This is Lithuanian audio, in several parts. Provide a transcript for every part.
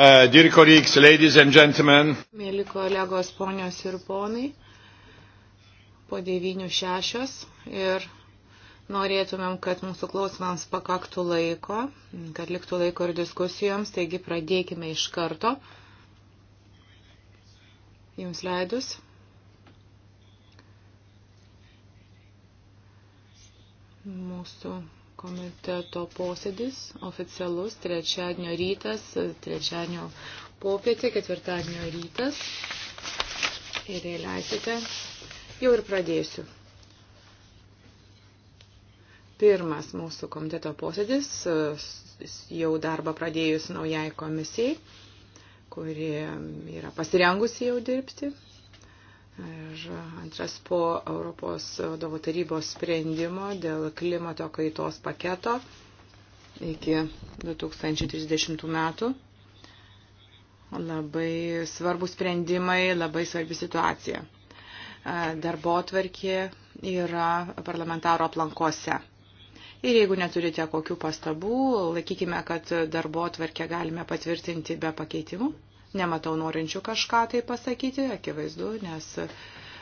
Uh, dear colleagues, ladies and gentlemen. Mėly kolegos, ponios ir ponai, po 9.6 ir norėtumėm, kad mūsų klausimams pakaktų laiko, kad liktų laiko ir diskusijoms, taigi pradėkime iš karto. Jums leidus. Mūsų komiteto posėdis oficialus trečiadienio rytas, trečiadienio popietė, ketvirtadienio rytas. Ir jei leisite, jau ir pradėsiu. Pirmas mūsų komiteto posėdis, jau darbą pradėjus naujai komisijai, kuri yra pasirengusi jau dirbti Ir antras po Europos vadovų tarybos sprendimo dėl klimato kaitos paketo iki 2030 metų. Labai svarbus sprendimai, labai svarbi situacija. Darbo tvarkė yra parlamentaro aplankose. Ir jeigu neturite kokių pastabų, laikykime, kad darbo tvarkę galime patvirtinti be pakeitimų. Nematau norinčių kažką tai pasakyti, akivaizdu, nes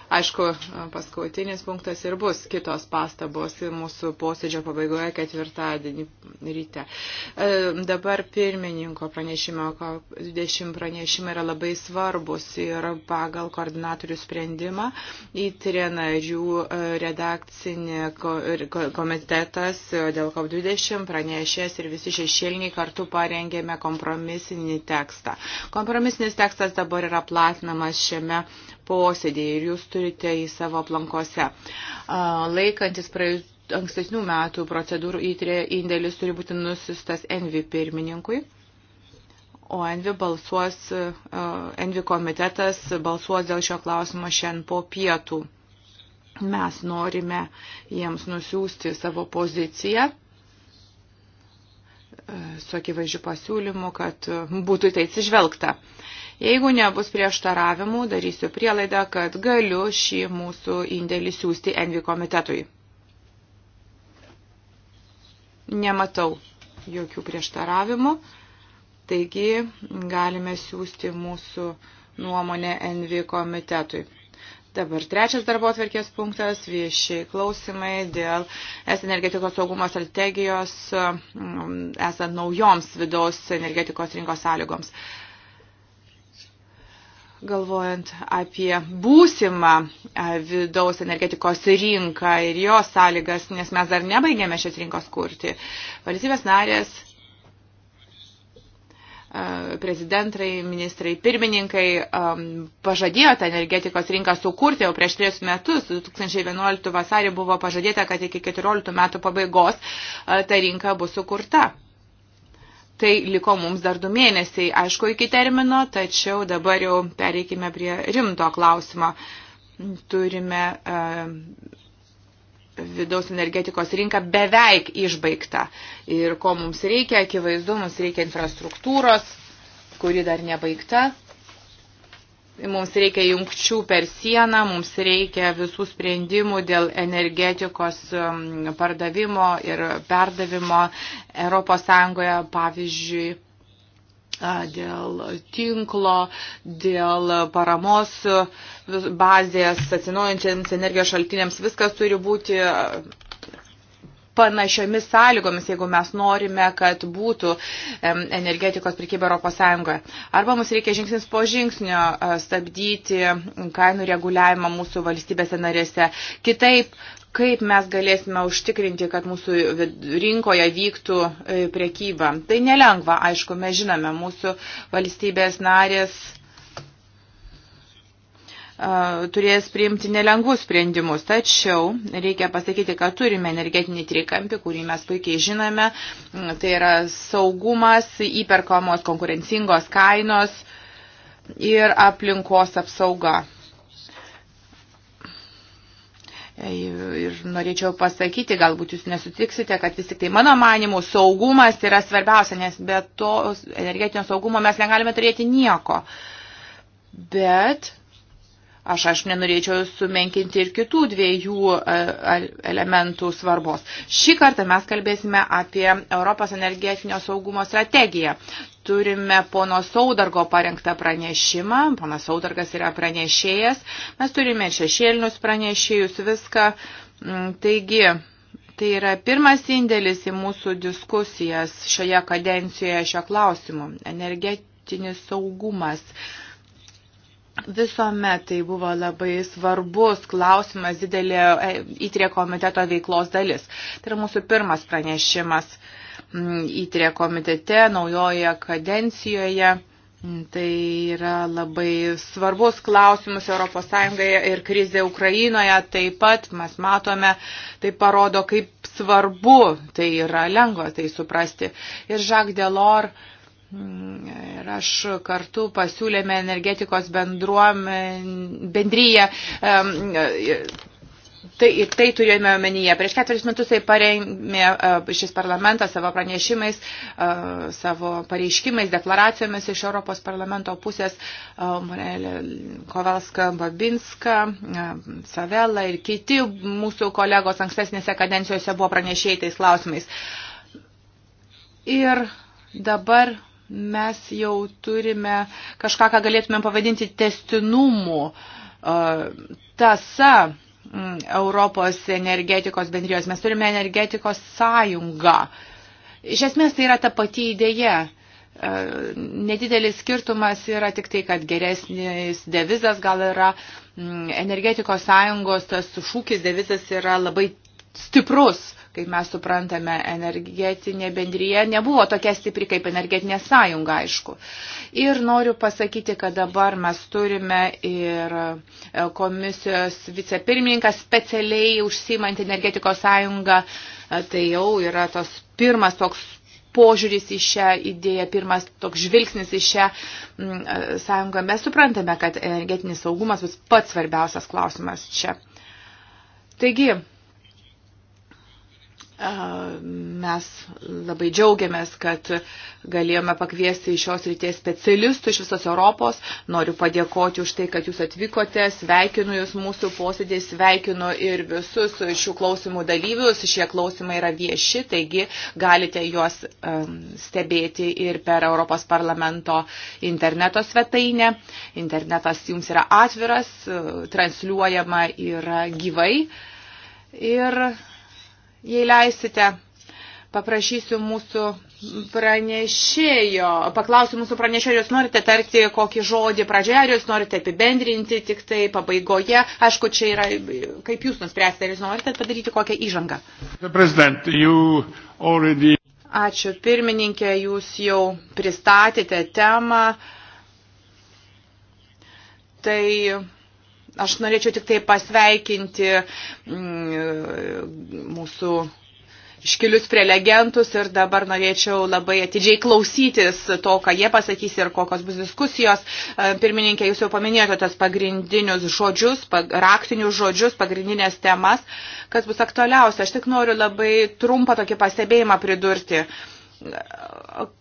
Aišku, paskutinis punktas ir bus kitos pastabos mūsų posėdžio pabaigoje ketvirtadienį ryte. E, dabar pirmininko pranešimo, 20 pranešimai yra labai svarbus ir pagal koordinatorių sprendimą į trenarių e, redakcinį komitetas dėl COP20 pranešės ir visi šešėliniai kartu parengėme kompromisinį tekstą. Kompromisinis tekstas dabar yra platinamas šiame posėdėje ir jūs turite į savo aplankose. Laikantis praėjus ankstesnių metų procedūrų indėlis turi būti nusistas Envi pirmininkui. O Envi balsuos, Envi komitetas balsuos dėl šio klausimo šiandien po pietų. Mes norime jiems nusiųsti savo poziciją su akivaizdžiu pasiūlymu, kad būtų tai atsižvelgta. Jeigu nebus prieštaravimų, darysiu prielaidą, kad galiu šį mūsų indėlį siūsti Envi komitetui. Nematau jokių prieštaravimų, taigi galime siūsti mūsų nuomonę Envi komitetui. Dabar trečias darbo atverkės punktas - vieši klausimai dėl es energetikos saugumo strategijos mm, esant naujoms vidaus energetikos rinkos sąlygoms galvojant apie būsimą vidaus energetikos rinką ir jos sąlygas, nes mes dar nebaigėme šios rinkos kurti. Valstybės narės, prezidentai, ministrai, pirmininkai pažadėjo tą energetikos rinką sukurti jau prieš tris metus. 2011 vasarį buvo pažadėta, kad iki 2014 metų pabaigos ta rinka bus sukurta. Tai liko mums dar du mėnesiai, aišku, iki termino, tačiau dabar jau pereikime prie rimto klausimo. Turime uh, vidaus energetikos rinką beveik išbaigta. Ir ko mums reikia, akivaizdu, mums reikia infrastruktūros, kuri dar nebaigta. Mums reikia jungčių per sieną, mums reikia visų sprendimų dėl energetikos um, pardavimo ir perdavimo ES, pavyzdžiui, dėl tinklo, dėl paramos bazės atsinaujančiams energijos šaltiniams. Viskas turi būti panašiomis sąlygomis, jeigu mes norime, kad būtų energetikos prekyba ES. Arba mums reikia žingsnis po žingsnio e, stabdyti kainų reguliavimą mūsų valstybėse narėse. Kitaip, kaip mes galėsime užtikrinti, kad mūsų rinkoje vyktų e, prekyba. Tai nelengva, aišku, mes žinome, mūsų valstybės narės turės priimti nelengvus sprendimus. Tačiau reikia pasakyti, kad turime energetinį trikampį, kurį mes puikiai žinome. Mm, tai yra saugumas, įperkamos konkurencingos kainos ir aplinkos apsauga. E, ir norėčiau pasakyti, galbūt jūs nesutiksite, kad vis tik tai mano manimų saugumas yra svarbiausia, nes be to energetinio saugumo mes negalime turėti nieko. Bet Aš, aš nenorėčiau sumenkinti ir kitų dviejų e, e, elementų svarbos. Šį kartą mes kalbėsime apie Europos energetinio saugumo strategiją turime pono Saudargo parengtą pranešimą. Ponas Saudargas yra pranešėjas. Mes turime šešėlinius pranešėjus, viską. Mm, taigi, tai yra pirmas indėlis į mūsų diskusijas šioje kadencijoje šio klausimu. Energetinis saugumas. Uh, Visuomet tai buvo labai svarbus klausimas, didelė e, įtrė komiteto veiklos dalis. Tai yra mūsų pirmas pranešimas mm, įtrė komitete naujoje kadencijoje. Mm, tai yra labai svarbus klausimus ES ir krizė Ukrainoje taip pat mes matome, tai parodo, kaip svarbu tai yra lengva tai suprasti. Ir Jacques Delors Ir aš kartu pasiūlėme energetikos bendryje. Tai, tai turėjome omenyje. Prieš ketveris metus tai parengė šis parlamentas savo pranešimais, savo pareiškimais, deklaracijomis iš Europos parlamento pusės Kovalska, Babinska, Savela ir kiti mūsų kolegos ankstesnėse kadencijose buvo pranešėjai tais klausimais. Ir dabar mes jau turime kažką, ką galėtumėm pavadinti testinumų tasa Europos energetikos bendrijos. Mes turime energetikos sąjungą. Iš esmės tai yra ta pati idėja. Nedidelis skirtumas yra tik tai, kad geresnis devizas gal yra energetikos sąjungos, tas šūkis devizas yra labai stiprus, kaip mes suprantame, energetinė bendryje nebuvo tokia stipri kaip energetinė sąjunga, aišku. Ir noriu pasakyti, kad dabar mes turime ir e, komisijos vicepirmininką specialiai užsimant energetikos sąjungą. E, tai jau yra tos pirmas toks požiūris į šią idėją, pirmas toks žvilgsnis į šią mm, e, sąjungą. Mes suprantame, kad energetinis saugumas bus pats svarbiausias klausimas čia. Taigi, Mes labai džiaugiamės, kad galėjome pakviesti iš šios ryties specialistų iš visos Europos. Noriu padėkoti už tai, kad jūs atvykote. Sveikinu jūs mūsų posėdį, sveikinu ir visus šių klausimų dalyvius. Šie klausimai yra vieši, taigi galite juos stebėti ir per Europos parlamento interneto svetainę. Internetas jums yra atviras, transliuojama yra gyvai. Ir jei leisite, paprašysiu mūsų pranešėjo, paklausiu mūsų pranešėjo, jūs norite tarti kokį žodį pradžioje, ar jūs norite apibendrinti tik tai pabaigoje. Aišku, čia yra, kaip jūs nuspręsite, ar jūs norite padaryti kokią įžangą. Already... Ačiū, pirmininkė, jūs jau pristatėte temą. Tai Aš norėčiau tik tai pasveikinti mm, mūsų iškilius prelegentus ir dabar norėčiau labai atidžiai klausytis to, ką jie pasakys ir kokios bus diskusijos. E, pirmininkė, jūs jau paminėjote tos pagrindinius žodžius, raktinius žodžius, pagrindinės temas, kas bus aktualiausia. Aš tik noriu labai trumpą tokį pastebėjimą pridurti,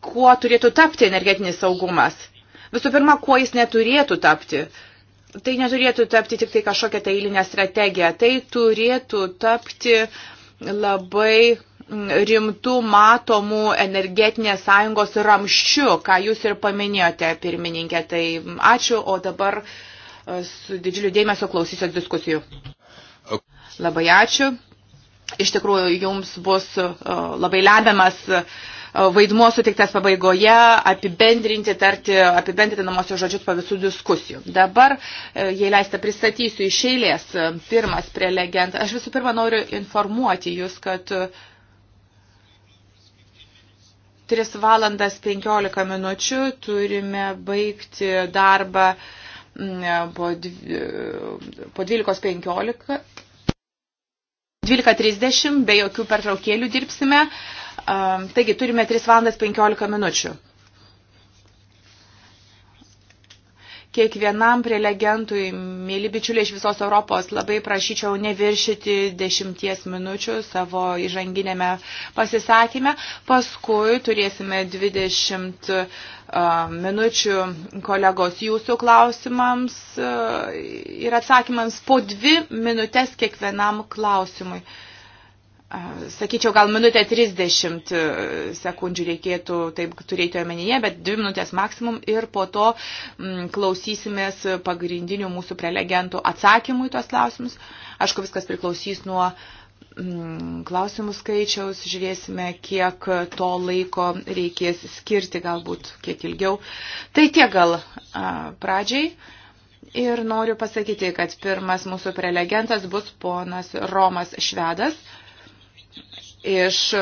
kuo turėtų tapti energetinis saugumas. Visų pirma, kuo jis neturėtų tapti. Uh, tai neturėtų tapti tik tai kažkokia tai eilinė strategija, tai turėtų tapti labai mm, rimtų matomų energetinės sąjungos ramščių, ką jūs ir paminėjote, pirmininkė. Tai ačiū, o dabar e, su didžiuliu dėmesio klausysios diskusijų. Labai ačiū. Iš tikrųjų, jums bus e, labai lemiamas uh, E, vaidmuo sutiktas pabaigoje apibendrinti, tarti apibendrinamosios žodžius po visų diskusijų. Dabar, e, jei leista, pristatysiu iš eilės e, pirmas prelegent. Aš visų pirma noriu informuoti jūs, kad 3 valandas 15 minučių turime baigti darbą po 12.15. 12.30 be jokių pertraukėlių dirbsime. Uh, Taigi turime 3 valandas 15 minučių. Kiekvienam prelegentui, mėly bičiuliai iš visos Europos, labai prašyčiau neviršyti dešimties minučių savo įžanginėme pasisakyme. Paskui turėsime 20 minučių kolegos jūsų klausimams ir atsakymams po dvi minutės kiekvienam klausimui. Sakyčiau, gal minutę 30 e, sekundžių reikėtų taip turėti omenyje, bet 2 minutės maksimum ir po to m, mm, klausysimės pagrindinių mūsų prelegentų atsakymų į tuos klausimus. Aišku, viskas priklausys nuo m, mm, klausimų skaičiaus, žiūrėsime, kiek to laiko reikės skirti, galbūt kiek ilgiau. Tai tiek gal a, pradžiai. Ir noriu pasakyti, kad pirmas mūsų prelegentas bus ponas Romas Švedas iš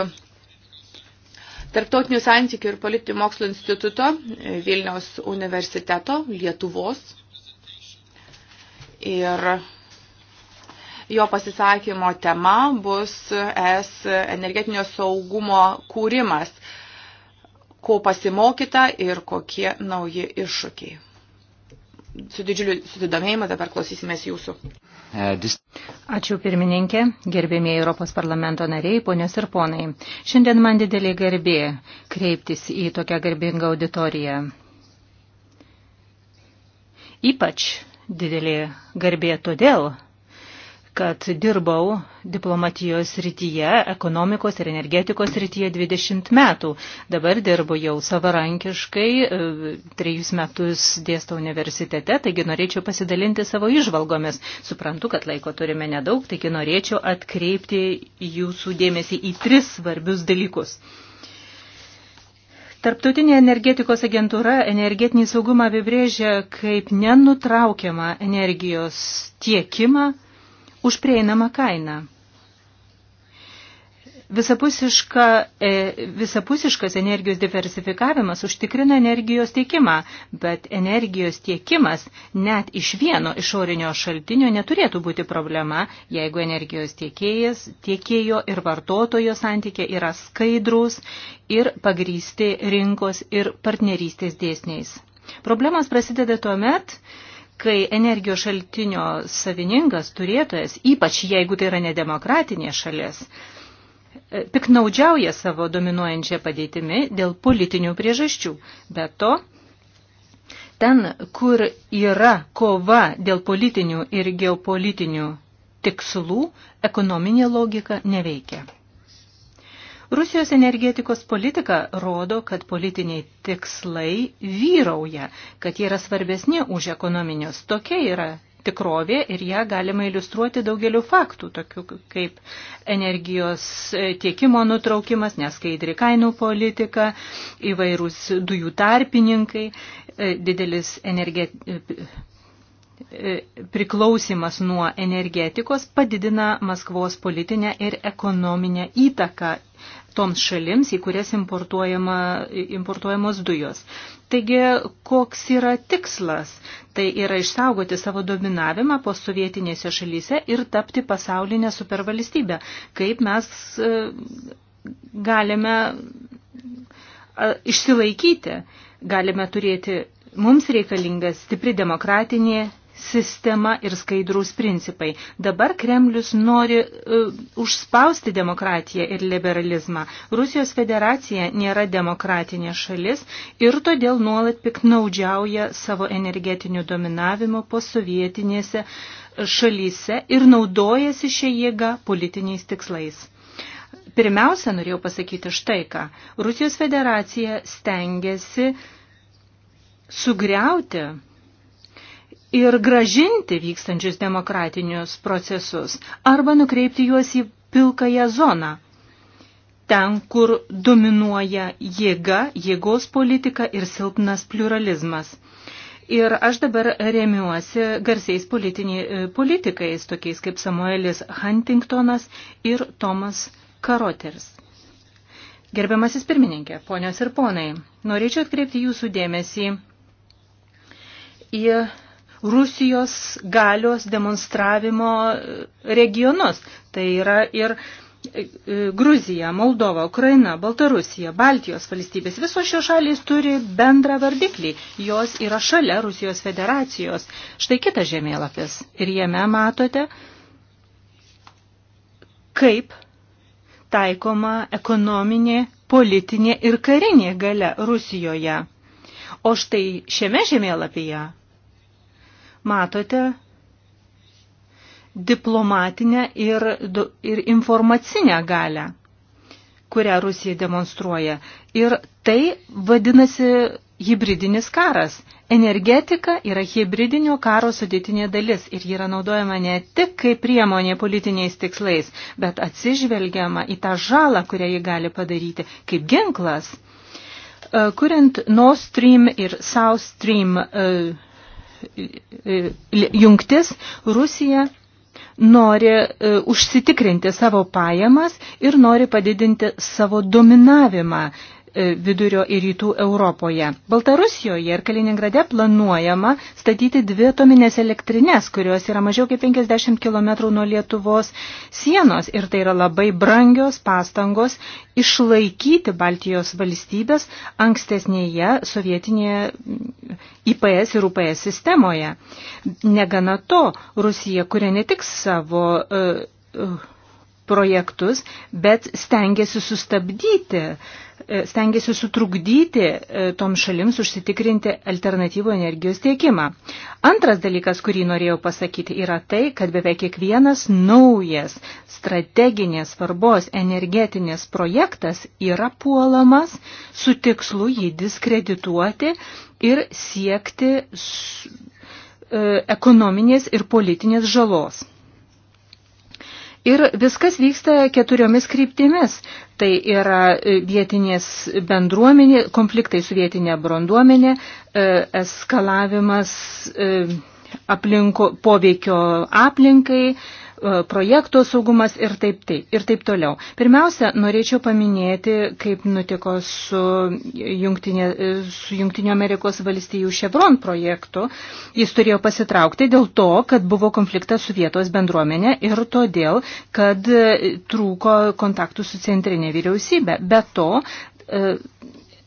Tarptautinių santykių ir politinių mokslo instituto Vilniaus universiteto Lietuvos. Ir jo pasisakymo tema bus es energetinio saugumo kūrimas, ko pasimokyta ir kokie nauji iššūkiai. Su didžiuliu susidomėjimu dabar klausysimės jūsų. Uh, Ačiū pirmininkė, gerbėmėjai Europos parlamento nariai, ponios ir ponai. Šiandien man didelį garbė kreiptis į tokią garbingą auditoriją. Ypač didelį garbė todėl, kad dirbau diplomatijos rytyje, ekonomikos ir energetikos rytyje 20 metų. Dabar dirbu jau savarankiškai, e, trejus metus dėstau universitete, taigi norėčiau pasidalinti savo išvalgomis. Suprantu, kad laiko turime nedaug, taigi norėčiau atkreipti jūsų dėmesį į tris svarbius dalykus. Tarptautinė energetikos agentūra energetinį saugumą apibrėžia kaip nenutraukiamą energijos tiekimą už prieinamą kainą. Visapusiška, e, visapusiškas energijos diversifikavimas užtikrina energijos tiekimą, bet energijos tiekimas net iš vieno išorinio šaltinio neturėtų būti problema, jeigu energijos tiekėjas, tiekėjo ir vartotojo santykė yra skaidrus ir pagrysti rinkos ir partnerystės dėsniais. Problemas prasideda tuo met, kai energijos šaltinio savininkas, turėtojas, ypač jeigu tai yra nedemokratinė šalis, e, piknaudžiauja savo dominuojančią padėtimi dėl politinių priežasčių. Be to, ten, kur yra kova dėl politinių ir geopolitinių tikslų, ekonominė logika neveikia. Rusijos energetikos politika rodo, kad politiniai tikslai vyrauja, kad jie yra svarbesni už ekonominius. Tokia yra tikrovė ir ją galima iliustruoti daugeliu faktų, tokių kaip energijos e, tiekimo nutraukimas, neskaidri kainų politika, įvairūs dujų tarpininkai, e, didelis energe... E, priklausimas nuo energetikos padidina Maskvos politinę ir ekonominę įtaką toms šalims, į kurias importuojamos dujos. Taigi, koks yra tikslas? Tai yra išsaugoti savo dominavimą posovietinėse šalyse ir tapti pasaulinę supervalstybę. Kaip mes e, galime išsilaikyti, galime turėti mums reikalinga stipri demokratinė sistema ir skaidrūs principai. Dabar Kremlius nori uh, užspausti demokratiją ir liberalizmą. Rusijos federacija nėra demokratinė šalis ir todėl nuolat piknaudžiauja savo energetiniu dominavimu posovietinėse šalyse ir naudojasi šią jėgą politiniais tikslais. Pirmiausia, norėjau pasakyti štai ką. Rusijos federacija stengiasi sugriauti ir gražinti vykstančius demokratinius procesus arba nukreipti juos į pilkąją zoną. Ten, kur dominuoja jėga, jėgos politika ir silpnas pluralizmas. Ir aš dabar remiuosi garsiais e, politikais, tokiais kaip Samuelis Huntingtonas ir Tomas Karoters. Gerbiamasis pirmininkė, ponios ir ponai, norėčiau atkreipti jūsų dėmesį į Rusijos galios demonstravimo e, regionus. Tai yra ir e, e, Gruzija, Moldova, Ukraina, Baltarusija, Baltijos valstybės. Visos šios šalys turi bendrą vardiklį. Jos yra šalia Rusijos federacijos. Štai kitas žemėlapis. Ir jame matote, kaip taikoma ekonominė, politinė ir karinė gale Rusijoje. O štai šiame žemėlapyje matote diplomatinę ir, ir informacinę galę, kurią Rusija demonstruoja. Ir tai vadinasi hybridinis karas. Energetika yra hybridinio karo sudėtinė dalis ir ji yra naudojama ne tik kaip priemonė politiniais tikslais, bet atsižvelgiama į tą žalą, kurią ji gali padaryti, kaip ginklas. E, kuriant Nord Stream ir South Stream uh, E, e, jungtis, Rusija nori e, užsitikrinti savo pajamas ir nori padidinti savo dominavimą E, vidurio ir rytų Europoje. Baltarusijoje ir Kaliningrade planuojama statyti dvi atominės elektrinės, kurios yra mažiau kaip 50 km nuo Lietuvos sienos ir tai yra labai brangios pastangos išlaikyti Baltijos valstybės ankstesnėje sovietinėje mm, IPS ir UPS sistemoje. Negana to, Rusija kuria ne tik savo uh, uh, projektus, bet stengiasi sustabdyti uh, E, stengiasi sutrukdyti e, tom šalims užsitikrinti alternatyvų energijos tiekimą. Antras dalykas, kurį norėjau pasakyti, yra tai, kad beveik kiekvienas naujas strateginės svarbos energetinės projektas yra puolamas su tikslu jį diskredituoti ir siekti e, ekonominės ir politinės žalos. Ir viskas vyksta keturiomis kryptimis. Tai yra e, vietinės bendruomenė, konfliktai su vietinė bronduomenė, e, eskalavimas e, aplinko, poveikio aplinkai, E, projektų saugumas ir taip, taip, ir taip toliau. Pirmiausia, norėčiau paminėti, kaip nutiko su, jungtinė, e, su Junktinio Amerikos valstijų Chevron projektu. Jis turėjo pasitraukti dėl to, kad buvo konfliktas su vietos bendruomenė ir todėl, kad e, trūko kontaktų su centrinė vyriausybė. Be to,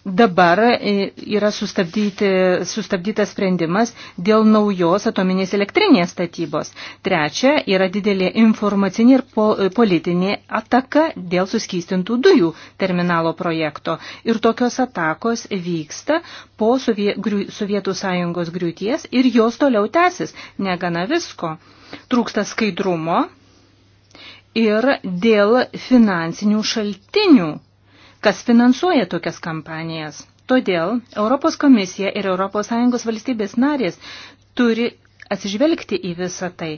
Dabar e, yra sustabdytas sprendimas dėl naujos atominės elektrinės statybos. Trečia yra didelė informacinė ir e, politinė ataka dėl suskystintų dujų terminalo projekto. Ir tokios atakos vyksta po Sovietų sąjungos griūties ir jos toliau tęsis, negana visko. Trūksta skaidrumo ir dėl finansinių šaltinių kas finansuoja tokias kampanijas. Todėl Europos komisija ir ES valstybės narės turi atsižvelgti į visą tai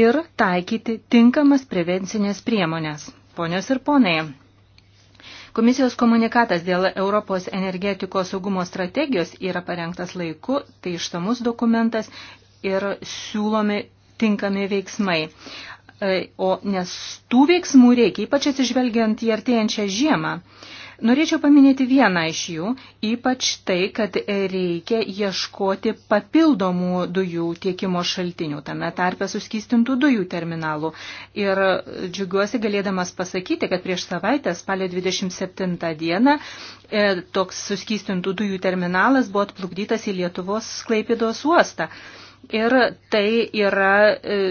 ir taikyti tinkamas prevencinės priemonės. Ponios ir ponai, Komisijos komunikatas dėl Europos energetikos saugumo strategijos yra parengtas laiku, tai ištamus dokumentas ir siūlomi tinkami veiksmai. E, o nes tų veiksmų reikia, ypač atsižvelgiant į artėjančią žiemą. Norėčiau paminėti vieną iš jų, ypač tai, kad reikia ieškoti papildomų dujų tiekimo šaltinių, tame tarpe suskystintų dujų terminalų. Ir džiugiuosi galėdamas pasakyti, kad prieš savaitę, spalio 27 dieną, e, toks suskystintų dujų terminalas buvo atplukdytas į Lietuvos Klaipidos uostą. Ir tai yra e,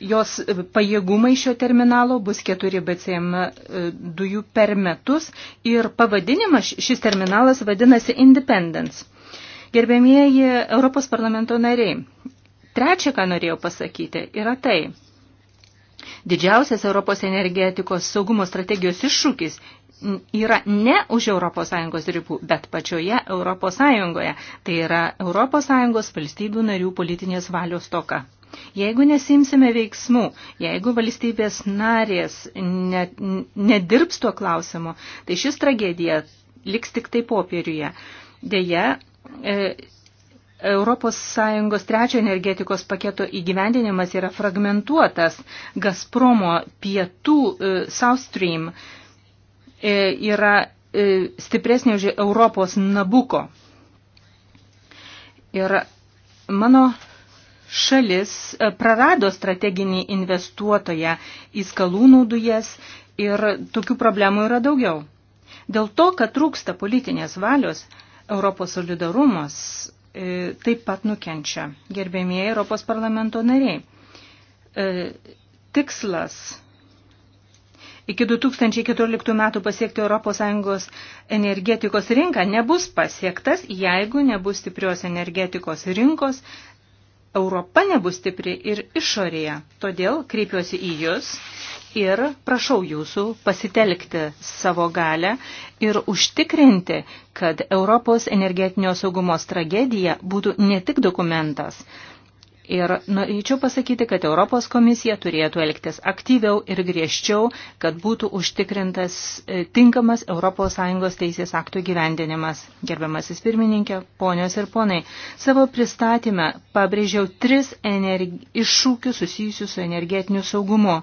jos pajėgumai šio terminalo bus 4 BCM e, dujų per metus ir pavadinimas šis terminalas vadinasi Independence. Gerbėmieji Europos parlamento nariai, trečia, ką norėjau pasakyti, yra tai. Didžiausias Europos energetikos saugumo strategijos iššūkis yra ne už ES ribų, bet pačioje ES. Tai yra ES valstybių narių politinės valios toka. Jeigu nesimsime veiksmų, jeigu valstybės narės net, nedirbs tuo klausimu, tai šis tragedija liks tik tai popieriuje. Deja, e, ES trečio energetikos paketo įgyvendinimas yra fragmentuotas. Gazpromo pietų e, South Stream e, yra e, stipresnė už Europos nabuko. Ir mano šalis e, prarado strateginį investuotoją į skalūnų dujas ir tokių problemų yra daugiau. Dėl to, kad trūksta politinės valios, Europos solidarumas e, taip pat nukenčia, gerbėmieji Europos parlamento nariai. E, tikslas iki 2014 metų pasiekti ES energetikos rinką nebus pasiektas, jeigu nebus stiprios energetikos rinkos, Europa nebus stipri ir išorėje. Todėl kreipiuosi į Jūs ir prašau Jūsų pasitelkti savo galę ir užtikrinti, kad Europos energetinio saugumos tragedija būtų ne tik dokumentas, Ir norėčiau pasakyti, kad Europos komisija turėtų elgtis aktyviau ir griežčiau, kad būtų užtikrintas e, tinkamas ES teisės aktų gyvendinimas. Gerbiamasis pirmininkė, ponios ir ponai, savo pristatymę pabrėžiau tris energi... iššūkius susijusius su energetiniu saugumu.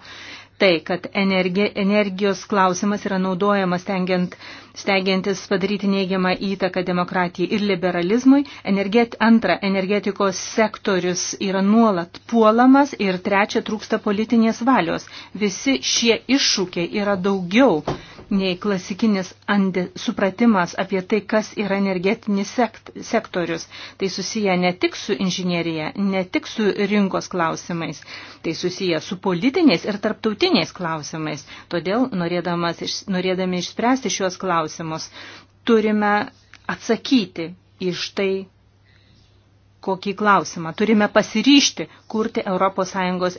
Tai, kad energi... energijos klausimas yra naudojamas tengiant stengiantis padaryti neigiamą įtaką demokratijai ir liberalizmui. Energet, antra, energetikos sektorius yra nuolat puolamas ir trečia, trūksta politinės valios. Visi šie iššūkiai yra daugiau nei klasikinis andi, supratimas apie tai, kas yra energetinis sekt, sektorius. Tai susiję ne tik su inžinierija, ne tik su rinkos klausimais, tai susiję su politiniais ir tarptautiniais klausimais. Todėl, norėdamas, norėdami išspręsti šios klausimus, klausimus. Turime atsakyti iš tai, kokį klausimą. Turime pasiryšti kurti ES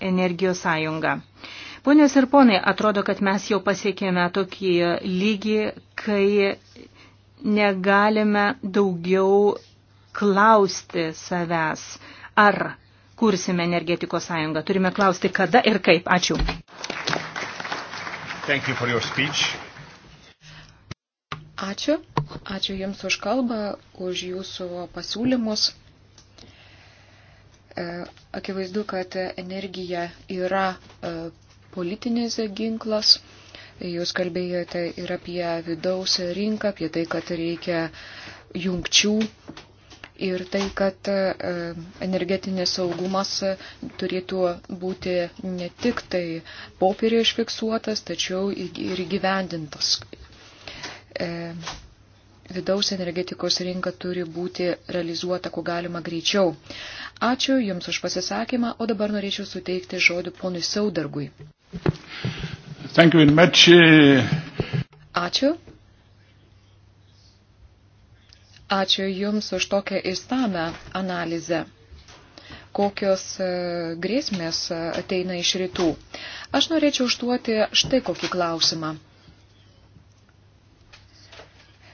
energijos sąjungą. Ponios ir ponai, atrodo, kad mes jau pasiekėme tokį lygį, kai negalime daugiau klausti savęs, ar kursime energetikos sąjungą. Turime klausti, kada ir kaip. Ačiū. Thank you for your speech. Ačiū. Ačiū Jums už kalbą, už Jūsų pasiūlymus. E, akivaizdu, kad energija yra e, politinis ginklas. Jūs kalbėjote ir apie vidaus rinką, apie tai, kad reikia jungčių ir tai, kad e, energetinės saugumas turėtų būti ne tik tai popierė išfiksuotas, tačiau ir gyvendintas E, vidaus energetikos rinka turi būti realizuota, kuo galima greičiau. Ačiū Jums už pasisakymą, o dabar norėčiau suteikti žodį ponui Saudargui. E. Ačiū. Ačiū Jums už tokią įstamę analizę kokios e, grėsmės ateina iš rytų. Aš norėčiau užduoti štai kokį klausimą.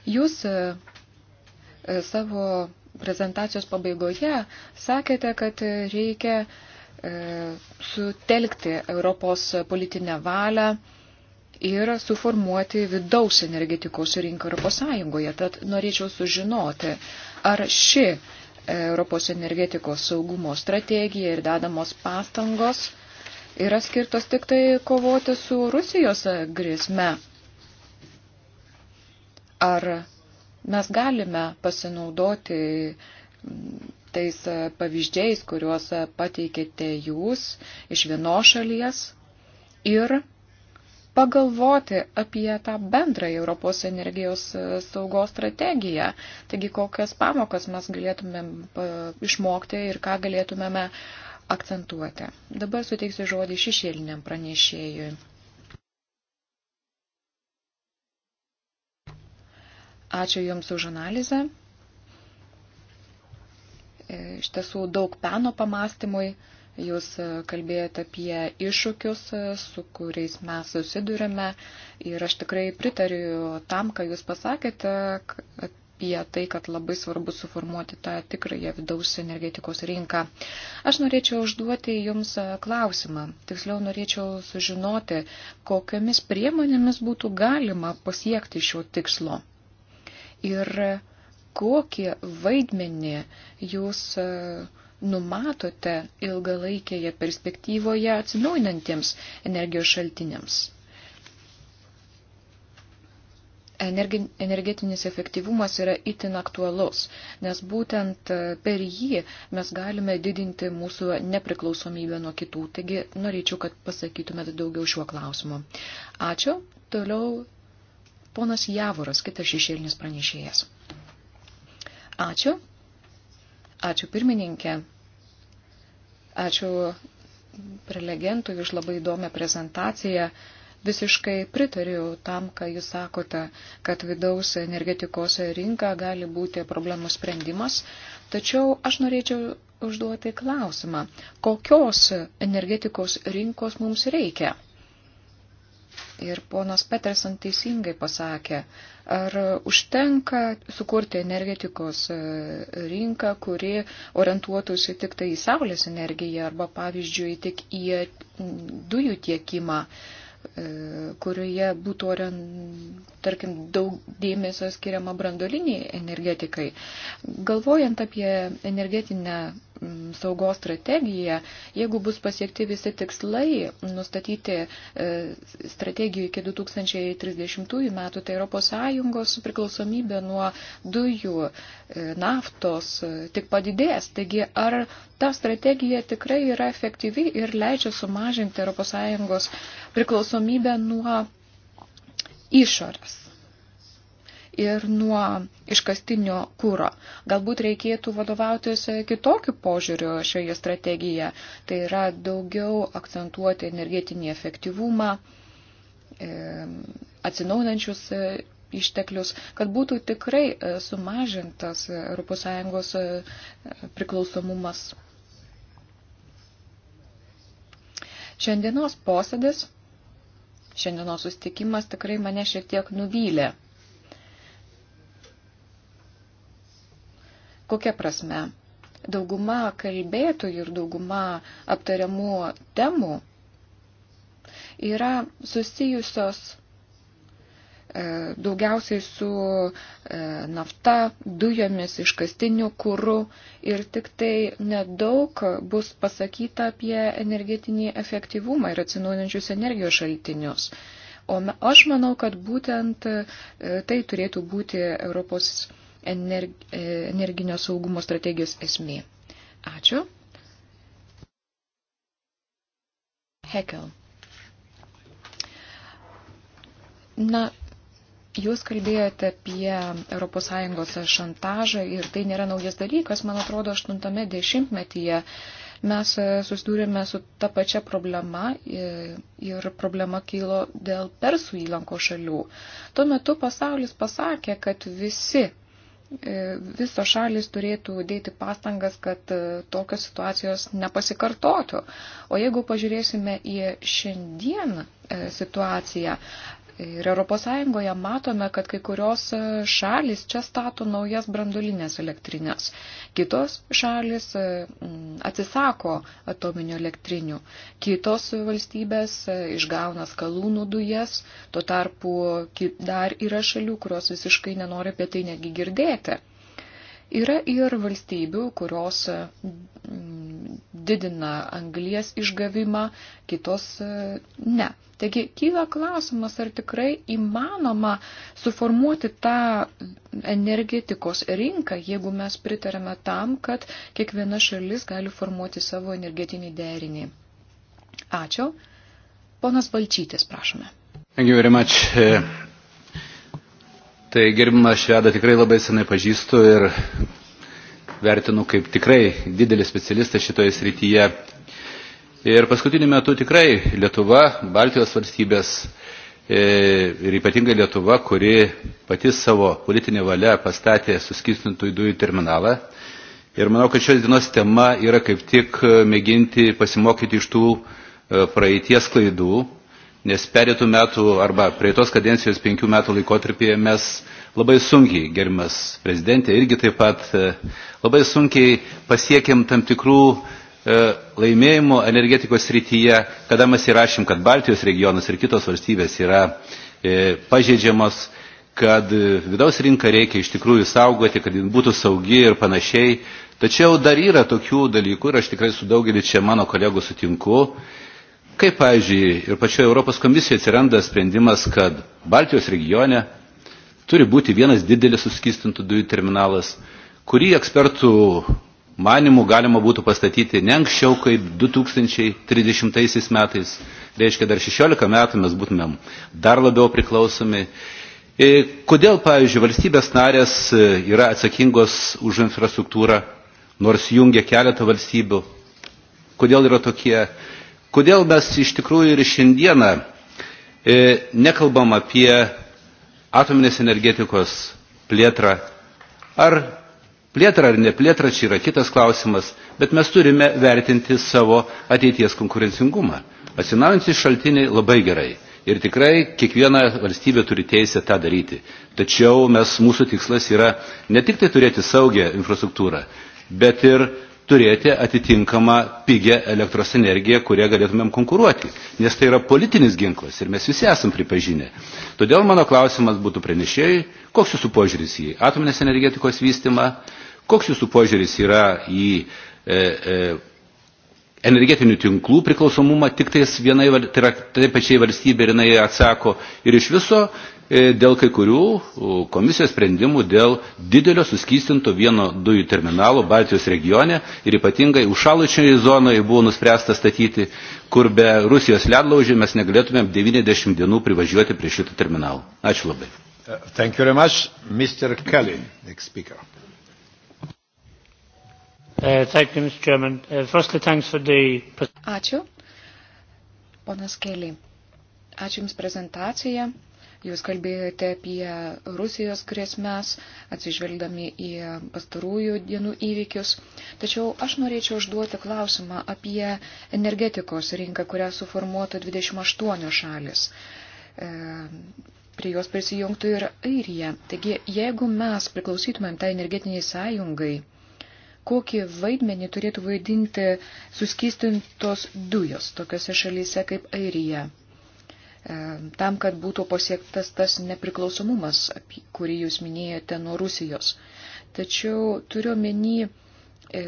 Jūs e, e, savo prezentacijos pabaigoje sakėte, kad reikia e, sutelkti Europos politinę valią ir suformuoti vidaus energetikos rinką Europos Sąjungoje. Tad norėčiau sužinoti, ar ši Europos energetikos saugumo strategija ir dedamos pastangos yra skirtos tik tai kovoti su Rusijos grėsme Ar mes galime pasinaudoti mm, tais e, pavyzdžiais, kuriuos e, pateikėte jūs iš vienos šalies ir pagalvoti apie tą bendrąją Europos energijos e, saugos strategiją. Taigi, kokias pamokas mes galėtumėm išmokti ir ką galėtumėme akcentuoti. Dabar suteiksiu žodį šešėliniam pranešėjui. Ačiū Jums už analizę. E, iš tiesų daug peno pamastymui. Jūs e, kalbėjote apie iššūkius, e, su kuriais mes susidurime ir aš tikrai pritariu tam, ką Jūs pasakėte apie tai, kad labai svarbu suformuoti tą tikrąją vidaus energetikos rinką. Aš norėčiau užduoti Jums klausimą. Tiksliau norėčiau sužinoti, kokiamis priemonėmis būtų galima pasiekti šio tikslo ir kokį vaidmenį jūs e, numatote ilgalaikėje perspektyvoje atsinaujinantiems energijos šaltiniams. Energi, energetinis efektyvumas yra itin aktualus, nes būtent e, per jį mes galime didinti mūsų nepriklausomybę nuo kitų. Taigi norėčiau, kad pasakytumėte daugiau šiuo klausimu. Ačiū. Toliau Ponas Javoras, kitas šešėlinis pranešėjas. Ačiū. Ačiū pirmininkė. Ačiū prelegentui už labai įdomią prezentaciją. Visiškai pritariu tam, ką jūs sakote, kad vidaus energetikos rinka gali būti problemų sprendimas. Tačiau aš norėčiau užduoti klausimą, kokios energetikos rinkos mums reikia? Ir ponas Peterson teisingai pasakė, ar užtenka sukurti energetikos e, rinką, kuri orientuotųsi tik tai į saulės energiją arba, pavyzdžiui, tik į dujų tiekimą. Uh, E, kurioje būtų, orien, tarkim, daug dėmesio skiriama brandoliniai energetikai. Galvojant apie energetinę saugos strategiją, jeigu bus pasiekti visi tikslai nustatyti e, strategijų iki 2030 metų, tai ES priklausomybė nuo dujų, e, naftos tik padidės. Taigi, ar ta strategija tikrai yra efektyvi ir leidžia sumažinti ES priklausomybę nuo išorės ir nuo iškastinio kūro. Galbūt reikėtų vadovautis kitokiu požiūriu šioje strategijoje. Tai yra daugiau akcentuoti energetinį efektyvumą, atsinaunančius e, išteklius, kad būtų tikrai e, sumažintas ES e, priklausomumas. Šiandienos posėdis Šiandienos sustikimas tikrai mane šiek tiek nuvylė. Kokia prasme? Dauguma kalbėtojų ir dauguma aptariamų temų yra susijusios E, daugiausiai su e, nafta, dujomis, iškastiniu kūru ir tik tai nedaug bus pasakyta apie energetinį efektyvumą ir atsinaujinančius energijos šaltinius. O aš manau, kad būtent e, tai turėtų būti Europos energinio saugumo strategijos esmė. Ačiū. Hekel. Na, Jūs kalbėjote apie ES šantažą ir tai nėra naujas dalykas. Man atrodo, 80-ame dešimtmetyje mes e, susidūrėme su ta pačia problema e, ir problema kilo dėl Persų įlanko šalių. Tuo metu pasaulis pasakė, kad visi, e, viso šalis turėtų dėti pastangas, kad tokios situacijos nepasikartotų. O jeigu pažiūrėsime į šiandieną situaciją, Ir ES matome, kad kai kurios šalis čia stato naujas brandulinės elektrinės. Kitos šalis e, atsisako atominių elektrinių. Kitos valstybės e, išgauna skalūnų dujas. Tuo tarpu dar yra šalių, kurios visiškai nenori apie tai netgi girdėti. Yra ir valstybių, kurios didina anglies išgavimą, kitos e, ne. Taigi kyla klausimas, ar tikrai įmanoma suformuoti tą energetikos rinką, jeigu mes pritarėme tam, kad kiekviena šalis gali formuoti savo energetinį derinį. Ačiū. Ponas Valčytis, prašome. Thank you very much. E, tai gerbimą švedą tikrai labai senai pažįstu ir vertinu kaip tikrai didelį specialistą šitoje srityje. Ir paskutiniu metu tikrai Lietuva, Baltijos valstybės e, ir ypatingai Lietuva, kuri pati savo politinė valia pastatė suskistintų dujų terminalą. Ir manau, kad šios dienos tema yra kaip tik e, mėginti pasimokyti iš tų e, praeities klaidų, nes perėtų metų arba praeitos kadencijos penkių metų laikotarpyje mes labai sunkiai, gerimas prezidentė, irgi taip pat e, labai sunkiai pasiekėm tam tikrų e, laimėjimų energetikos srityje, kada mes įrašėm, kad Baltijos regionas ir kitos valstybės yra e, pažeidžiamos, kad vidaus rinką reikia iš tikrųjų saugoti, kad jin būtų saugi ir panašiai. Tačiau dar yra tokių dalykų ir aš tikrai su daugeliu čia mano kolegų sutinku, kaip, pavyzdžiui, ir pačioje Europos komisijoje atsiranda sprendimas, kad Baltijos regione turi būti vienas didelis suskistintų dujų terminalas, kurį ekspertų manimų galima būtų pastatyti ne anksčiau kaip 2030 metais, reiškia dar 16 metų mes būtumėm dar labiau priklausomi. E, kodėl, pavyzdžiui, valstybės narės e, yra atsakingos už infrastruktūrą, nors jungia keletą valstybių? Kodėl yra tokie? Kodėl mes iš tikrųjų ir šiandieną e, nekalbam apie atominės energetikos plėtrą. Ar plėtra ar neplėtra, čia yra kitas klausimas, bet mes turime vertinti savo ateities konkurencingumą. Atsinaujantys šaltiniai labai gerai. Ir tikrai kiekviena valstybė turi teisę tą daryti. Tačiau mes, mūsų tikslas yra ne tik tai turėti saugią infrastruktūrą, bet ir turėti atitinkamą pigę elektros energiją, kurie galėtumėm konkuruoti, nes tai yra politinis ginklas ir mes visi esam pripažinę. Todėl mano klausimas būtų pranešėjai, koks jūsų požiūris į atominės energetikos vystimą, koks jūsų požiūris yra į e, e, energetinių tinklų priklausomumą tik tais vienai, tai yra tai pačiai valstybė ir jinai atsako ir iš viso E, dėl kai kurių komisijos sprendimų dėl didelio suskystinto vieno dujų terminalo Baltijos regione ir ypatingai užšalučioje zonoje buvo nuspręsta statyti, kur be Rusijos ledlaužių mes negalėtumėm 90 dienų privažiuoti prie šito terminalo. Ačiū labai. Uh, thank you very much. Mr. Kelly, next speaker. Uh, thank you, Mr. Chairman. Uh, firstly, thanks for the... Ačiū. Ponas Kelly. Ačiū Jums prezentaciją. Jūs kalbėjote apie Rusijos grėsmės, atsižvelgdami į pastarųjų dienų įvykius. Tačiau aš norėčiau užduoti klausimą apie energetikos rinką, kurią suformuoto 28 šalis. E, prie jos prisijungtų ir Airija. Taigi, jeigu mes priklausytumėm tai energetiniai sąjungai, kokį vaidmenį turėtų vaidinti suskystintos dujos tokiose šalyse kaip Airija? E, tam, kad būtų pasiektas tas nepriklausomumas, kurį jūs minėjote nuo Rusijos. Tačiau turiu menį, e,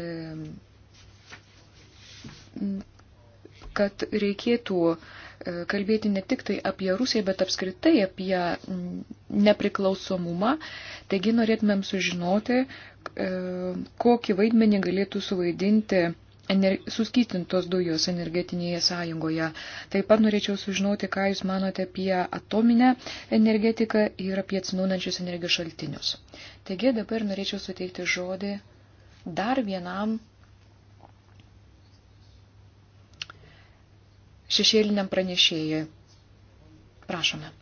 kad reikėtų e, kalbėti ne tik tai apie Rusiją, bet apskritai apie nepriklausomumą. Taigi norėtumėm sužinoti, kokį vaidmenį galėtų suvaidinti ener suskystintos dujos energetinėje sąjungoje. Taip pat norėčiau sužinoti, ką Jūs manote apie atominę energetiką ir apie atsinaujančius energijos šaltinius. Taigi dabar norėčiau suteikti žodį dar vienam šešėliniam pranešėjui. Prašome.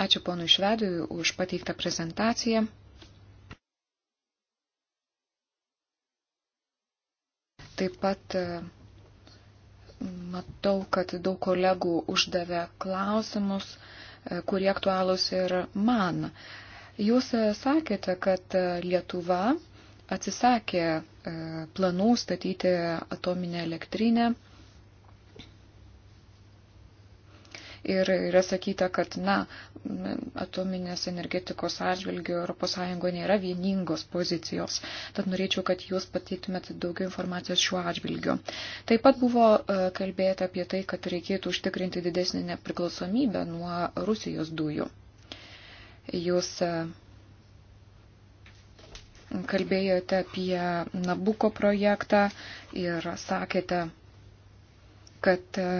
Ačiū ponui Švedui už pateiktą prezentaciją. Taip pat e, matau, kad daug kolegų uždavė klausimus, e, kurie aktualūs ir man. Jūs e, sakėte, kad Lietuva atsisakė planų statyti atominę elektrinę ir yra sakyta, kad, na, atominės energetikos atžvilgių ES nėra vieningos pozicijos. Tad norėčiau, kad jūs pateiktumėte daugiau informacijos šiuo atžvilgiu. Taip pat buvo e, kalbėta apie tai, kad reikėtų užtikrinti didesnį nepriklausomybę nuo Rusijos dujų. Jūs e, kalbėjote apie Nabuko projektą ir sakėte, kad e,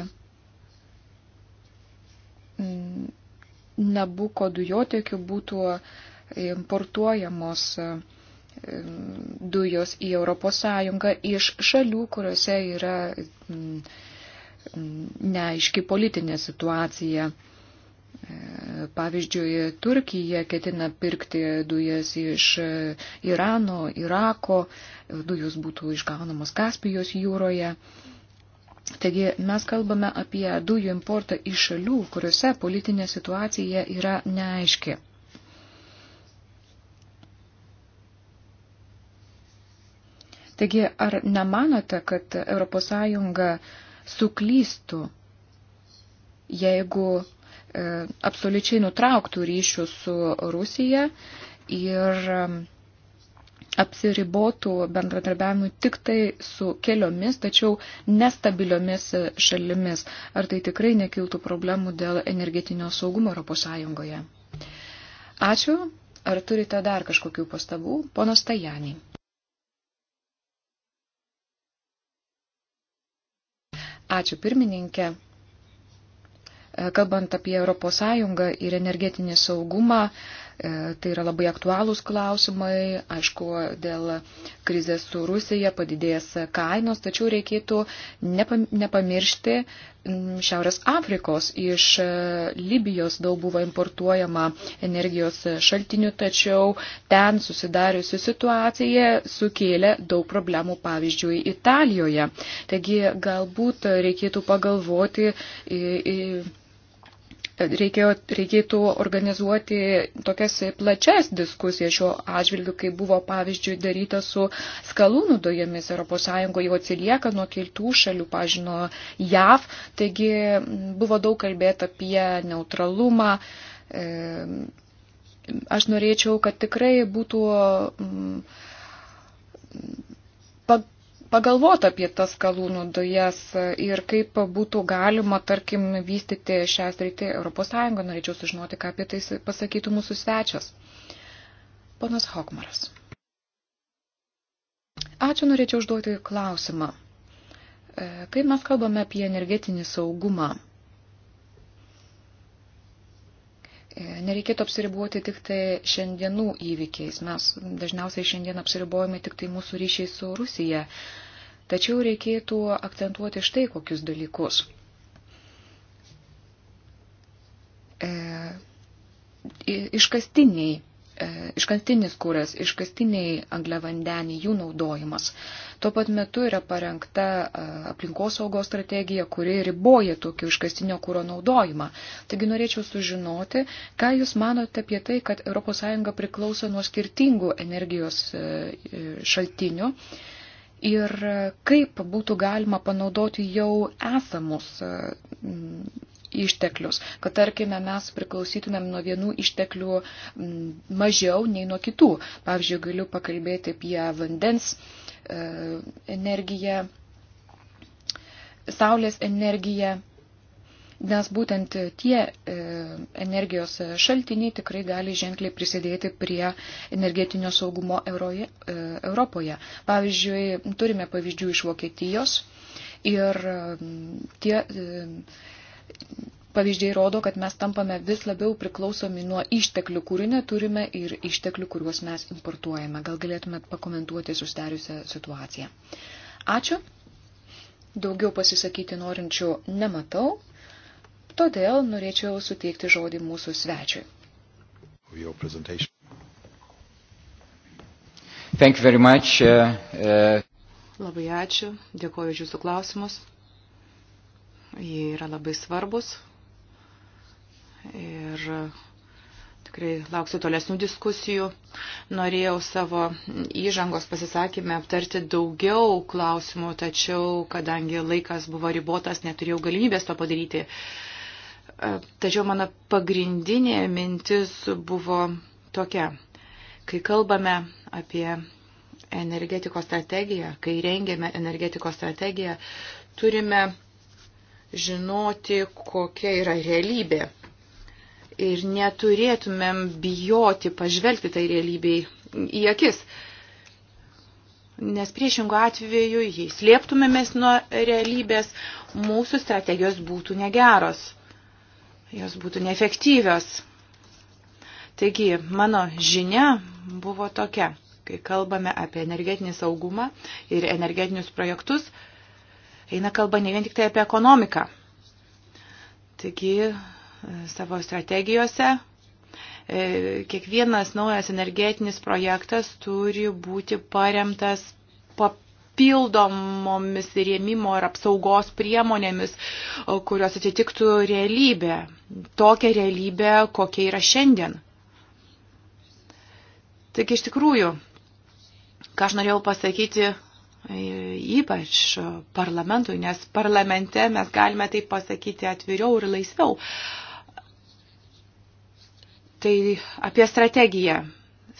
Nabuko dujotiekių būtų importuojamos e, dujos į ES iš šalių, kuriuose yra neaiški politinė situacija. E, pavyzdžiui, Turkija ketina pirkti dujas iš e, Irano, Irako, dujos būtų išgaunamos Kaspijos jūroje. Taigi mes kalbame apie dujų importą iš šalių, kuriuose politinė situacija yra neaiški. Taigi, ar nemanote, kad ES suklystų, jeigu e, absoliučiai nutrauktų ryšių su Rusija ir e, apsiribotų bendradarbiavimu tik tai su keliomis, tačiau nestabiliomis šalimis. Ar tai tikrai nekiltų problemų dėl energetinio saugumo ES? Ačiū. Ar turite dar kažkokių pastabų? Ponas Tajani. Ačiū pirmininkė. Kalbant apie ES ir energetinį saugumą, E, tai yra labai aktualūs klausimai, aišku, dėl krizės su Rusija padidės kainos, tačiau reikėtų nepamiršti Šiaurės Afrikos. Iš e, Libijos daug buvo importuojama energijos šaltinių, tačiau ten susidariusi situacija sukėlė daug problemų, pavyzdžiui, Italijoje. Taigi galbūt reikėtų pagalvoti. I, i, reikėjo, reikėtų organizuoti tokias plačias diskusijas šiuo atžvilgiu, kaip buvo pavyzdžiui daryta su skalūnų dujomis. ES jau atsilieka nuo kiltų šalių, pažino JAV, taigi buvo daug kalbėta apie neutralumą. E, aš norėčiau, kad tikrai būtų pagalvoti apie tas kalūnų dujas ir kaip būtų galima, tarkim, vystyti šią sritį ES. Norėčiau sužinoti, ką apie tai pasakytų mūsų svečias. Ponas Hokmaras. Ačiū, norėčiau užduoti klausimą. E, kai mes kalbame apie energetinį saugumą, E, nereikėtų apsiribuoti tik tai šiandienų įvykiais. Mes dažniausiai šiandien apsiribuojame tik tai mūsų ryšiai su Rusija. Tačiau reikėtų akcentuoti štai kokius dalykus. E, iškastiniai E, iškastinis kūras, iškastiniai angliavandeniai, jų naudojimas. Tuo pat metu yra parengta e, aplinkosaugos strategija, kuri riboja tokių iškastinio kūro naudojimą. Taigi norėčiau sužinoti, ką Jūs manote apie tai, kad ES priklauso nuo skirtingų energijos e, šaltinių ir kaip būtų galima panaudoti jau esamus išteklius, kad tarkime mes priklausytumėm nuo vienų išteklių mažiau nei nuo kitų. Pavyzdžiui, galiu pakalbėti apie vandens e, energiją, saulės energiją, nes būtent tie e, energijos šaltiniai tikrai gali ženkliai prisidėti prie energetinio saugumo e, Europoje. Pavyzdžiui, turime pavyzdžių iš Vokietijos ir tie Pavyzdžiai rodo, kad mes tampame vis labiau priklausomi nuo išteklių, kurių neturime ir išteklių, kuriuos mes importuojame. Gal galėtumėt pakomentuoti susidariusią situaciją. Ačiū. Daugiau pasisakyti norinčių nematau, todėl norėčiau suteikti žodį mūsų svečiui. Thank you very much. Uh, uh... Labai ačiū. Dėkuoju už jūsų klausimus. Jie yra labai svarbus ir tikrai lauksiu tolesnių diskusijų. Norėjau savo įžangos pasisakymę aptarti daugiau klausimų, tačiau kadangi laikas buvo ribotas, neturėjau galimybės to padaryti. E, tačiau mano pagrindinė mintis buvo tokia. Kai kalbame apie energetikos strategiją, kai rengėme energetikos strategiją, turime žinoti, kokia yra realybė. Ir neturėtumėm bijoti pažvelgti tai realybei į akis. Nes priešingų atveju, jei slėptumėmės nuo realybės, mūsų strategijos būtų negeros. Jos būtų neefektyvios. Taigi, mano žinia buvo tokia, kai kalbame apie energetinį saugumą ir energetinius projektus, eina kalba ne vien tik tai apie ekonomiką. Taigi e, savo strategijose e, kiekvienas naujas energetinis projektas turi būti paremtas papildomomis rėmimo ir apsaugos priemonėmis, kurios atitiktų realybę, tokią realybę, kokia yra šiandien. Taigi iš tikrųjų, ką aš norėjau pasakyti E, ypač parlamentui, nes parlamente mes galime tai pasakyti atviriau ir laisviau. Tai apie strategiją.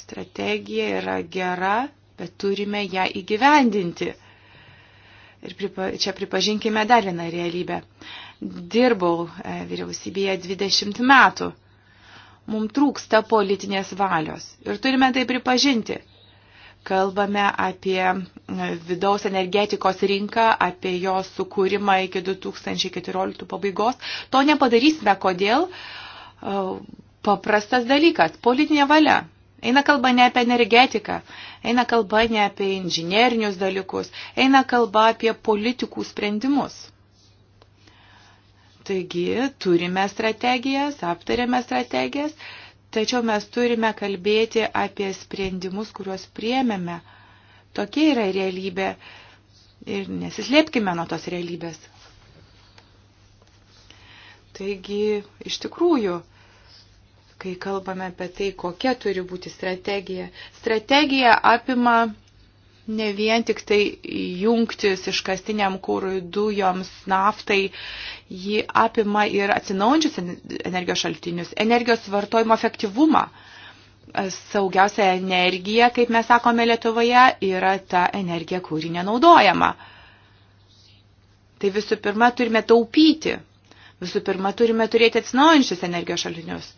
Strategija yra gera, bet turime ją įgyvendinti. Ir pripa, čia pripažinkime dar vieną realybę. Dirbau e, vyriausybėje 20 metų. Mums trūksta politinės valios ir turime tai pripažinti kalbame apie e, vidaus energetikos rinką, apie jos sukūrimą iki 2014 pabaigos. To nepadarysime. Kodėl? E, paprastas dalykas - politinė valia. Eina kalba ne apie energetiką, eina kalba ne apie inžinierinius dalykus, eina kalba apie politikų sprendimus. Taigi turime strategijas, aptarėme strategijas, Tačiau mes turime kalbėti apie sprendimus, kuriuos priemėme. Tokia yra realybė ir nesislėpkime nuo tos realybės. Taigi, iš tikrųjų, kai kalbame apie tai, kokia turi būti strategija, strategija apima ne vien tik tai jungtis iškastiniam kūrui, dujoms, naftai, ji apima ir atsinaujančius energijos šaltinius, energijos vartojimo efektyvumą. Saugiausia energija, kaip mes sakome Lietuvoje, yra ta energija, kuri nenaudojama. Tai visų pirma, turime taupyti. Visų pirma, turime turėti atsinaujančius energijos šaltinius.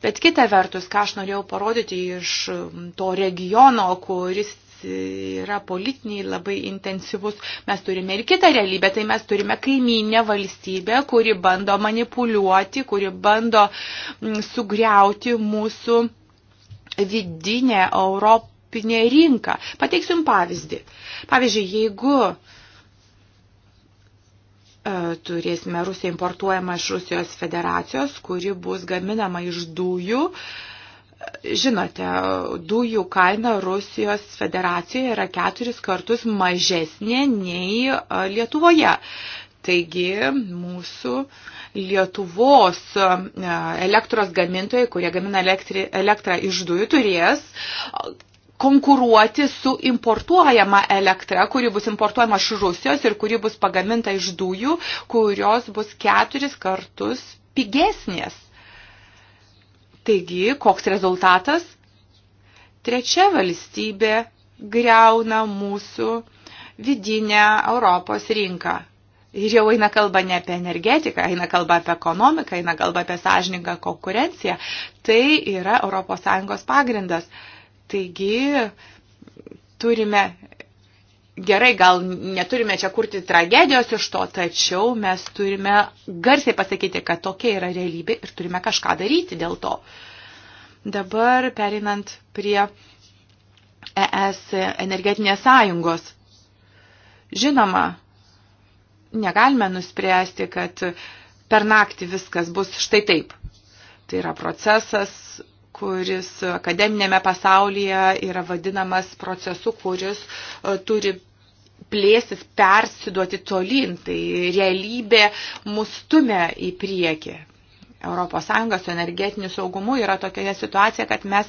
Bet kita vertus, ką aš norėjau parodyti iš to regiono, kuris yra politiniai labai intensyvus. Mes turime ir kitą realybę, tai mes turime kaiminę valstybę, kuri bando manipuliuoti, kuri bando mm, sugriauti mūsų vidinę europinę rinką. Pateiksiu Jums pavyzdį. Pavyzdžiui, jeigu e, turėsime Rusiją importuojamą iš Rusijos federacijos, kuri bus gaminama iš dujų, uh, Žinote, dujų kaina Rusijos federacijoje yra keturis kartus mažesnė nei Lietuvoje. Taigi mūsų Lietuvos elektros gamintojai, kurie gamina elektri, elektrą iš dujų, turės konkuruoti su importuojama elektra, kuri bus importuojama iš Rusijos ir kuri bus pagaminta iš dujų, kurios bus keturis kartus pigesnės. Taigi, koks rezultatas? Trečia valstybė greuna mūsų vidinę Europos rinką. Ir jau eina kalba ne apie energetiką, eina kalba apie ekonomiką, eina kalba apie sąžininką konkurenciją. Tai yra ES pagrindas. Taigi turime gerai, gal neturime čia kurti tragedijos iš to, tačiau mes turime garsiai pasakyti, kad tokia yra realybė ir turime kažką daryti dėl to. Dabar perinant prie ES energetinės sąjungos. Žinoma, negalime nuspręsti, kad per naktį viskas bus štai taip. Tai yra procesas, kuris akademinėme pasaulyje yra vadinamas procesu, kuris e, turi plėsis, persiduoti tolin. Tai realybė mus stumia į priekį. ES su energetiniu saugumu yra tokia situacija, kad mes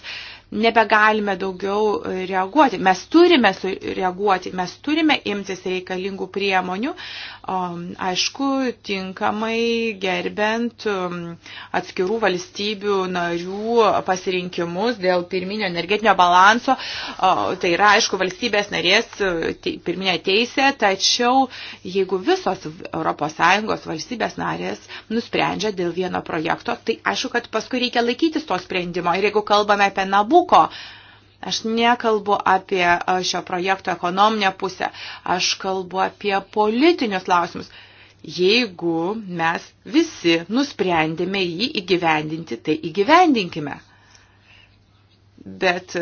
nebegalime daugiau reaguoti. Mes turime reaguoti, mes turime imtis reikalingų priemonių, um, aišku, tinkamai gerbent um, atskirų valstybių narių pasirinkimus dėl pirminio energetinio balanso. Tai yra, aišku, valstybės narės pirminė teisė, tačiau jeigu visos ES valstybės narės nusprendžia dėl vieno projekto, tai aišku, kad paskui reikia laikytis to sprendimo. Ir jeigu kalbame apie nabų, trūko. Aš nekalbu apie šio projekto ekonominę pusę, aš kalbu apie politinius klausimus. Jeigu mes visi nusprendėme jį įgyvendinti, tai įgyvendinkime. Bet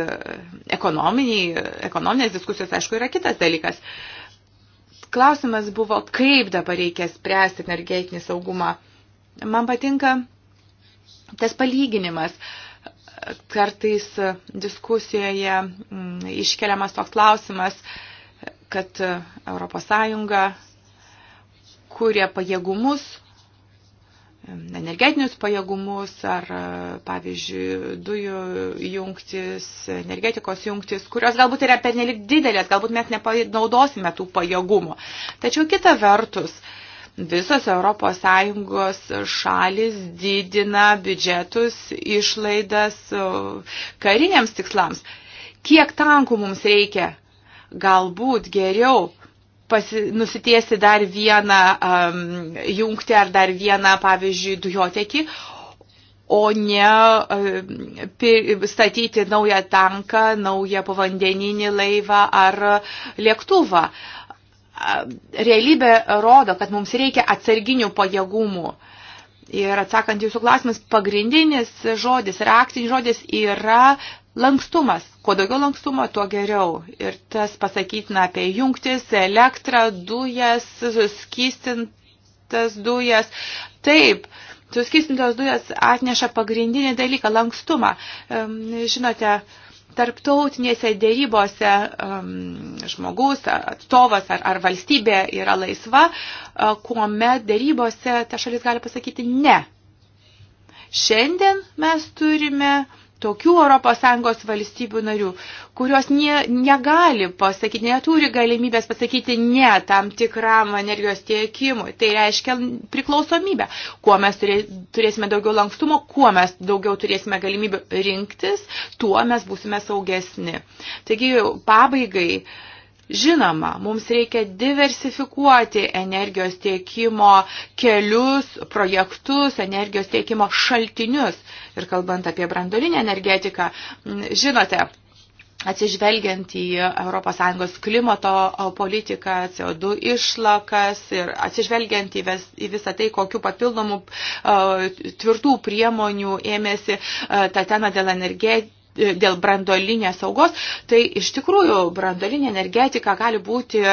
ekonominės diskusijos, aišku, yra kitas dalykas. Klausimas buvo, kaip dabar reikia spręsti energetinį saugumą. Man patinka tas palyginimas. Uh, kartais diskusijoje mm, iškeliamas toks klausimas, kad ES kūrė pajėgumus, energetinius pajėgumus ar, pavyzdžiui, dujų jungtis, energetikos jungtis, kurios galbūt yra pernelik didelės, galbūt mes nepanaudosime tų pajėgumų. Tačiau kita vertus, uh, visos ES šalis didina biudžetus, išlaidas e, kariniams tikslams. Kiek tankų mums reikia? Galbūt geriau pasi, nusitiesi dar vieną um, jungtį ar dar vieną, pavyzdžiui, dujotekį, o ne um, pir, statyti naują tanką, naują povandeninį laivą ar lėktuvą. Uh, realybė rodo, kad mums reikia atsarginių pajėgumų. Ir atsakant jūsų klausimus, pagrindinis žodis, raktinis žodis yra lankstumas. Kuo daugiau lankstumo, tuo geriau. Ir tas pasakytina apie jungtis, elektrą, dujas, suskistintas dujas. Taip, suskistintos dujas atneša pagrindinį dalyką - lankstumą. Žinote, tarptautinėse dėrybose um, žmogus, atstovas ar, ar valstybė yra laisva, uh, kuomet dėrybose ta šalis gali pasakyti ne. Šiandien mes turime tokių ES valstybių narių, kurios nie, negali pasakyti, neturi galimybės pasakyti ne tam tikram energijos tiekimui. Tai reiškia priklausomybę. Kuo mes turėsime daugiau lankstumo, kuo mes daugiau turėsime galimybę rinktis, tuo mes būsime saugesni. Taigi, pabaigai. Uh, Žinoma, mums reikia diversifikuoti energijos tiekimo kelius, projektus, energijos tiekimo šaltinius. Ir kalbant apie brandolinę energetiką, žinote, atsižvelgiant į ES klimato politiką, CO2 išlakas ir atsižvelgiant į, vis, į visą tai, kokiu papildomu uh, tvirtų priemonių ėmėsi uh, Tatena dėl energetikos dėl brandolinės saugos, tai iš tikrųjų brandolinė energetika gali būti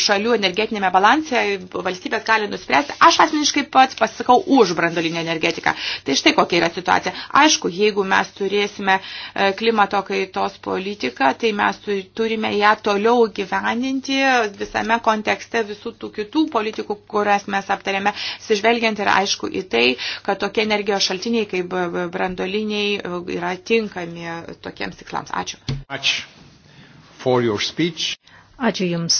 šalių energetinėme balanse, valstybės gali nuspręsti. Aš asmeniškai pats pasisakau už brandolinę energetiką. Tai štai kokia yra situacija. Aišku, jeigu mes turėsime e, klimato kaitos politiką, tai mes turime ją toliau gyveninti visame kontekste visų tų kitų politikų, kurias mes aptarėme, sižvelgiant ir aišku į tai, kad tokie energijos šaltiniai kaip brandoliniai e, yra tinkami priemonė tokiems tikslams. Ačiū. Ačiū Jums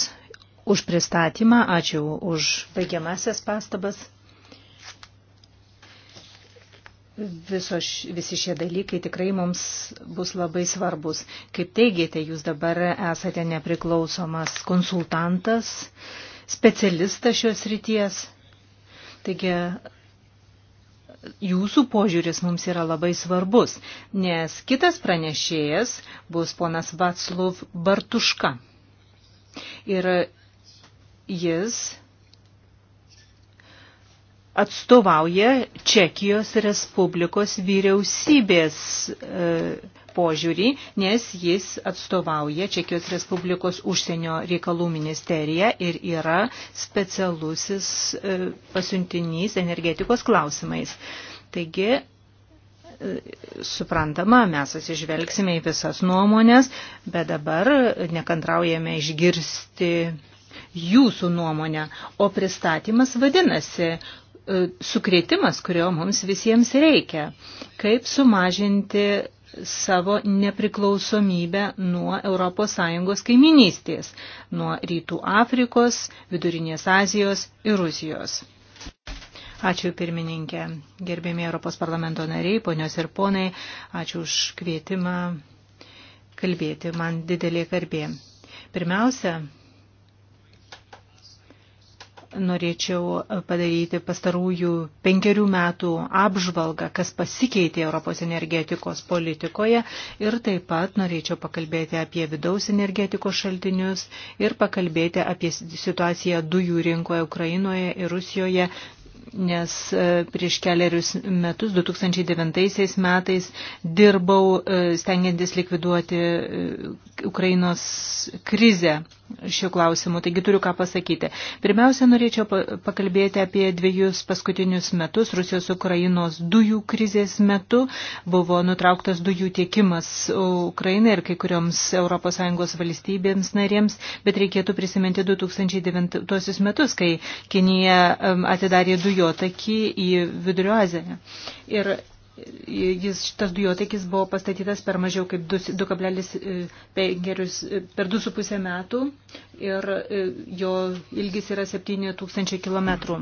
už pristatymą, ačiū už baigiamasias pastabas. Visos, visi šie dalykai tikrai mums bus labai svarbus. Kaip teigėte, jūs dabar esate nepriklausomas konsultantas, specialistas šios ryties. Taigi jūsų požiūris mums yra labai svarbus, nes kitas pranešėjas bus ponas Vaclav Bartuška. Ir jis atstovauja Čekijos Respublikos vyriausybės e, požiūrį, nes jis atstovauja Čekijos Respublikos užsienio reikalų ministeriją ir yra specialusis e, pasiuntinys energetikos klausimais. Taigi, e, suprantama, mes atsižvelgsime į visas nuomonės, bet dabar nekantraujame išgirsti jūsų nuomonę, o pristatymas vadinasi e, sukrėtimas, kurio mums visiems reikia. Kaip sumažinti savo nepriklausomybę nuo ES kaiminystės, nuo Rytų Afrikos, Vidurinės Azijos ir Rusijos. Ačiū pirmininkė, gerbėmi Europos parlamento nariai, ponios ir ponai, ačiū už kvietimą kalbėti, man didelė garbė. Pirmiausia, norėčiau padaryti pastarųjų penkerių metų apžvalgą, kas pasikeitė Europos energetikos politikoje ir taip pat norėčiau pakalbėti apie vidaus energetikos šaltinius ir pakalbėti apie situaciją dujų rinkoje Ukrainoje ir Rusijoje. Nes e, prieš keliarius metus, 2009 metais, dirbau e, stengiantis likviduoti e, Ukrainos krizę šiuo klausimu, taigi turiu ką pasakyti. Pirmiausia, norėčiau pakalbėti apie dviejus paskutinius metus. Rusijos Ukrainos dujų krizės metu buvo nutrauktas dujų tiekimas Ukrainai ir kai kurioms ES valstybėms narėms, bet reikėtų prisiminti 2009 metus, kai Kinija atidarė dujotakį į Vidurio Aziją. Ir jis, šitas dujotekis buvo pastatytas per mažiau kaip 2,5 e, per 2,5 metų ir e, jo ilgis yra 7000 km.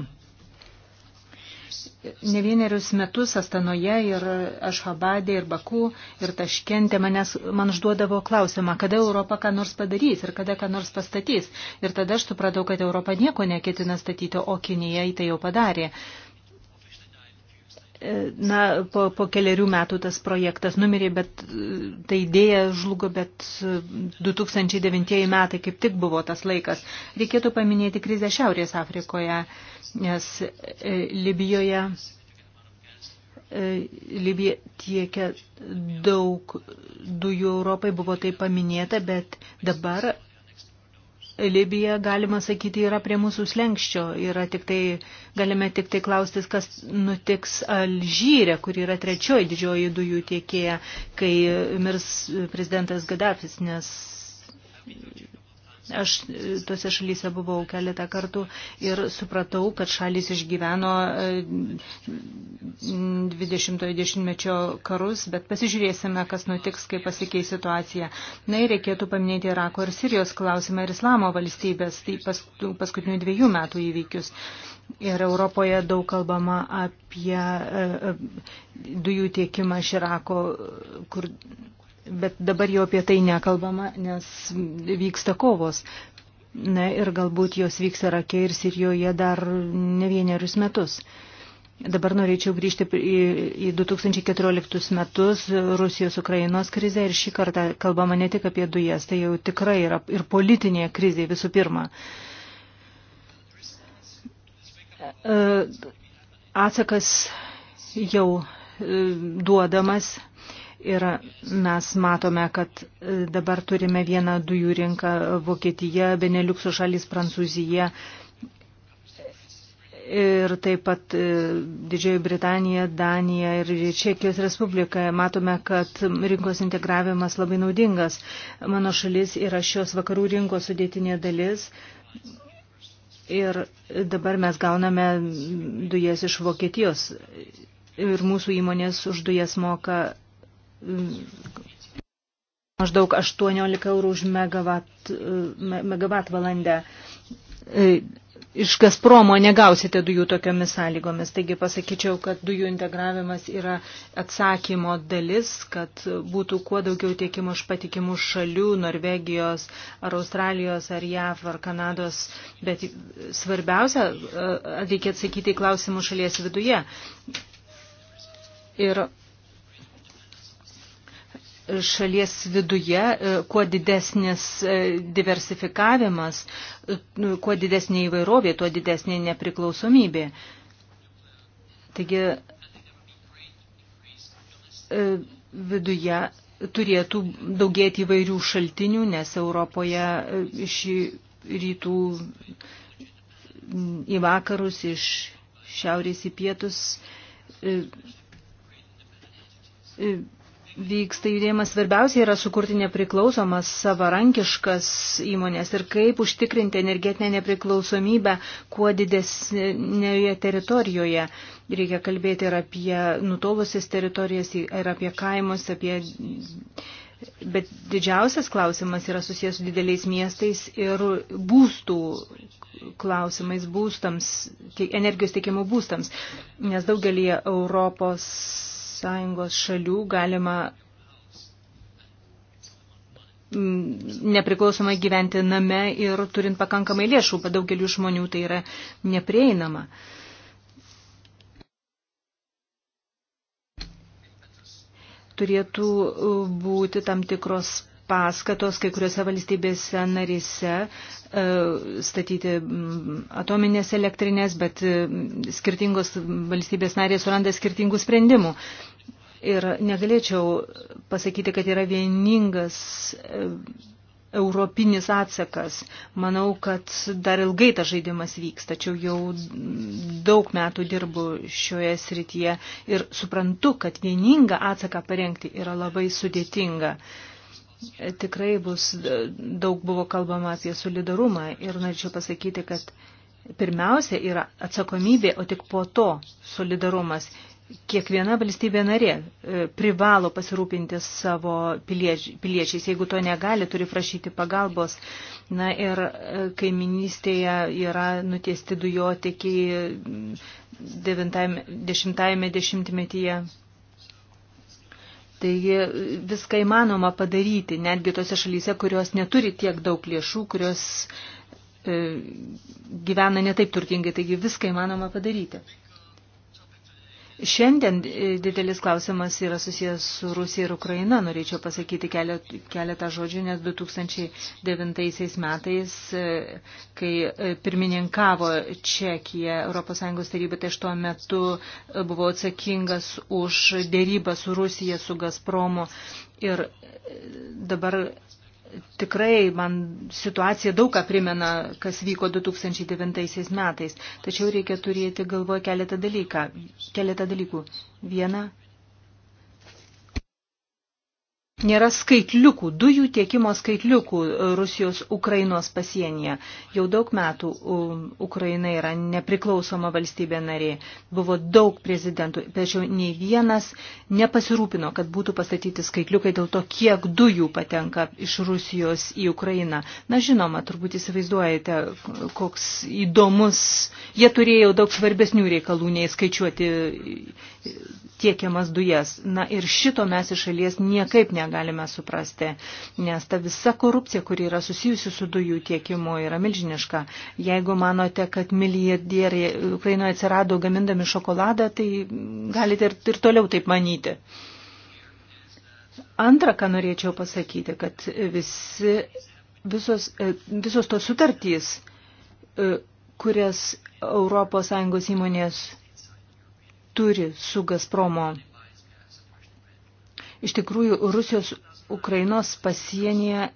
Ne vienerius metus Astanoje ir Ašhabadė ir Baku ir Taškentė manęs, man užduodavo klausimą, kada Europa ką nors padarys ir kada ką nors pastatys. Ir tada aš supratau, kad Europa nieko neketina statyti, o Kinija į tai jau padarė. Uh, Na, po, po keliarių metų tas projektas numirė, bet e, ta idėja žlugo, bet 2009 e, metai kaip tik buvo tas laikas. Reikėtų paminėti krizę Šiaurės Afrikoje, nes e, Libijoje Libija tiekia daug dujų Europai, buvo tai paminėta, bet dabar Libija, galima sakyti, yra prie mūsų slengščio. Yra tik tai, galime tik tai klaustis, kas nutiks Alžyre, kur yra trečioji didžioji dujų tiekėja, kai mirs prezidentas Gaddafis, nes Aš e, tose šalyse buvau keletą kartų ir supratau, kad šalis išgyveno 20-ojo e, dešimtmečio karus, bet pasižiūrėsime, kas nutiks, kai pasikeis situacija. Na ir reikėtų paminėti Irako ir Sirijos klausimą ir Islamo valstybės, tai pas, paskutinių dviejų metų įvykius. Ir Europoje daug kalbama apie e, dujų tiekimą iš Irako, kur bet dabar jau apie tai nekalbama, nes vyksta kovos. Na ir galbūt jos vyks Irake ir Sirijoje dar ne vienerius metus. Dabar norėčiau grįžti į, į 2014 metus Rusijos-Ukrainos krizę ir šį kartą kalbama ne tik apie dujas, tai jau tikrai yra ir politinė krizė visų pirma. E, atsakas jau e, duodamas Ir mes matome, kad e, dabar turime vieną dujų rinką Vokietija, Beneliuksų šalis Prancūzija ir taip pat e, Didžioji Britanija, Danija ir Čekijos Respublika. Matome, kad rinkos integravimas labai naudingas. Mano šalis yra šios vakarų rinkos sudėtinė dalis. Ir dabar mes gauname dujas iš Vokietijos. Ir mūsų įmonės už dujas moka maždaug 18 eurų už megavat, megavat valandę. E, iš Gazpromo negausite dujų tokiomis sąlygomis, taigi pasakyčiau, kad dujų integravimas yra atsakymo dalis, kad būtų kuo daugiau tiekimo iš patikimų šalių, Norvegijos, ar Australijos, ar JAV, ar Kanados, bet svarbiausia, e, reikia atsakyti į klausimus šalies viduje. Ir šalies viduje, e, kuo didesnis e, diversifikavimas, e, kuo didesnė įvairovė, tuo didesnė nepriklausomybė. Taigi viduje turėtų daugėti įvairių šaltinių, nes Europoje iš rytų į vakarus, iš šiaurės į pietus vyksta judėjimas, svarbiausia yra sukurti nepriklausomas savarankiškas įmonės ir kaip užtikrinti energetinę nepriklausomybę kuo didesnėje teritorijoje. Reikia kalbėti ir apie nutolusias teritorijas, ir apie kaimus, apie. Bet didžiausias klausimas yra susijęs su dideliais miestais ir būstų klausimais būstams, energijos teikimo būstams, nes daugelį Europos ES šalių galima mm, nepriklausomai gyventi name ir turint pakankamai lėšų, bet daugeliu žmonių tai yra neprieinama. Turėtų uh, būti tam tikros paskatos kai kuriuose valstybėse narise e, statyti mm, atominės elektrinės, bet mm, skirtingos valstybės narės suranda skirtingų sprendimų. Ir negalėčiau pasakyti, kad yra vieningas e, europinis atsakas. Manau, kad dar ilgai tas žaidimas vyks, tačiau jau daug metų dirbu šioje srityje ir suprantu, kad vieningą atsaką parengti yra labai sudėtinga. Uh, tikrai bus, e, daug buvo kalbama apie solidarumą ir norėčiau pasakyti, kad pirmiausia yra atsakomybė, o tik po to solidarumas. Kiekviena valstybė narė e, privalo pasirūpinti savo piliečiais. Jeigu to negali, turi prašyti pagalbos. Na ir e, kaiminystėje yra nutiesti dujotekiai 90-metyje. -10 Taigi viską įmanoma padaryti, netgi tose šalyse, kurios neturi tiek daug lėšų, kurios e, gyvena netaip turtingai, taigi viską įmanoma padaryti. Šiandien e, didelis klausimas yra susijęs su Rusija ir Ukraina. Norėčiau pasakyti keletą žodžių, nes 2009 metais, e, kai e, pirmininkavo Čekija ES taryba, tai aš tuo metu buvau atsakingas už dėrybą su Rusija, su Gazpromu. Ir dabar tikrai man situacija daug ką primena, kas vyko 2009 metais. Tačiau reikia turėti galvoje keletą, dalyką, keletą dalykų. Viena nėra skaitliukų, dujų tiekimo skaitliukų Rusijos Ukrainos pasienyje. Jau daug metų um, Ukraina yra nepriklausoma valstybė narė. Buvo daug prezidentų, tačiau nei vienas nepasirūpino, kad būtų pastatyti skaitliukai dėl to, kiek dujų patenka iš Rusijos į Ukrainą. Na žinoma, turbūt įsivaizduojate, koks įdomus. Jie turėjo daug svarbesnių reikalų nei skaičiuoti tiekiamas dujas. Na ir šito mes iš šalies niekaip negalime negalime suprasti, nes ta visa korupcija, kuri yra susijusi su dujų tiekimu, yra milžiniška. Jeigu manote, kad milijardieriai Ukrainoje atsirado gamindami šokoladą, tai galite ir, ir toliau taip manyti. Antra, ką norėčiau pasakyti, kad visi, visos, e, visos tos sutartys, e, kurias ES įmonės turi su Gazpromo Iš tikrųjų, Rusijos Ukrainos pasienyje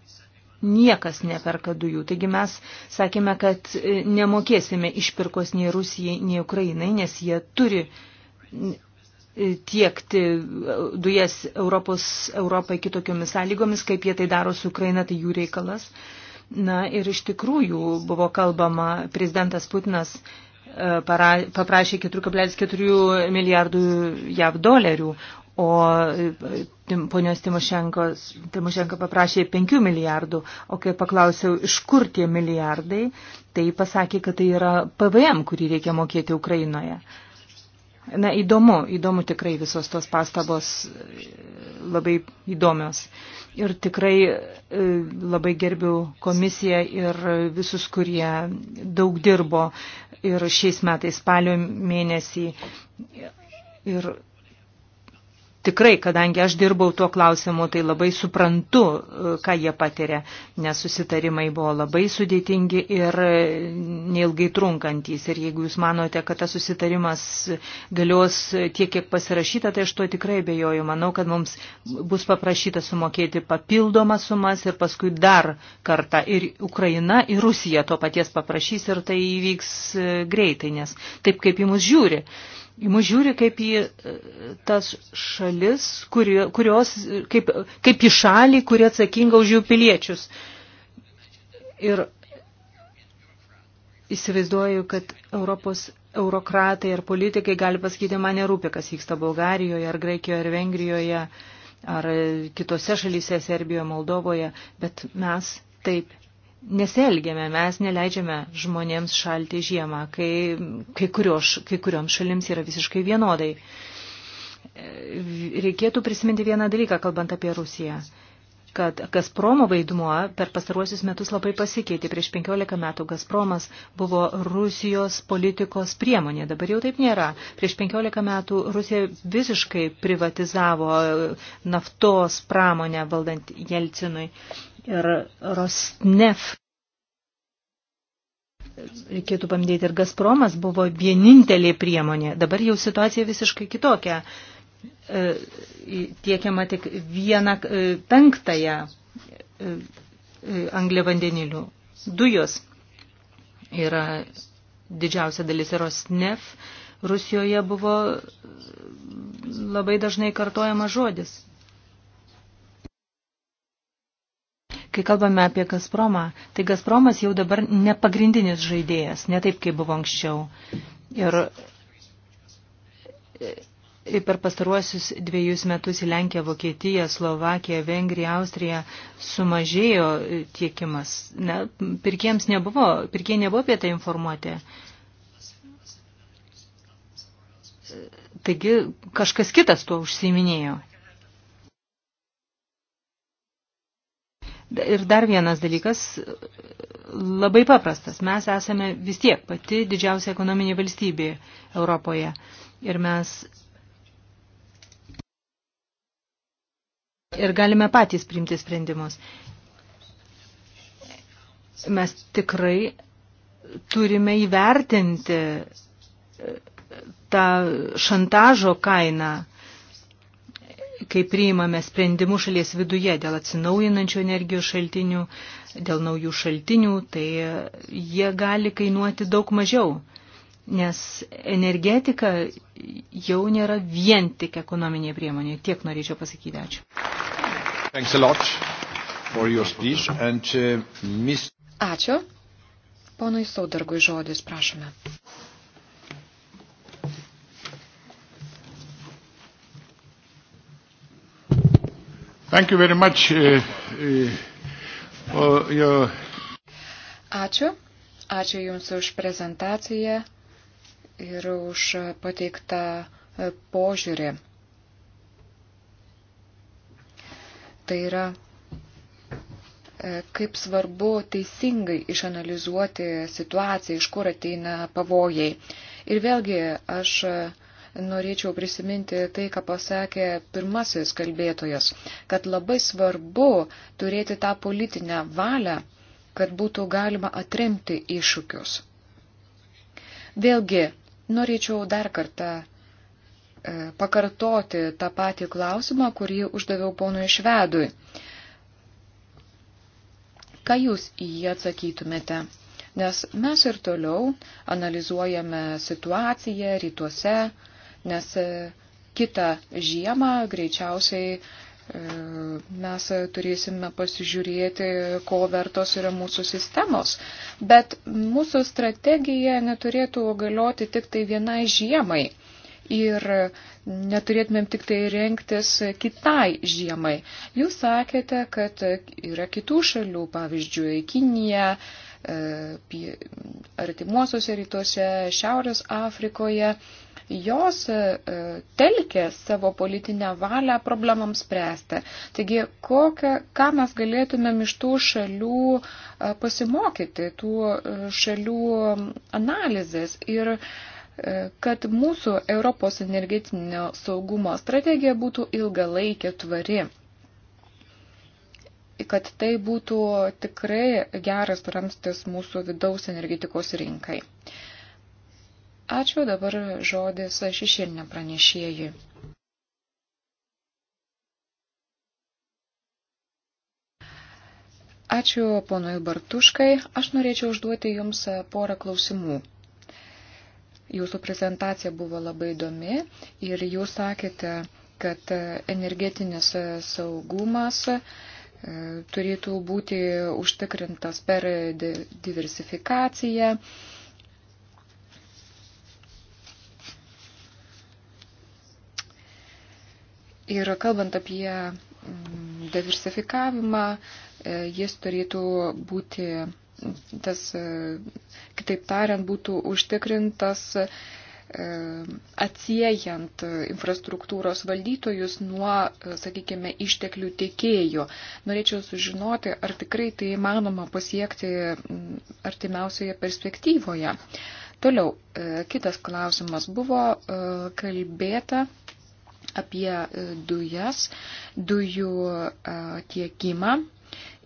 niekas neperka dujų. Taigi mes sakėme, kad e, nemokėsime išpirkos nei Rusijai, nei Ukrainai, nes jie turi e, tiekti e, dujas Europos, Europai kitokiomis sąlygomis, kaip jie tai daro su Ukraina, tai jų reikalas. Na ir iš tikrųjų buvo kalbama, prezidentas Putinas para, paprašė 4,4 milijardų JAV dolerių, o e, ponios Timošenko paprašė 5 milijardų, o kai paklausiau, iš kur tie milijardai, tai pasakė, kad tai yra PVM, kurį reikia mokėti Ukrainoje. Na, įdomu, įdomu tikrai visos tos pastabos e, labai įdomios. Ir tikrai e, labai gerbiu komisiją ir visus, kurie daug dirbo ir šiais metais spalio mėnesį. Ir tikrai, kadangi aš dirbau tuo klausimu, tai labai suprantu, e, ką jie patiria, nes susitarimai buvo labai sudėtingi ir e, neilgai trunkantys. Ir jeigu jūs manote, kad tas susitarimas galios tiek, kiek pasirašyta, tai aš tuo tikrai bejoju. Manau, kad mums bus paprašyta sumokėti papildomas sumas ir paskui dar kartą. Ir Ukraina, ir Rusija to paties paprašys ir tai įvyks e, greitai, nes taip kaip į mus žiūri. Uh, į mus žiūri kaip į e, tas šalis, kuri, kurios, kaip, kaip į šalį, kuri atsakinga už jų piliečius. Ir įsivaizduoju, kad Europos eurokratai ar politikai gali pasakyti, man nerūpia, kas vyksta Bulgarijoje, ar Graikijoje, ar Vengrijoje, ar kitose šalyse, Serbijoje, Moldovoje, bet mes taip nesielgiame, mes neleidžiame žmonėms šalti žiemą, kai, kai, kurios, kai kurioms šalims yra visiškai vienodai. Reikėtų prisiminti vieną dalyką, kalbant apie Rusiją kad Gazpromo vaidmuo per pastaruosius metus labai pasikeitė. Prieš 15 metų Gazpromas buvo Rusijos politikos priemonė, dabar jau taip nėra. Prieš 15 metų Rusija visiškai privatizavo naftos pramonę valdant Jelcinui ir Rosnef. Reikėtų paminėti, ir Gazpromas buvo vienintelė priemonė. Dabar jau situacija visiškai kitokia. E, tiekiama tik vieną e, penktąją e, anglio vandenilių. Dujos yra didžiausia dalis Rosnef. Rusijoje buvo labai dažnai kartojama žodis. Kai kalbame apie Gazpromą, tai Gazpromas jau dabar ne pagrindinis žaidėjas, ne taip, kaip buvo anksčiau. Ir e, Per pastaruosius dviejus metus į Lenkiją, Vokietiją, Slovakiją, Vengriją, Austriją sumažėjo e, tiekimas. Ne, pirkėjams nebuvo, pirkėjai nebuvo apie tai informuoti. Taigi kažkas kitas tuo užsiminėjo. Ir dar vienas dalykas, labai paprastas. Mes esame vis tiek pati didžiausia ekonominė valstybė Europoje. Ir mes ir galime patys priimti sprendimus. Mes tikrai turime įvertinti tą šantažo kainą, kai priimame sprendimų šalies viduje dėl atsinaujinančių energijos šaltinių, dėl naujų šaltinių, tai jie gali kainuoti daug mažiau, nes energetika jau nėra vien tik ekonominė priemonė. Tiek norėčiau pasakyti. Ačiū. And, uh, miss... Ačiū. Ponui Saudargui žodis, prašome. Thank you very much uh, uh, for your... Ačiū. Ačiū Jums už prezentaciją ir už pateiktą e, požiūrį. Tai yra, e, kaip svarbu teisingai išanalizuoti situaciją, iš kur ateina pavojai. Ir vėlgi aš norėčiau prisiminti tai, ką pasakė pirmasis kalbėtojas, kad labai svarbu turėti tą politinę valią, kad būtų galima atremti iššūkius. Vėlgi, norėčiau dar kartą e, pakartoti tą patį klausimą, kurį uždaviau ponui Švedui. Ką jūs į jį atsakytumėte? Nes mes ir toliau analizuojame situaciją rytuose, nes e, kitą žiemą greičiausiai e, mes turėsime pasižiūrėti, ko vertos yra mūsų sistemos. Bet mūsų strategija neturėtų galioti tik tai vienai žiemai. Ir neturėtumėm tik tai renktis kitai žiemai. Jūs sakėte, kad yra kitų šalių, pavyzdžiui, Kinija, e, artimuosiuose rytuose, Šiaurės Afrikoje, jos e, e, telkė savo politinę valią problemams spręsti. Taigi, kokią, ką mes galėtumėm iš tų šalių e, pasimokyti, tų šalių analizės ir kad mūsų Europos energetinio saugumo strategija būtų ilgalaikė tvari kad tai būtų tikrai geras ramstis mūsų vidaus energetikos rinkai. Uh, Ačiū dabar žodis šešėlinė pranešėjai. Ačiū ponui Bartuškai. Aš norėčiau užduoti Jums porą klausimų. Jūsų prezentacija buvo labai įdomi ir Jūs sakėte, kad energetinis saugumas e, turėtų būti užtikrintas per diversifikaciją Ir kalbant apie mm, diversifikavimą, e, jis turėtų būti, tas, e, kitaip tariant, būtų užtikrintas e, atsiejant infrastruktūros valdytojus nuo, sakykime, išteklių tiekėjų. Norėčiau sužinoti, ar tikrai tai įmanoma pasiekti mm, artimiausioje perspektyvoje. Toliau, kitas klausimas buvo kalbėta apie e, dujas, dujų e, tiekimą.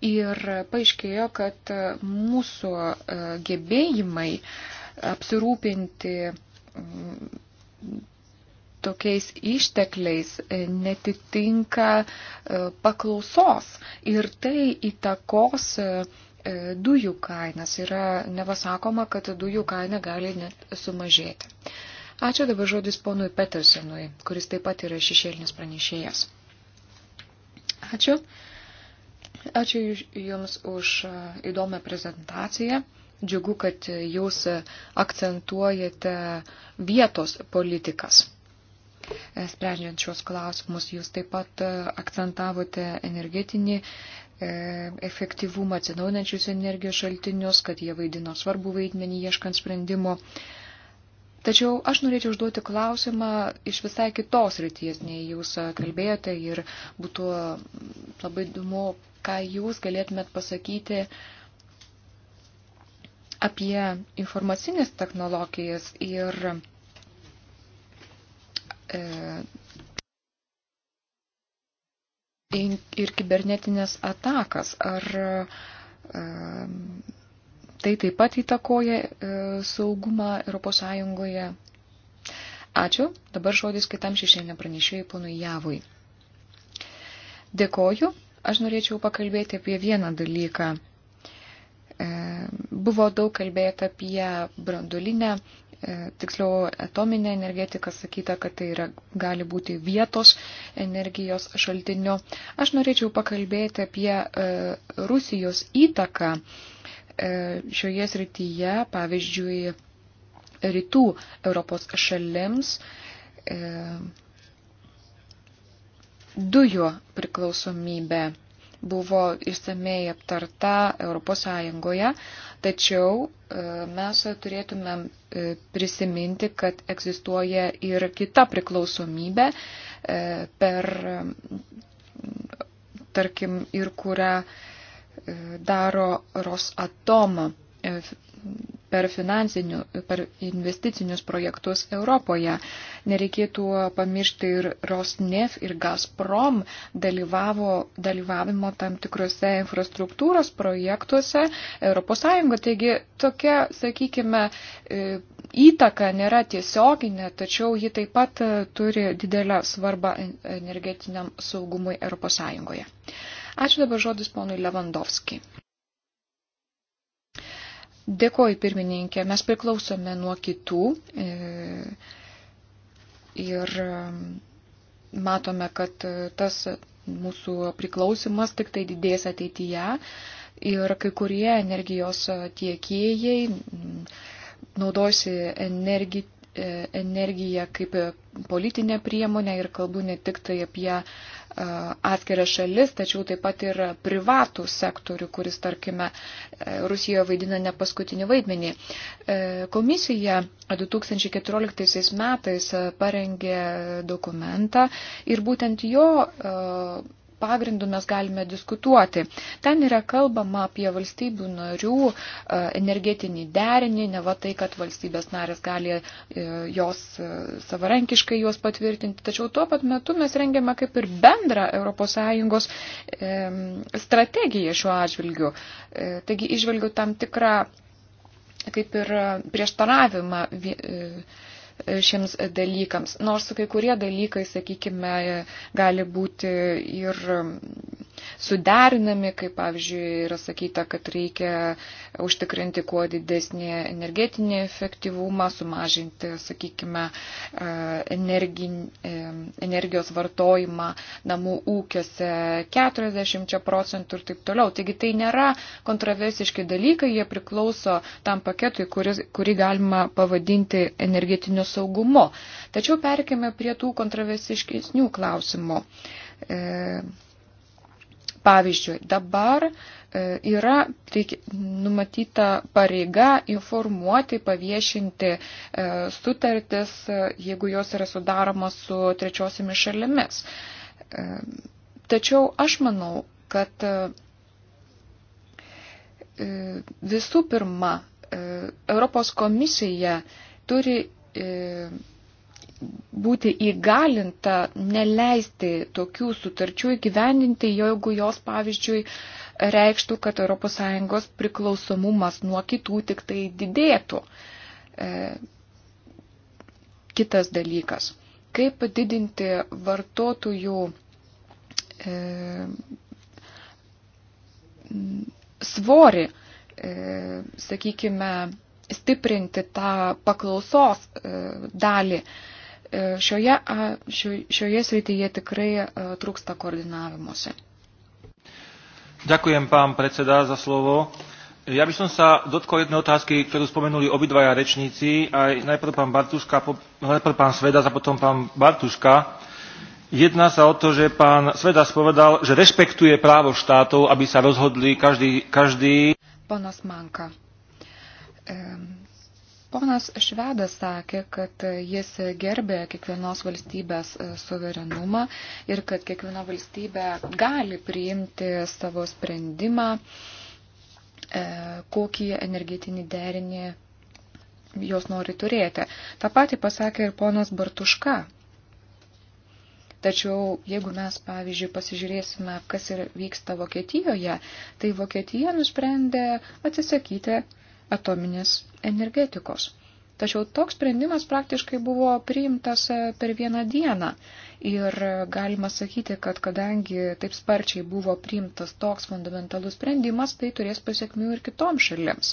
Ir paaiškėjo, kad e, mūsų gebėjimai apsirūpinti tokiais ištekliais netitinka paklausos ir tai įtakos dujų kainas. Yra nevasakoma, kad dujų kaina gali net sumažėti. Ačiū dabar žodis ponui Petersenui, kuris taip pat yra šešėlinis pranešėjas. Ačiū. Ačiū Jums už e, įdomią prezentaciją. Džiugu, kad Jūs akcentuojate vietos politikas. E, sprendžiant šios klausimus, Jūs taip pat e, akcentavote energetinį efektyvumą atsinaujinančius energijos šaltinius, kad jie vaidino svarbų vaidmenį ieškant sprendimo. Tačiau aš norėčiau užduoti klausimą iš visai kitos ryties, nei jūs kalbėjote ir būtų labai įdomu, ką jūs galėtumėt pasakyti apie informacinės technologijas ir e, ir kibernetinės atakas. Ar e, Tai taip pat įtakoja e, saugumą ES. Ačiū. Dabar žodis kitam šešėlinė pranešėjai ponui Javui. Dėkoju. Aš norėčiau pakalbėti apie vieną dalyką. E, buvo daug kalbėta apie brandulinę, e, tiksliau atominę energetiką, sakyta, kad tai yra, gali būti vietos energijos šaltiniu. Aš norėčiau pakalbėti apie Rusijos įtaką E, šioje srityje, pavyzdžiui, rytų Europos šalims e, dujų priklausomybė buvo išsamei aptarta ES, tačiau e, mes turėtumėm prisiminti, kad egzistuoja ir kita priklausomybė per, tarkim, ir kurią daro Rosatomą e, per, per investicinius projektus Europoje. Nereikėtų pamiršti ir Rosnef ir Gazprom dalyvavo, dalyvavimo tam tikrose infrastruktūros projektuose ES. Taigi tokia, sakykime, e, įtaka nėra tiesioginė, tačiau ji taip pat turi didelę svarbą energetiniam saugumui ES. Ačiū dabar žodis ponui Levandovski. Dėkoju, pirmininkė. Mes priklausome nuo kitų e, ir e, matome, kad e, tas mūsų priklausimas tik tai didės ateityje ir kai kurie energijos tiekėjai mm, naudosi energi, energiją kaip politinę priemonę ir kalbu ne tik tai apie atskiras šalis, tačiau taip pat ir privatų sektorių, kuris, tarkime, Rusijoje vaidina ne paskutinį vaidmenį. E, komisija 2014 metais parengė dokumentą ir būtent jo e, pagrindų mes galime diskutuoti. Ten yra kalbama apie valstybių narių e, energetinį derinį, ne va tai, kad valstybės narės gali e, jos e, savarankiškai juos patvirtinti, tačiau tuo pat metu mes rengiame kaip ir bendrą ES strategiją šiuo atžvilgiu. Taigi išvelgiu tam tikrą kaip ir prieštaravimą šiems dalykams. Nors kai kurie dalykai, sakykime, gali būti ir suderinami, kaip pavyzdžiui yra sakyta, kad reikia užtikrinti kuo didesnį energetinį efektyvumą, sumažinti, sakykime, e, energi, e, energijos vartojimą namų ūkiuose 40 procentų ir taip toliau. Taigi tai nėra kontroversiški dalykai, jie priklauso tam paketui, kuris, kurį galima pavadinti energetiniu saugumu. Tačiau perkime prie tų kontroversiškesnių klausimų. E, Pavyzdžiui, dabar e, yra reikia, numatyta pareiga informuoti, paviešinti e, sutartis, e, jeigu jos yra sudaromos su trečiosiomis šalimis. Tačiau aš manau, kad visų pirma, Europos komisija turi būti įgalinta neleisti tokių sutarčių įgyvendinti, jeigu jos, pavyzdžiui, reikštų, kad ES priklausomumas nuo kitų tik tai didėtų. E, kitas dalykas. Kaip didinti vartotojų e, svorį, e, sakykime, stiprinti tą paklausos e, dalį. E, E, šioje, šioje srityje tikrai e, trūksta koordinavimuose. Ďakujem, pán predseda, za slovo. Ja by som sa dotkol jednej otázky, ktorú spomenuli obidvaja rečníci, aj najprv pán, Bartuška, najprv pán Svedas a potom pán Bartuška. Jedná sa o to, že pán Svedas povedal, že rešpektuje právo štátov, aby sa rozhodli každý... každý... Ponos Manka. Ehm, Ponas Švedas sakė, kad jis gerbė kiekvienos valstybės suverenumą ir kad kiekviena valstybė gali priimti savo sprendimą, e, kokį energetinį derinį jos nori turėti. Ta patį pasakė ir ponas Bartuška. Tačiau jeigu mes, pavyzdžiui, pasižiūrėsime, kas ir vyksta Vokietijoje, tai Vokietija nusprendė atsisakyti atominės energetikos. Tačiau toks sprendimas praktiškai buvo priimtas e, per vieną dieną ir galima sakyti, kad kadangi taip sparčiai buvo priimtas toks fundamentalus sprendimas, tai turės pasiekmių ir kitoms šalims.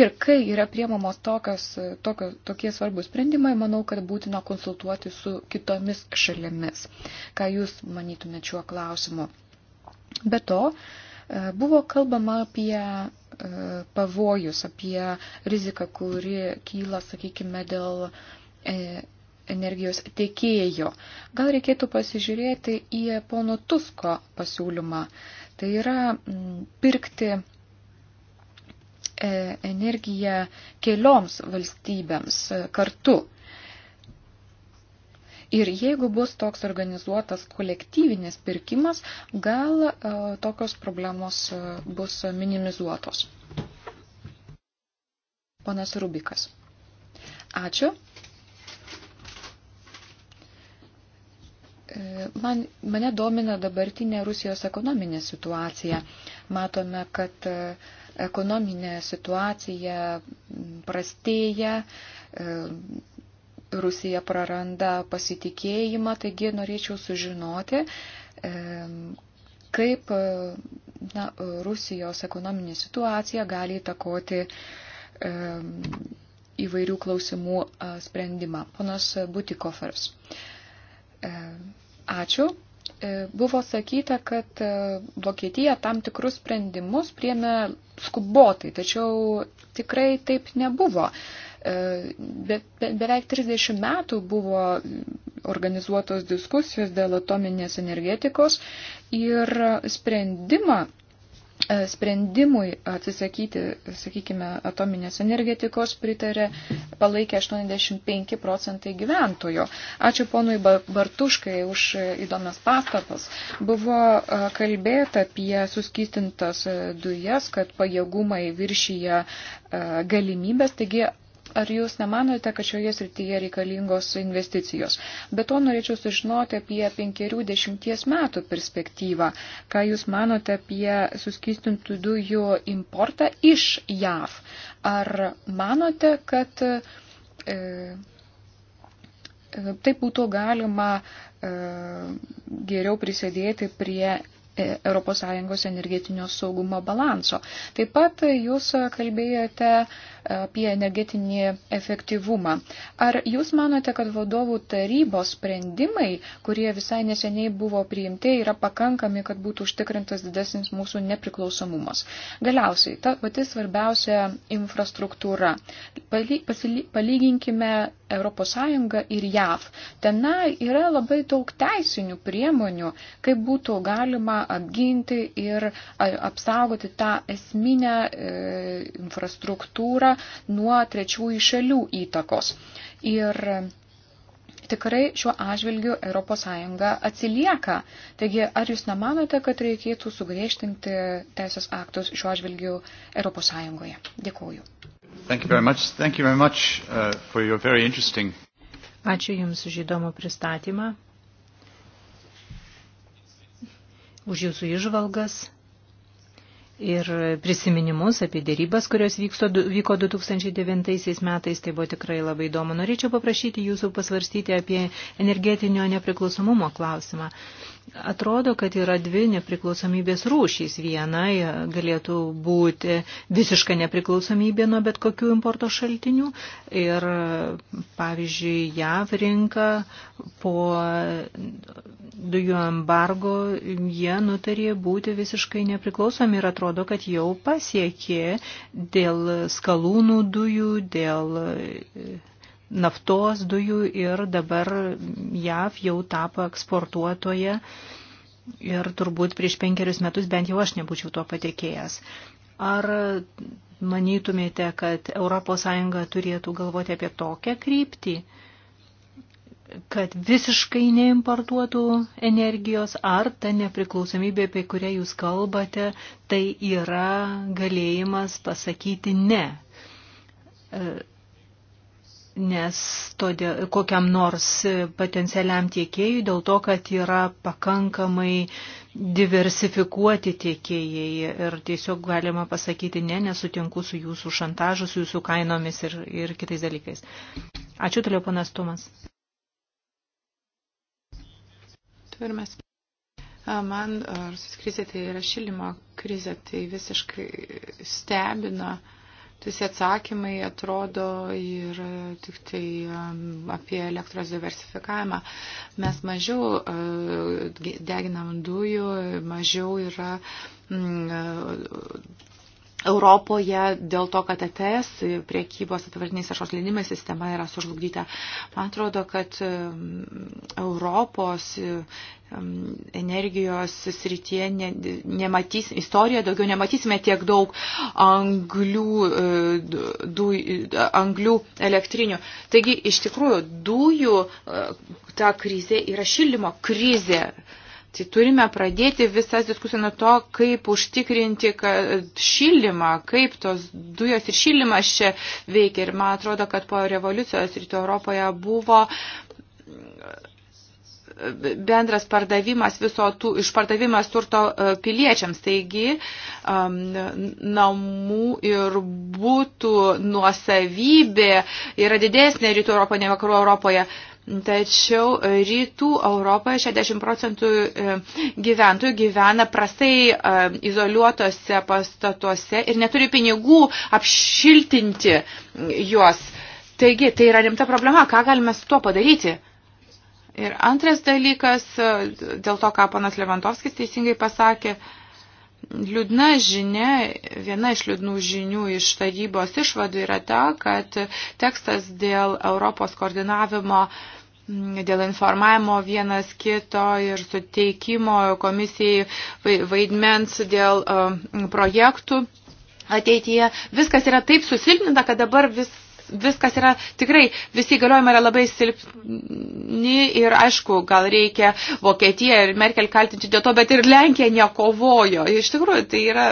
Ir kai yra priemamos tokios, e, tokio, tokie svarbus sprendimai, manau, kad būtina konsultuoti su kitomis šalimis. Ką Jūs manytumėte šiuo klausimu? Be to, E, buvo kalbama apie e, pavojus, apie riziką, kuri kyla, sakykime, dėl e, energijos tiekėjo. Gal reikėtų pasižiūrėti į pono Tusko pasiūlymą. Tai yra pirkti energiją kelioms valstybėms kartu. Ir jeigu bus toks organizuotas kolektyvinis pirkimas, gal e, tokios problemos e, bus minimizuotos. Ponas Rubikas. Ačiū. E, man, mane domina dabartinė Rusijos ekonominė situacija. Matome, kad ekonominė situacija prastėja, Rusija praranda pasitikėjimą, taigi norėčiau sužinoti, kaip na, Rusijos ekonominė situacija gali įtakoti įvairių klausimų sprendimą. Ponas Butikofers. Ačiū. E, buvo sakyta, kad e, Vokietija tam tikrus sprendimus priemė skubotai, tačiau tikrai taip nebuvo. E, be, be, beveik 30 metų buvo organizuotos diskusijos dėl atominės energetikos ir sprendimą, e, sprendimui atsisakyti, sakykime, atominės energetikos pritarė palaikė 85 procentai gyventojų. Ačiū ponui Bartuškai už įdomias pastabas. Buvo e, kalbėta apie suskistintas dujas, kad pajėgumai viršyje galimybės, taigi Ar jūs nemanote, kad šioje srityje reikalingos investicijos? Be to norėčiau sužinoti apie penkerių dešimties metų perspektyvą. Ką jūs manote apie suskistintų dujų importą iš JAV? Ar manote, kad e, e taip būtų galima e, geriau prisidėti prie ES energetinio saugumo balanso. Taip pat jūs kalbėjote apie energetinį efektyvumą. Ar jūs manote, kad vadovų tarybos sprendimai, kurie visai neseniai buvo priimti, yra pakankami, kad būtų užtikrintas didesnis mūsų nepriklausomumas? Galiausiai, ta pati svarbiausia infrastruktūra. Palyginkime ES ir JAV. Tenai yra labai daug teisinių priemonių, kaip būtų galima apginti ir apsaugoti tą esminę e, infrastruktūrą nuo trečiųjų šalių įtakos. Ir tikrai šiuo atžvilgiu ES atsilieka. Taigi, ar jūs nemanote, kad reikėtų sugriežtinti teisės aktus šiuo atžvilgiu ES? Dėkuoju. Thank you very much. Thank you very much, uh, for your very interesting... Ačiū Jums už įdomų pristatymą. už jūsų išvalgas ir prisiminimus apie dėrybas, kurios vykso, vyko 2009 metais. Tai buvo tikrai labai įdomu. Norėčiau paprašyti jūsų pasvarstyti apie energetinio nepriklausomumo klausimą. Atrodo, kad yra dvi nepriklausomybės rūšys. Viena galėtų būti visiška nepriklausomybė nuo bet kokių importo šaltinių ir, pavyzdžiui, JAV rinka po dujų embargo jie nutarė būti visiškai nepriklausomi ir atrodo, kad jau pasiekė dėl skalūnų dujų, dėl naftos dujų ir dabar JAV jau tapo eksportuotoje ir turbūt prieš penkerius metus bent jau aš nebūčiau tuo patikėjęs. Ar manytumėte, kad ES turėtų galvoti apie tokią kryptį, kad visiškai neimportuotų energijos, ar ta nepriklausomybė, apie kurią jūs kalbate, tai yra galėjimas pasakyti ne nes todėl, kokiam nors potencialiam tiekėjui dėl to, kad yra pakankamai diversifikuoti tiekėjai ir tiesiog galima pasakyti ne, nesutinku su jūsų šantažu, su jūsų kainomis ir, ir kitais dalykais. Ačiū toliau, panas Tumas. Turime. Man, ar suskrizė, tai yra šilimo krizė, tai visiškai stebina. Uh, Visi atsakymai atrodo ir e, tik tai apie elektros diversifikavimą. Mes mažiau e, deginam dujų, mažiau yra e, Europoje dėl to, kad ATS, e priekybos atvartiniais ašos leidimais sistema yra sužlugdyta. Man atrodo, kad mm, Europos mm, energijos srityje ne, nematys, istorijoje daugiau nematysime tiek daug anglių, e, du, anglių elektrinių. Taigi, iš tikrųjų, dujų e, ta krizė yra šildymo krizė. Tai turime pradėti visas diskusijas nuo to, kaip užtikrinti šildymą, kaip tos dujos ir šildymas čia veikia. Ir man atrodo, kad po revoliucijos rytų Europoje buvo bendras pardavimas viso tų, išpardavimas turto e, piliečiams. Taigi um, namų ir būtų nuosavybė yra didesnė rytų Europoje, ne vakarų Europoje. Uh, Tačiau e, rytų Europoje 60 procentų e, gyventojų gyvena prastai e, izoliuotose pastatuose ir neturi pinigų apšiltinti juos. Taigi, tai yra rimta problema. Ką galime su tuo padaryti? Ir antras dalykas, dėl to, ką panas Levantovskis teisingai pasakė, Liūdna žinia, viena iš liūdnų žinių iš tarybos išvadų yra ta, kad tekstas dėl Europos koordinavimo dėl informavimo vienas kito ir suteikimo komisijai vaidmens dėl projektų ateityje. Viskas yra taip susilpninta, kad dabar vis, viskas yra tikrai, visi įgaliojimai yra labai silpni ir aišku, gal reikia Vokietiją ir Merkel kaltinti dėl to, bet ir Lenkija nekovojo. Iš tikrųjų, tai yra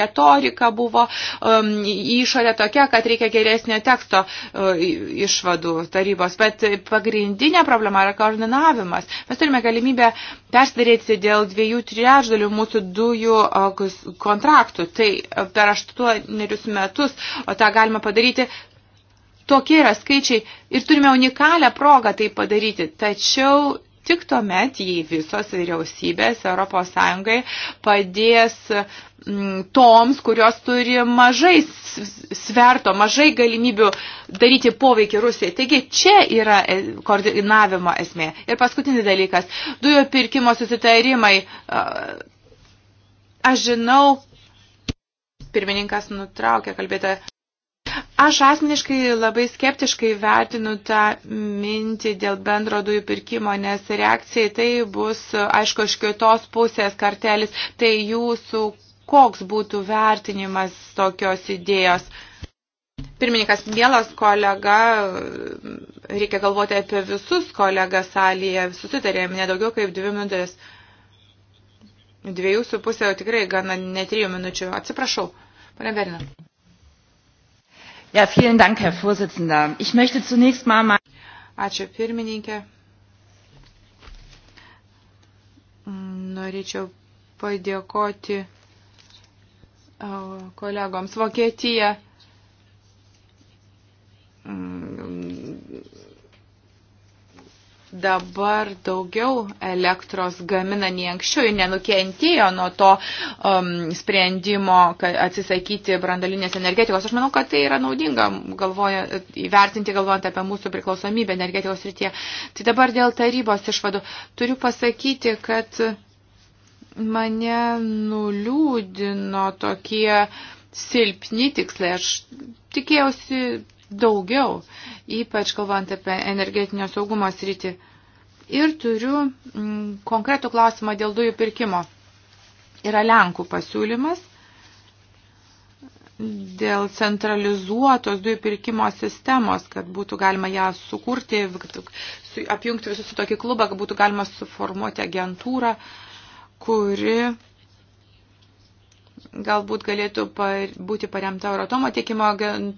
retorika buvo um, išorė tokia, kad reikia geresnio teksto uh, išvadų tarybos, bet pagrindinė problema yra koordinavimas. Mes turime galimybę persidaryti dėl dviejų trečdalių mūsų dujų uh, kontraktų. Tai uh, per aštuonerius metus tą galima padaryti Tokie yra skaičiai ir turime unikalią progą tai padaryti. Tačiau tik tuomet, jei visos vyriausybės ES padės mm, toms, kurios turi mažai sverto, mažai galimybių daryti poveikį Rusijai. Taigi čia yra e, koordinavimo esmė. Ir paskutinis dalykas – dujo pirkimo susitarimai. Aš žinau, pirmininkas nutraukė kalbėtą. Aš asmeniškai labai skeptiškai vertinu tą mintį dėl bendro dujų pirkimo, nes reakcija tai bus, aišku, iš kitos pusės kartelis. Tai jūsų koks būtų vertinimas tokios idėjos? Pirmininkas, mielas kolega, reikia galvoti apie visus kolegas salėje, susitarėm nedaugiau kaip dvi minutės. Dviejų su pusė tikrai gana ne trijų minučių. Atsiprašau, pane Berina. Ja, vielen Dank, Herr Vorsitzender. Ich möchte zunächst mal mein Ačiū pirmininkė. Norėčiau padėkoti kolegoms Vokietija dabar daugiau elektros gamina nei anksčiau ir nenukentėjo nuo to um, sprendimo atsisakyti brandalinės energetikos. Aš manau, kad tai yra naudinga galvoja, įvertinti galvojant apie mūsų priklausomybę energetikos rytie. Tai dabar dėl tarybos išvadų turiu pasakyti, kad mane nuliūdino tokie silpni tikslai. Aš tikėjausi daugiau, ypač kalbant apie energetinio saugumo sritį. Ir turiu m, mm, konkretų klausimą dėl dujų pirkimo. Yra Lenkų pasiūlymas dėl centralizuotos dujų pirkimo sistemos, kad būtų galima ją sukurti, apjungti visus į tokį klubą, kad būtų galima suformuoti agentūrą, kuri galbūt galėtų par, būti paremta Euratomo tiekimo agentūra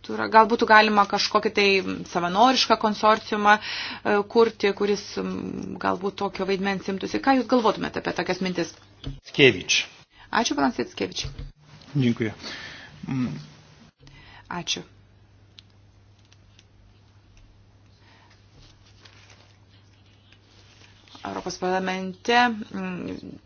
struktūrą. Gal būtų galima kažkokį tai savanorišką konsorciumą e, kurti, kuris galbūt tokio vaidmens imtųsi. Ką Jūs galvotumėte apie tokias mintis? Skevič. Ačiū, panas Skevič. Dziękuję. Mm. Ačiū. Europos parlamente mm,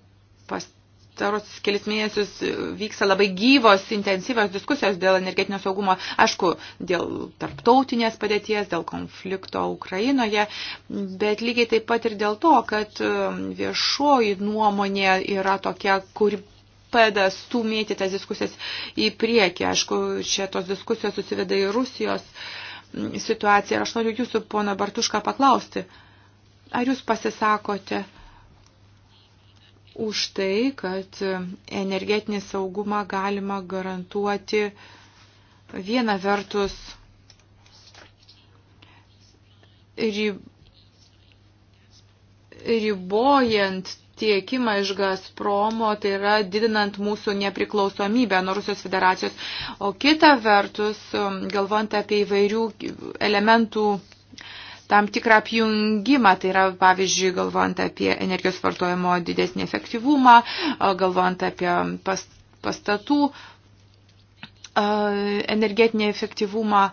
pas pastaros kelis mėnesius vyksta labai gyvos, intensyvios diskusijos dėl energetinio saugumo, aišku, dėl tarptautinės padėties, dėl konflikto Ukrainoje, bet lygiai taip pat ir dėl to, kad um, viešoji nuomonė yra tokia, kuri padeda stumėti tas diskusijas į priekį. Aišku, čia tos diskusijos susiveda į Rusijos mm, situaciją. Ir aš noriu jūsų, pono Bartušką, paklausti, ar jūs pasisakote už tai, kad energetinį saugumą galima garantuoti viena vertus ribojant tiekimą iš Gazpromo, tai yra didinant mūsų nepriklausomybę nuo Rusijos federacijos, o kita vertus, galvant apie įvairių elementų tam tikrą apjungimą, tai yra, pavyzdžiui, galvojant apie energijos vartojimo didesnį efektyvumą, galvojant apie pastatų energetinį efektyvumą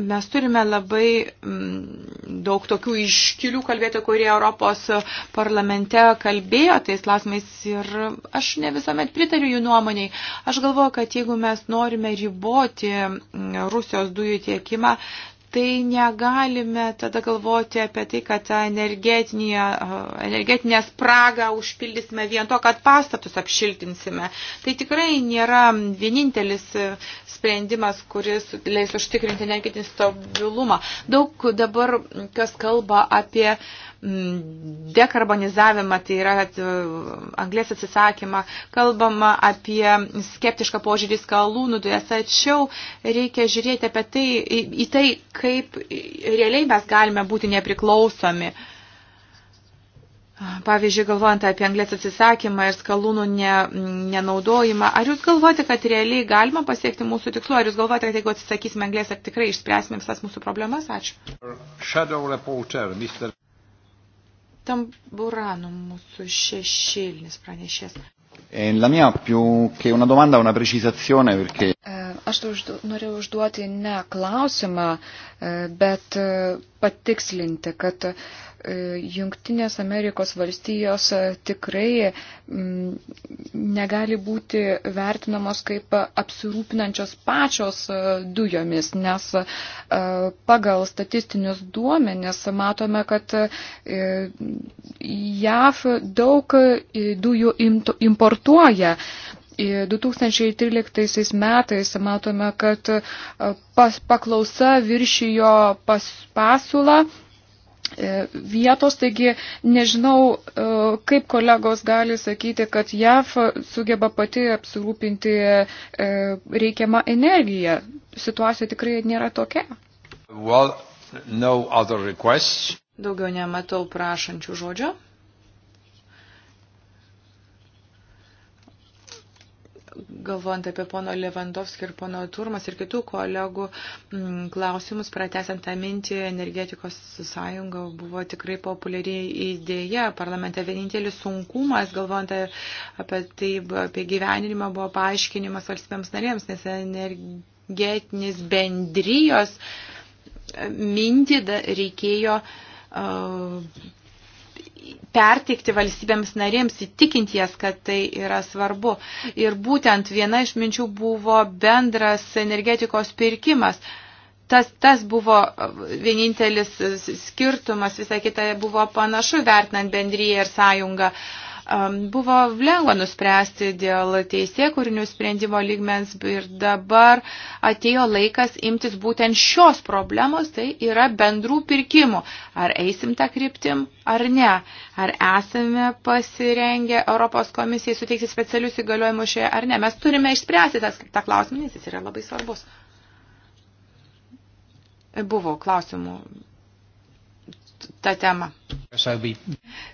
mes turime labai mm, daug tokių iškilių kalbėtojų, kurie Europos parlamente kalbėjo tais klausimais ir aš ne visuomet pritariu jų nuomoniai. Aš galvoju, kad jeigu mes norime riboti mm, Rusijos dujų tiekimą, tai negalime tada galvoti apie tai, kad tą energetinę, energetinę spragą užpildysime vien to, kad pastatus apšiltinsime. Tai tikrai nėra vienintelis sprendimas, kuris leis užtikrinti energetinį stabilumą. Daug dabar kas kalba apie uh, dekarbonizavimą, tai yra e, anglės atsisakymą, kalbama apie skeptišką požiūrį skalūnų dujas, tačiau reikia žiūrėti apie tai, į tai, kaip realiai mes galime būti nepriklausomi. Pavyzdžiui, galvojant apie anglės atsisakymą ir skalūnų ne, nenaudojimą, ar jūs galvojate, kad realiai galima pasiekti mūsų tikslu, ar jūs galvojate, kad jeigu atsisakysime anglės, ar tikrai išspręsime visas mūsų problemas? Ačiū. Shadow reporter, Mr. Tamburano, mūsų šešėlinis pranešės. La mia più che una domanda, una precisazione perché... E, aš uždu, norėjau užduoti ne klausimą, e, bet e, patikslinti, kad E, Junktinės Amerikos valstijos e, tikrai mm, negali būti vertinamos kaip apsirūpinančios pačios e, dujomis, nes pagal statistinius duomenis matome, kad JAV daug dujų importuoja. 2013 metais matome, kad paklausa viršijo pas, pasiūlą E, vietos, taigi nežinau, e, kaip kolegos gali sakyti, kad JAF sugeba pati apsirūpinti e, reikiamą energiją. Situacija tikrai nėra tokia. Well, no Daugiau nematau prašančių žodžio. galvojant apie pono Levandovskį ir pono Turmas ir kitų kolegų mm, klausimus, pratesiant tą mintį, energetikos sąjunga buvo tikrai populiari idėja parlamente. Vienintelis sunkumas, galvojant apie tai, apie gyvenimą, buvo paaiškinimas valstybėms narėms, nes energetinis bendrijos mintį reikėjo perteikti valstybėms narėms, įtikinti jas, kad tai yra svarbu. Ir būtent viena iš minčių buvo bendras energetikos pirkimas. Tas, tas buvo vienintelis skirtumas, visa kita buvo panašu vertinant bendryje ir sąjungą. Uh, Buvo lengva nuspręsti dėl teisėkūrinių sprendimo lygmens ir dabar atėjo laikas imtis būtent šios problemos, tai yra bendrų pirkimų. Ar eisim tą kryptim, ar ne? Ar esame pasirengę Europos komisijai suteikti specialius įgaliojimus šioje, ar ne? Mes turime išspręsti tas, tą klausimą, nes jis yra labai svarbus. Buvo klausimų tą temą.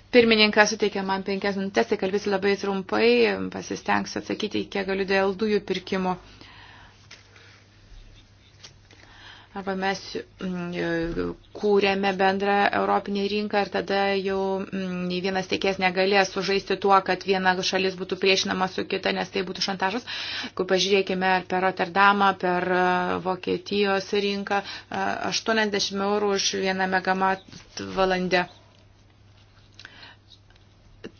Pirmininkas suteikė man penkias minutės, tai kalbėsiu labai trumpai, pasistengsiu atsakyti, kiek galiu dėl dujų pirkimo. Arba mes mm, kūrėme bendrą europinį rinką ir tada jau mm, nei vienas tiekės negalės sužaisti tuo, kad viena šalis būtų priešinama su kita, nes tai būtų šantažas. Kai pažiūrėkime ar per Rotterdamą, per e, Vokietijos rinką, 80 e, eurų už vieną megamat valandę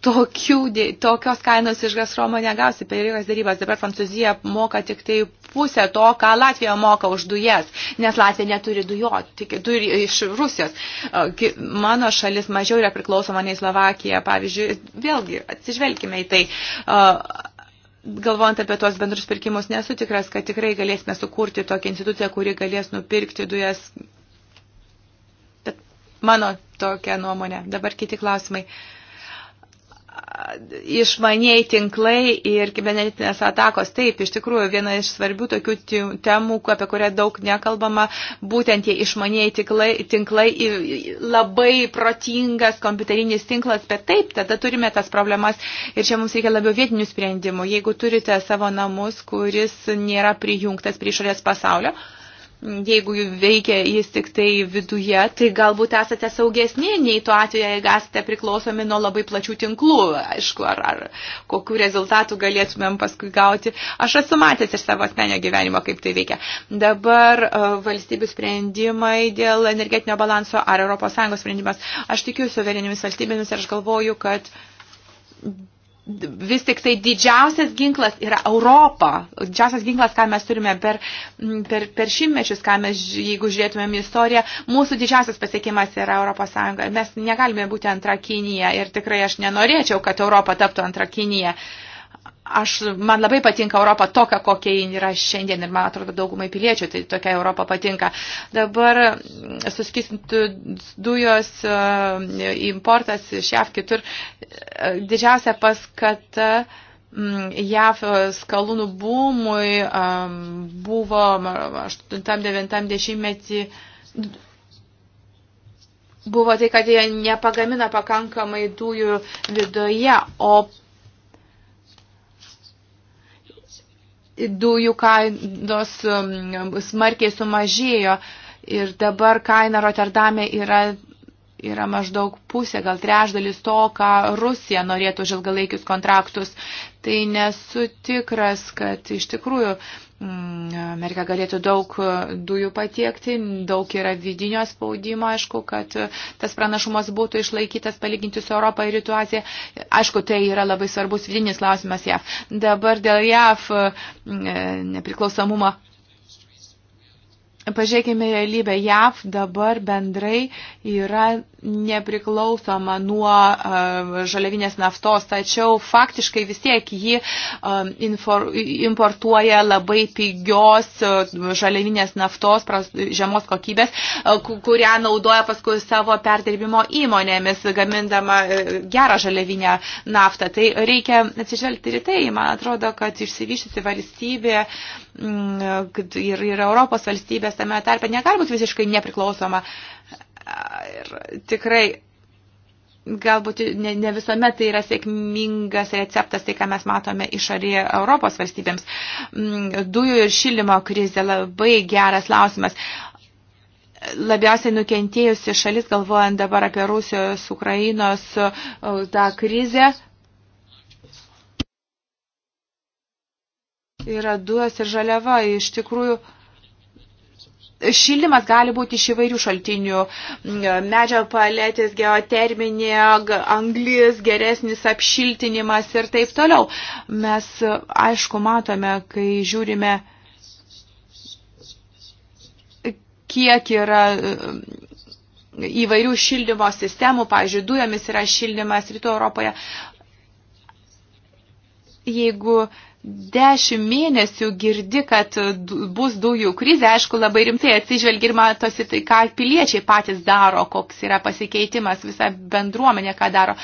tokių, tokios kainos iš Gazpromo negausi per ilgas darybas. Dabar Prancūzija moka tik tai pusę to, ką Latvija moka už dujas, nes Latvija neturi dujo, tik turi iš Rusijos. Mano šalis mažiau yra priklausoma nei Slovakija, pavyzdžiui, vėlgi, atsižvelkime į tai galvojant apie tuos bendrus pirkimus, nesu tikras, kad tikrai galėsime sukurti tokią instituciją, kuri galės nupirkti dujas. Bet mano tokia nuomonė. Dabar kiti klausimai. Uh, išmaniai tinklai ir kibernetinės atakos. Taip, iš tikrųjų, viena iš svarbių tokių temų, apie kurią daug nekalbama, būtent tie išmaniai tinklai, tinklai labai protingas kompiuterinis tinklas, bet taip, tada turime tas problemas ir čia mums reikia labiau vietinių sprendimų. Jeigu turite savo namus, kuris nėra prijungtas prie išorės pasaulio, jeigu veikia jis tik tai viduje, tai galbūt esate saugesni nei tuo atveju, jeigu esate priklausomi nuo labai plačių tinklų, aišku, ar, ar kokiu rezultatu galėtumėm paskui gauti. Aš esu matęs iš savo asmenio gyvenimo, kaip tai veikia. Dabar e, valstybių sprendimai dėl energetinio balanso ar ES sprendimas. Aš tikiu suverenimis valstybėmis ir aš galvoju, kad vis tik tai didžiausias ginklas yra Europa. Didžiausias ginklas, ką mes turime per, per, per šimmečius, ką mes, jeigu žiūrėtumėm istoriją, mūsų didžiausias pasiekimas yra Europos Sąjunga. Mes negalime būti antra Kinija ir tikrai aš nenorėčiau, kad Europa taptų antra Kinija. Uh, Aš, man labai patinka Europa tokia, kokia jin yra šiandien ir man atrodo daugumai piliečių tai tokia Europa patinka. Dabar mm, suskistintų dujos mm, importas iš JAV kitur e, didžiausia paskata mm, JAV skalūnų būmui buvo 8-9 metį buvo tai, kad jie nepagamina pakankamai dujų viduje, o dujų kainos um, smarkiai sumažėjo ir dabar kaina Rotterdame yra, yra maždaug pusė, gal trešdalis to, ką Rusija norėtų už ilgalaikius kontraktus. Tai nesu tikras, kad iš tikrųjų Mm, Amerika galėtų daug e, dujų patiekti, daug yra vidinio spaudimo, aišku, kad e, tas pranašumas būtų išlaikytas palyginti su Europą ir Rytų Aziją. Aišku, tai yra labai svarbus vidinis klausimas JAV. Dabar dėl JAV e, nepriklausomumo pažiūrėkime realybę. JAV dabar bendrai yra nepriklausoma nuo uh, žaliavinės naftos, tačiau faktiškai vis tiek ji um, infor, importuoja labai pigios uh, žaliavinės naftos, pras, žemos kokybės, uh, kurią naudoja paskui savo perdirbimo įmonėmis, gamindama uh, gerą žaliavinę naftą. Tai reikia atsižvelgti ir tai. Man atrodo, kad išsivyšusi valstybė mm, ir, ir Europos valstybės narės tame tarpe negali būti visiškai nepriklausoma. Ir tikrai galbūt ne, ne visuomet tai yra sėkmingas receptas, tai ką mes matome išorėje Europos valstybėms. Mm, dujų ir šilimo krizė labai geras klausimas. Labiausiai nukentėjusi šalis, galvojant dabar apie Rusijos, Ukrainos tą krizę, yra duos ir žaliava. Iš tikrųjų, Šildymas gali būti iš įvairių šaltinių mm, - medžio paletės, geoterminė, anglis, geresnis apšiltinimas ir taip toliau. Mes, aišku, matome, kai žiūrime, kiek yra mm, įvairių šildymo sistemų, pavyzdžiui, dujomis yra šildymas rytų Europoje. Jeigu uh, dešimt mėnesių girdi, kad bus dujų krizė, aišku, labai rimtai atsižvelgi ir matosi, tai ką piliečiai patys daro, koks yra pasikeitimas, visa bendruomenė ką daro.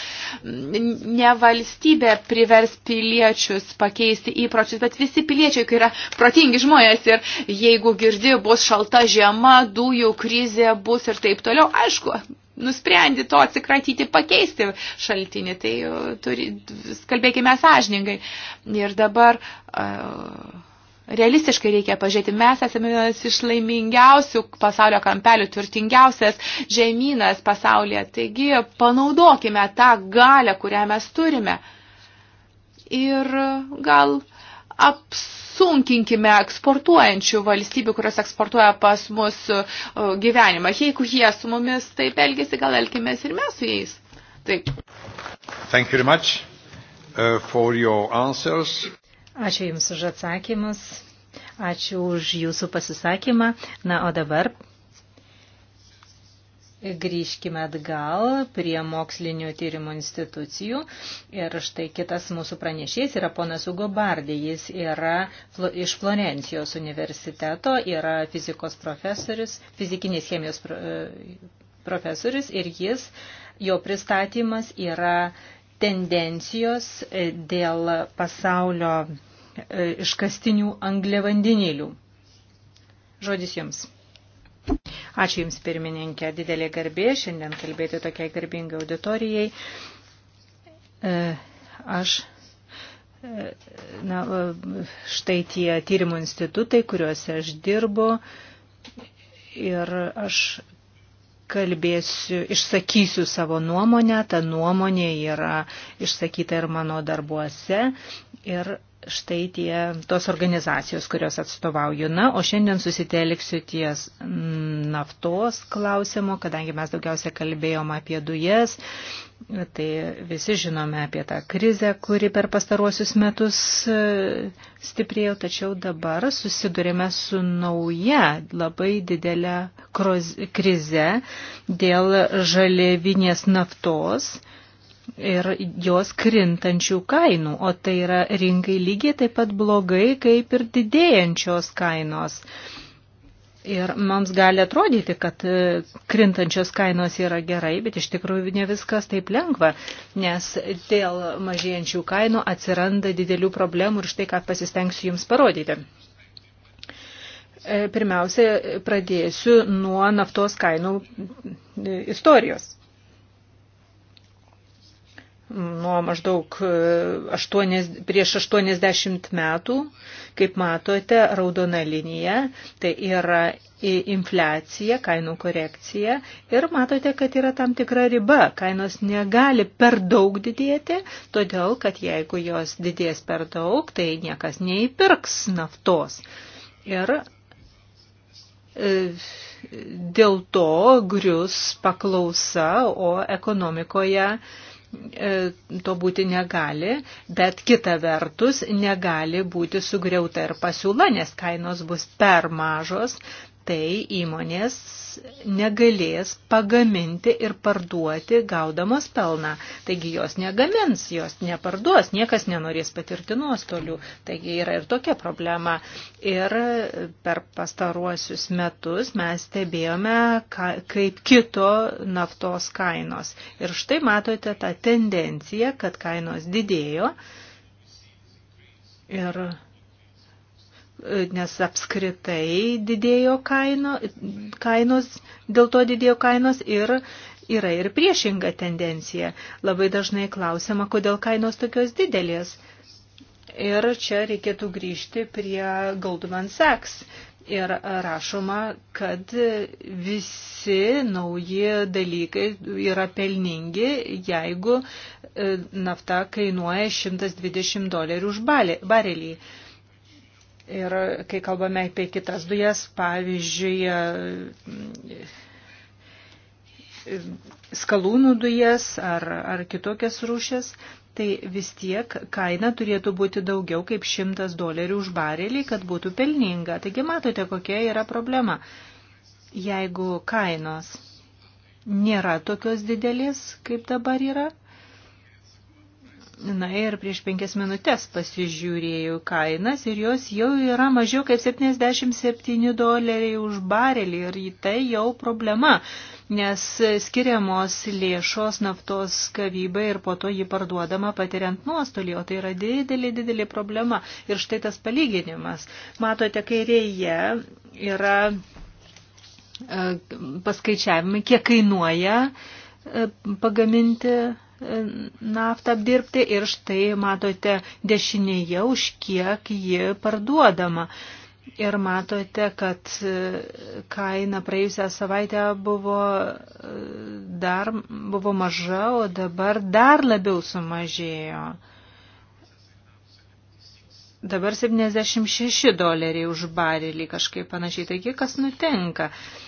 Ne valstybė privers piliečius pakeisti įpročius, bet visi piliečiai, kai yra protingi žmonės ir jeigu girdi, bus šalta žiema, dujų krizė bus ir taip toliau, aišku, nusprendi to atsikratyti, pakeisti šaltinį, tai e, turi, kalbėkime sąžiningai. Ir dabar uh, realistiškai reikia pažiūrėti. Mes esame vienas iš laimingiausių pasaulio kampelių, turtingiausias žemynas pasaulyje. Taigi panaudokime tą galę, kurią mes turime. Ir gal apsunkinkime eksportuojančių valstybių, kurios eksportuoja pas mus e, gyvenimą. Jeigu jie su mumis taip elgesi, gal elkimės ir mes su jais. Taip. Thank you very much uh, for your answers. Ačiū Jums už atsakymus. Ačiū už Jūsų pasisakymą. Na, o dabar grįžkime atgal prie mokslinių tyrimų institucijų. Ir štai kitas mūsų pranešėjas yra ponas Ugo Bardė. Jis yra iš Florencijos universiteto, yra fizikos profesorius, fizikinės chemijos profesorius ir jis, jo pristatymas yra tendencijos e, dėl pasaulio e, iškastinių angliavandenilių. Žodis jums. Ačiū Jums, pirmininkė. Didelė garbė šiandien kalbėti tokiai garbingai auditorijai. E, aš e, Na, štai tie tyrimų institutai, kuriuose aš dirbu ir aš kalbėsiu, išsakysiu savo nuomonę, ta nuomonė yra išsakyta ir mano darbuose ir štai tie tos organizacijos, kurios atstovauju. Na, o šiandien susiteliksiu ties mm, naftos klausimu, kadangi mes daugiausia kalbėjom apie dujas. Tai visi žinome apie tą krizę, kuri per pastaruosius metus e, stiprėjo, tačiau dabar susidurime su nauja labai didelė krize dėl žalėvinės naftos ir jos krintančių kainų, o tai yra rinkai lygiai taip pat blogai, kaip ir didėjančios kainos. Ir mums gali atrodyti, kad e, krintančios kainos yra gerai, bet iš tikrųjų ne viskas taip lengva, nes dėl mažėjančių kainų atsiranda didelių problemų ir štai ką pasistengsiu Jums parodyti. E, pirmiausia, pradėsiu nuo naftos kainų e, istorijos nuo maždaug 8, e, prieš 80 metų, kaip matote, raudona linija, tai yra infliacija, kainų korekcija ir matote, kad yra tam tikra riba, kainos negali per daug didėti, todėl kad jeigu jos didės per daug, tai niekas neįpirks naftos. Ir e, dėl to grius paklausa, o ekonomikoje E, to būti negali, bet kita vertus negali būti sugriauta ir pasiūla, nes kainos bus per mažos, tai įmonės negalės pagaminti ir parduoti gaudamos pelną. Taigi jos negamins, jos neparduos, niekas nenorės patirti nuostolių. Taigi yra ir tokia problema. Ir per pastaruosius metus mes stebėjome, kaip kito naftos kainos. Ir štai matote tą tendenciją, kad kainos didėjo. Ir nes apskritai didėjo kaino, kainos, dėl to didėjo kainos ir yra ir priešinga tendencija. Labai dažnai klausima, kodėl kainos tokios didelės. Ir čia reikėtų grįžti prie Goldman Sachs. Ir rašoma, kad visi nauji dalykai yra pelningi, jeigu e, nafta kainuoja 120 dolerių už barelį. Ir kai kalbame apie kitas dujas, pavyzdžiui, skalūnų dujas ar, ar kitokias rūšės, tai vis tiek kaina turėtų būti daugiau kaip 100 dolerių už barelį, kad būtų pelninga. Taigi matote, kokia yra problema. Jeigu kainos nėra tokios didelės, kaip dabar yra, Na ir prieš penkias minutės pasižiūrėjau kainas ir jos jau yra mažiau kaip 77 doleriai už barelį ir tai jau problema, nes skiriamos lėšos naftos kavybai ir po to jį parduodama patiriant nuostolį, o tai yra didelė, didelė problema. Ir štai tas palyginimas. Matote, kairėje yra e, paskaičiavimai, kiek kainuoja e, pagaminti naftą apdirbti ir štai matote dešinėje, už kiek ji parduodama. Ir matote, kad e, kaina praėjusią savaitę buvo, e, dar, buvo maža, o dabar dar labiau sumažėjo. Dabar 76 doleriai už barelį kažkaip panašiai. Taigi, kas nutinka? Uh,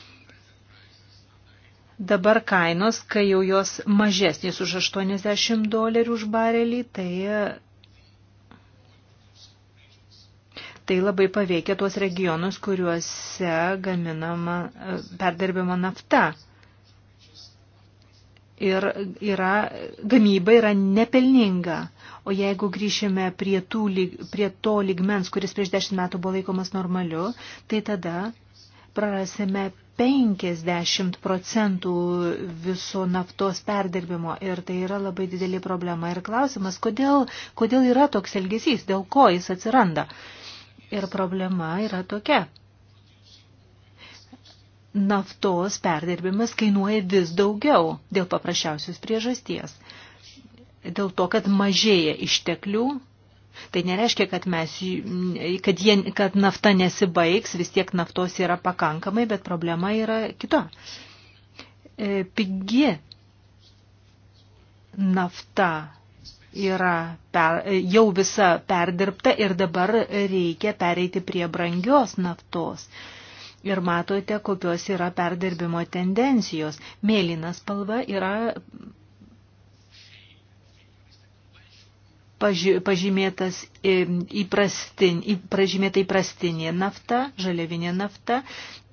Dabar kainos, kai jau jos mažesnės už 80 dolerių už barelį, tai, tai labai paveikia tuos regionus, kuriuose gaminama, perdarbiama nafta. Ir yra, gamyba yra nepelninga. O jeigu grįšime prie, tų, prie to ligmens, kuris prieš dešimt metų buvo laikomas normaliu, tai tada prarasime 50 procentų viso naftos perdirbimo ir tai yra labai didelė problema. Ir klausimas, kodėl, kodėl yra toks elgesys, dėl ko jis atsiranda. Ir problema yra tokia. Naftos perdirbimas kainuoja vis daugiau dėl paprasčiausios priežasties. Dėl to, kad mažėja išteklių, Tai nereiškia, kad, mes, kad, jie, kad nafta nesibaigs, vis tiek naftos yra pakankamai, bet problema yra kita. E, pigi nafta yra per, jau visa perdirbta ir dabar reikia pereiti prie brangios naftos. Ir matote, kokios yra perdirbimo tendencijos. Mėlyna spalva yra pažymėtas e, įprastin, pažymėta įprastinė nafta, žaliavinė nafta.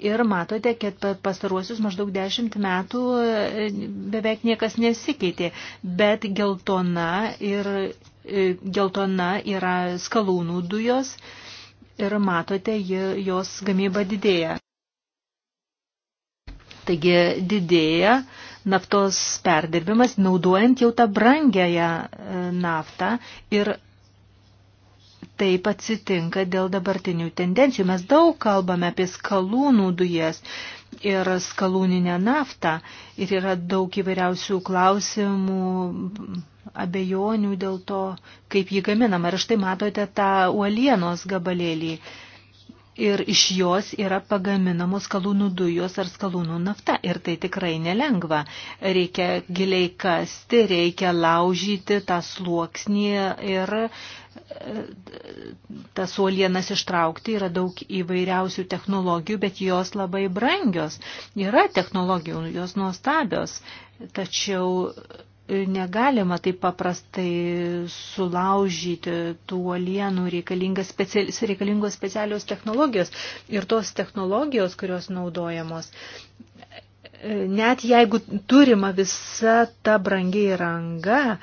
Ir matote, kad pastaruosius maždaug dešimt metų e, beveik niekas nesikeitė, bet geltona, ir, e, geltona yra skalūnų dujos ir matote, jos gamyba didėja. Taigi didėja uh, naftos perdirbimas, naudojant jau tą brangiąją e, naftą ir taip atsitinka dėl dabartinių tendencijų. Mes daug kalbame apie skalūnų dujas ir skalūninę naftą ir yra daug įvairiausių klausimų, abejonių dėl to, kaip jį gaminama. Ir štai matote tą uolienos gabalėlį ir iš jos yra pagaminamos skalūnų dujos ar skalūnų nafta. Ir tai tikrai nelengva. Reikia giliai kasti, reikia laužyti tą sluoksnį ir e, tas uolienas ištraukti. Yra daug įvairiausių technologijų, bet jos labai brangios. Yra technologijų, jos nuostabios. Tačiau negalima taip paprastai sulaužyti tų alienų speciali, reikalingos specialios technologijos. Ir tos technologijos, kurios naudojamos, e, net jeigu turima visa ta brangi įranga,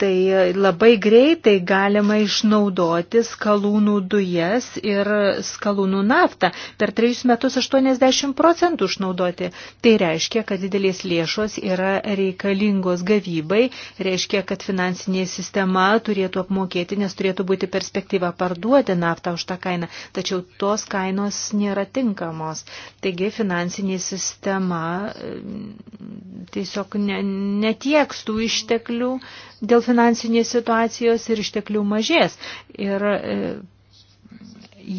tai labai greitai galima išnaudoti skalūnų dujas ir skalūnų naftą. Per trejus metus 80 procentų išnaudoti. Tai reiškia, kad didelės lėšos yra reikalingos gavybai, reiškia, kad finansinė sistema turėtų apmokėti, nes turėtų būti perspektyva parduoti naftą už tą kainą. Tačiau tos kainos nėra tinkamos. Taigi finansinė sistema e, tiesiog ne, netieks tų išteklių dėl finansinės finansinės situacijos ir išteklių mažės. Ir e,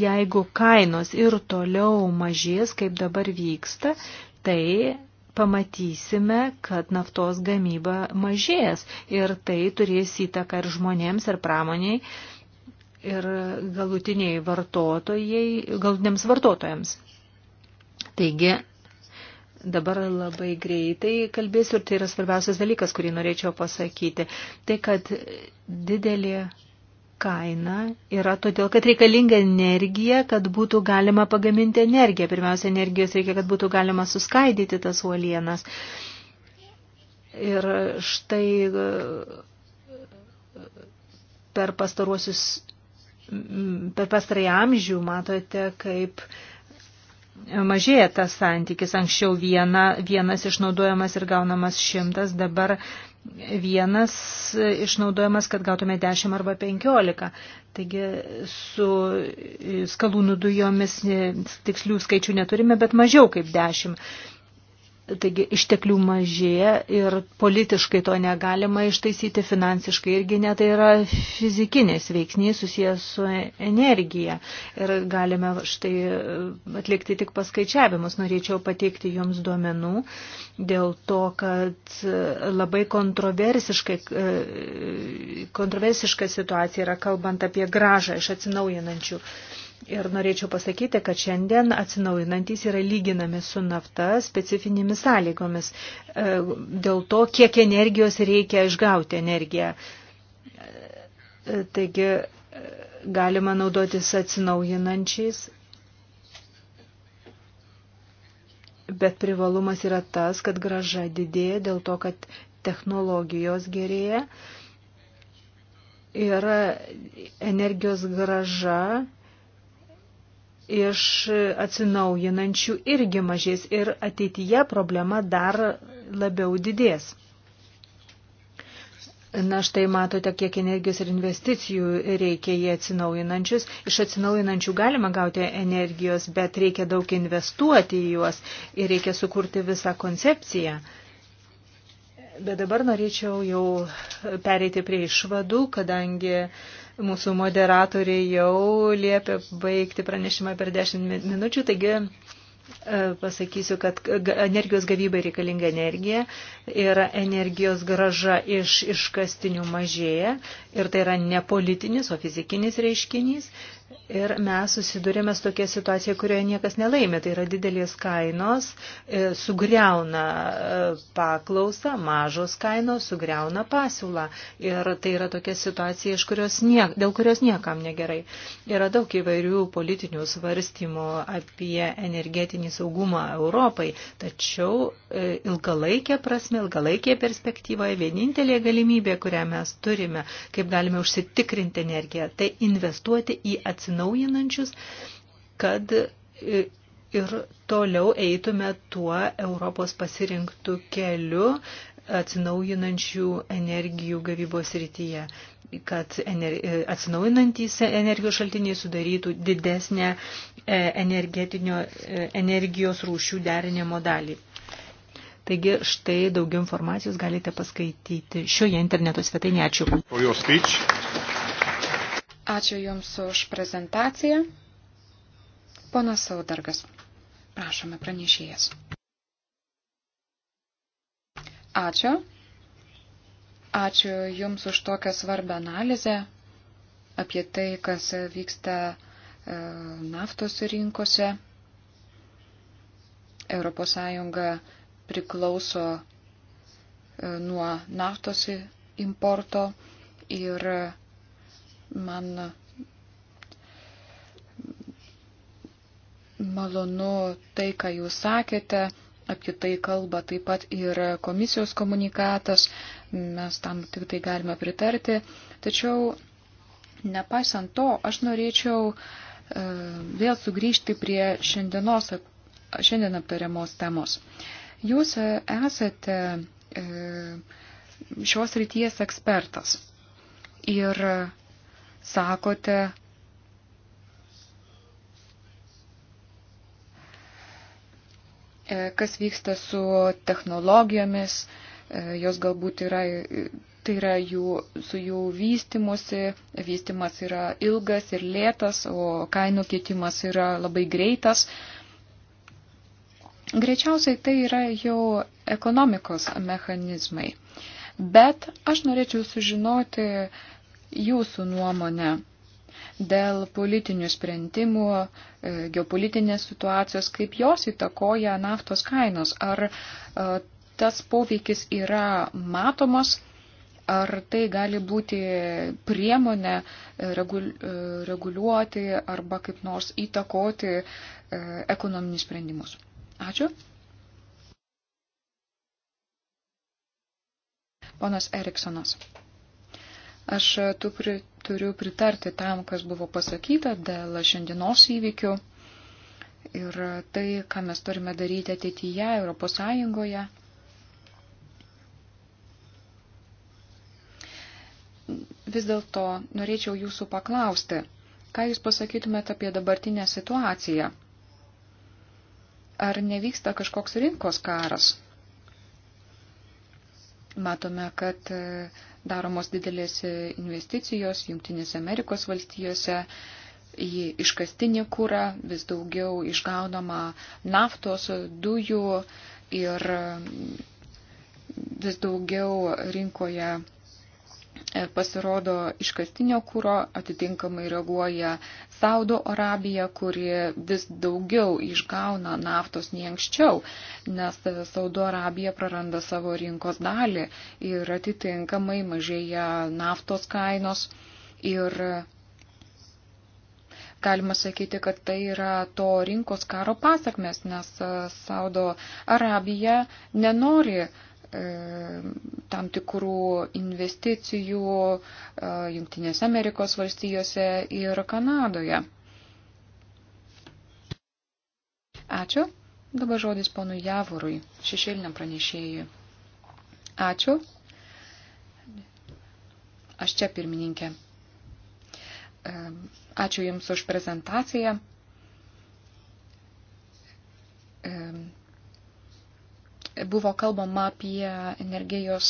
jeigu kainos ir toliau mažės, kaip dabar vyksta, tai pamatysime, kad naftos gamyba mažės ir tai turės įtaką ir žmonėms, ir pramoniai, ir galutiniai vartotojai, galutiniams vartotojams. Taigi Dabar labai greitai kalbėsiu ir tai yra svarbiausias dalykas, kurį norėčiau pasakyti. Tai, kad didelė kaina yra todėl, kad reikalinga energija, kad būtų galima pagaminti energiją. Pirmiausia, energijos reikia, kad būtų galima suskaidyti tas uolienas. Ir štai per pastaruosius, per pastarąjį amžių matote, kaip uh, mažėja tas santykis. Anksčiau viena, vienas išnaudojamas ir gaunamas šimtas, dabar vienas išnaudojamas, kad gautume 10 arba 15. Taigi su skalūnų dujomis tikslių skaičių neturime, bet mažiau kaip 10. Taigi išteklių mažėja ir politiškai to negalima ištaisyti, finansiškai irgi ne, tai yra fizikinis veiksnys susijęs su energija. Ir galime štai e, atlikti tik paskaičiavimus. Norėčiau pateikti jums duomenų dėl to, kad e, labai e, kontroversiška situacija yra kalbant apie gražą iš atsinaujinančių Ir norėčiau pasakyti, kad šiandien atsinaujinantis yra lyginami su nafta specifinėmis sąlygomis. E, dėl to, kiek energijos reikia išgauti energiją. E, taigi e, galima naudotis atsinaujinančiais. Bet privalumas yra tas, kad graža didėja dėl to, kad technologijos gerėja ir energijos graža iš atsinaujinančių irgi mažės ir ateityje problema dar labiau didės. Na štai matote, kiek energijos ir investicijų reikia į atsinaujinančius. Iš atsinaujinančių galima gauti energijos, bet reikia daug investuoti į juos ir reikia sukurti visą koncepciją. Bet dabar norėčiau jau pereiti prie išvadų, kadangi uh, Mūsų moderatoriai jau liepia baigti pranešimą per 10 minučių, taigi e, pasakysiu, kad energijos gavybai reikalinga energija ir energijos graža iš iškastinių mažėja ir tai yra ne politinis, o fizikinis reiškinys. Ir mes susidurėme su tokia situacija, kurioje niekas nelaimė. Tai yra didelės kainos, e, sugriauna e, paklausą, mažos kainos, sugriauna pasiūlą. Ir tai yra tokia situacija, kurios niek, dėl kurios niekam negerai. Yra daug įvairių politinių svarstymų apie energetinį saugumą Europai, tačiau e, ilgalaikė prasme, ilgalaikė perspektyvoje vienintelė galimybė, kurią mes turime, kaip galime užsitikrinti energiją, tai investuoti į atsakymą atsinaujinančius, kad ir toliau eitume tuo Europos pasirinktų keliu atsinaujinančių energijų gavybos rytyje, kad atsinaujinantys energijos šaltiniai sudarytų didesnę e, e, energijos rūšių derinimo dalį. Taigi štai daugiau informacijos galite paskaityti šioje interneto svetainėje. Ačiū. Ačiū Jums už prezentaciją. Ponas Saudargas, prašome pranešėjas. Ačiū. Ačiū Jums už tokią svarbę analizę apie tai, kas vyksta e, naftos rinkose. Europos Sąjunga priklauso e, nuo naftos importo ir Man malonu tai, ką jūs sakėte, apie tai kalba taip pat ir komisijos komunikatas, mes tam tik tai galime pritarti. Tačiau, nepaisant to, aš norėčiau e, vėl sugrįžti prie šiandienos, šiandien aptariamos temos. Jūs e, esate e, šios ryties ekspertas ir sakote, e, kas vyksta su technologijomis, e, jos galbūt yra, tai yra jų, su jų vystimusi, vystimas yra ilgas ir lėtas, o kainų kitimas yra labai greitas. Greičiausiai tai yra jau ekonomikos mechanizmai. Bet aš norėčiau sužinoti, jūsų nuomonę dėl politinių sprendimų, e, geopolitinės situacijos, kaip jos įtakoja naftos kainos. Ar e, tas poveikis yra matomas, ar tai gali būti priemonė e, reguliuoti arba kaip nors įtakoti ekonominius sprendimus. Ačiū. Ponas Eriksonas. Aš e, tu pri, turiu pritarti tam, kas buvo pasakyta dėl šiandienos įvykių ir tai, ką mes turime daryti ateityje Europos Sąjungoje. Vis dėlto norėčiau jūsų paklausti, ką jūs pasakytumėte apie dabartinę situaciją? Ar nevyksta kažkoks rinkos karas? Matome, kad e, daromos didelės investicijos Junktinėse Amerikos valstijose į iškastinį kūrą, vis daugiau išgaunama naftos, dujų ir vis daugiau rinkoje E, pasirodo iškastinio kūro, atitinkamai reaguoja Saudo Arabija, kuri vis daugiau išgauna naftos nei anksčiau, nes e, Saudo Arabija praranda savo rinkos dalį ir atitinkamai mažėja naftos kainos ir e, galima sakyti, kad tai yra to rinkos karo pasakmes, nes Saudo Arabija nenori E, tam tikrų investicijų e, Junktinėse Amerikos valstijose ir Kanadoje. Ačiū. Dabar žodis ponui Javorui, šešėliniam pranešėjui. Ačiū. Aš čia pirmininkė. E, ačiū Jums už prezentaciją buvo kalbama apie energijos,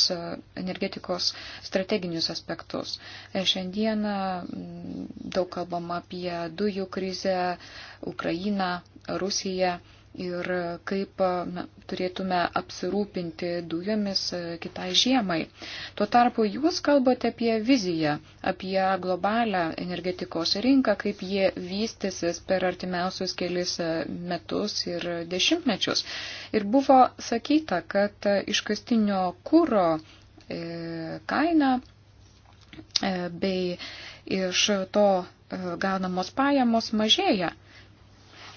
energetikos strateginius aspektus. Šiandieną mm, daug kalbama apie dujų krizę, Ukrainą, Rusiją ir kaip na, turėtume apsirūpinti dujomis e, kitai žiemai. Tuo tarpu jūs kalbate apie viziją, apie globalią energetikos rinką, kaip jie vystysis per artimiausius kelis e, metus ir dešimtmečius. Ir buvo sakyta, kad e, iškastinio kūro kaina bei iš to gaunamos pajamos mažėja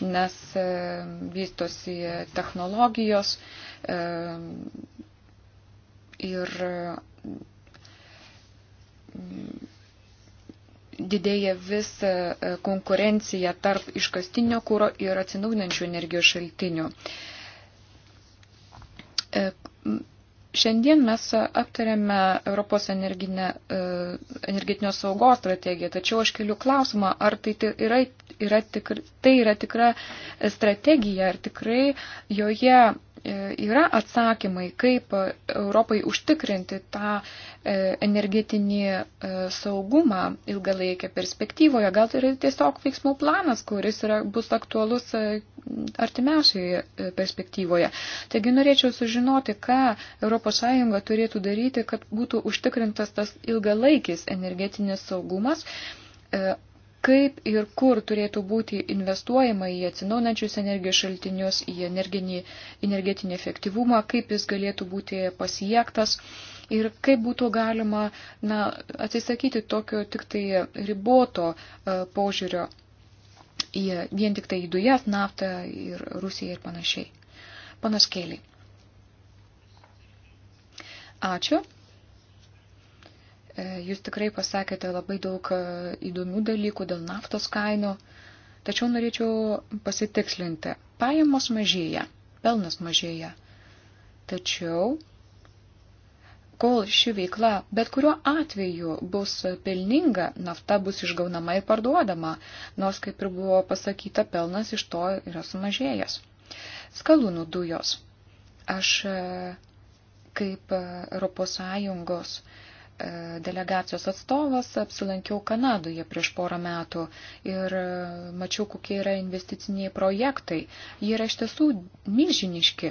nes e, vystosi technologijos e, ir mm, didėja vis e, konkurencija tarp iškastinio kūro ir atsinaujinančių energijos šaltinių Šiandien mes aptarėme Europos e, energetinio saugos strategiją, tačiau aš keliu klausimą, ar tai yra, yra tikr, tai yra tikra strategija, ar tikrai joje E, yra atsakymai, kaip Europai užtikrinti tą e, energetinį e, saugumą ilgalaikę perspektyvoje. Gal tai yra tiesiog veiksmų planas, kuris yra, bus aktualus artimiausioje perspektyvoje. Taigi norėčiau sužinoti, ką ES turėtų daryti, kad būtų užtikrintas tas ilgalaikis energetinis saugumas kaip ir kur turėtų būti investuojama į atsinaunančius energijos šaltinius, į energinį, energetinį efektyvumą, kaip jis galėtų būti pasiektas ir kaip būtų galima na, atsisakyti tokio tik tai riboto e, požiūrio į vien tik tai į dujas, naftą ir Rusiją ir panašiai. Panas Kėliai. Ačiū. E, jūs tikrai pasakėte labai daug e, įdomių dalykų dėl naftos kainų, tačiau norėčiau pasitikslinti. Pajamos mažėja, pelnas mažėja. Tačiau, kol ši veikla bet kuriuo atveju bus pelninga, nafta bus išgaunama ir parduodama, nors kaip ir buvo pasakyta, pelnas iš to yra sumažėjęs. Skalūnų dujos. Aš e, kaip Europos Sąjungos uh, E, delegacijos atstovas, apsilankiau Kanadoje prieš porą metų ir e, mačiau, kokie yra investiciniai projektai. Jie yra iš tiesų milžiniški.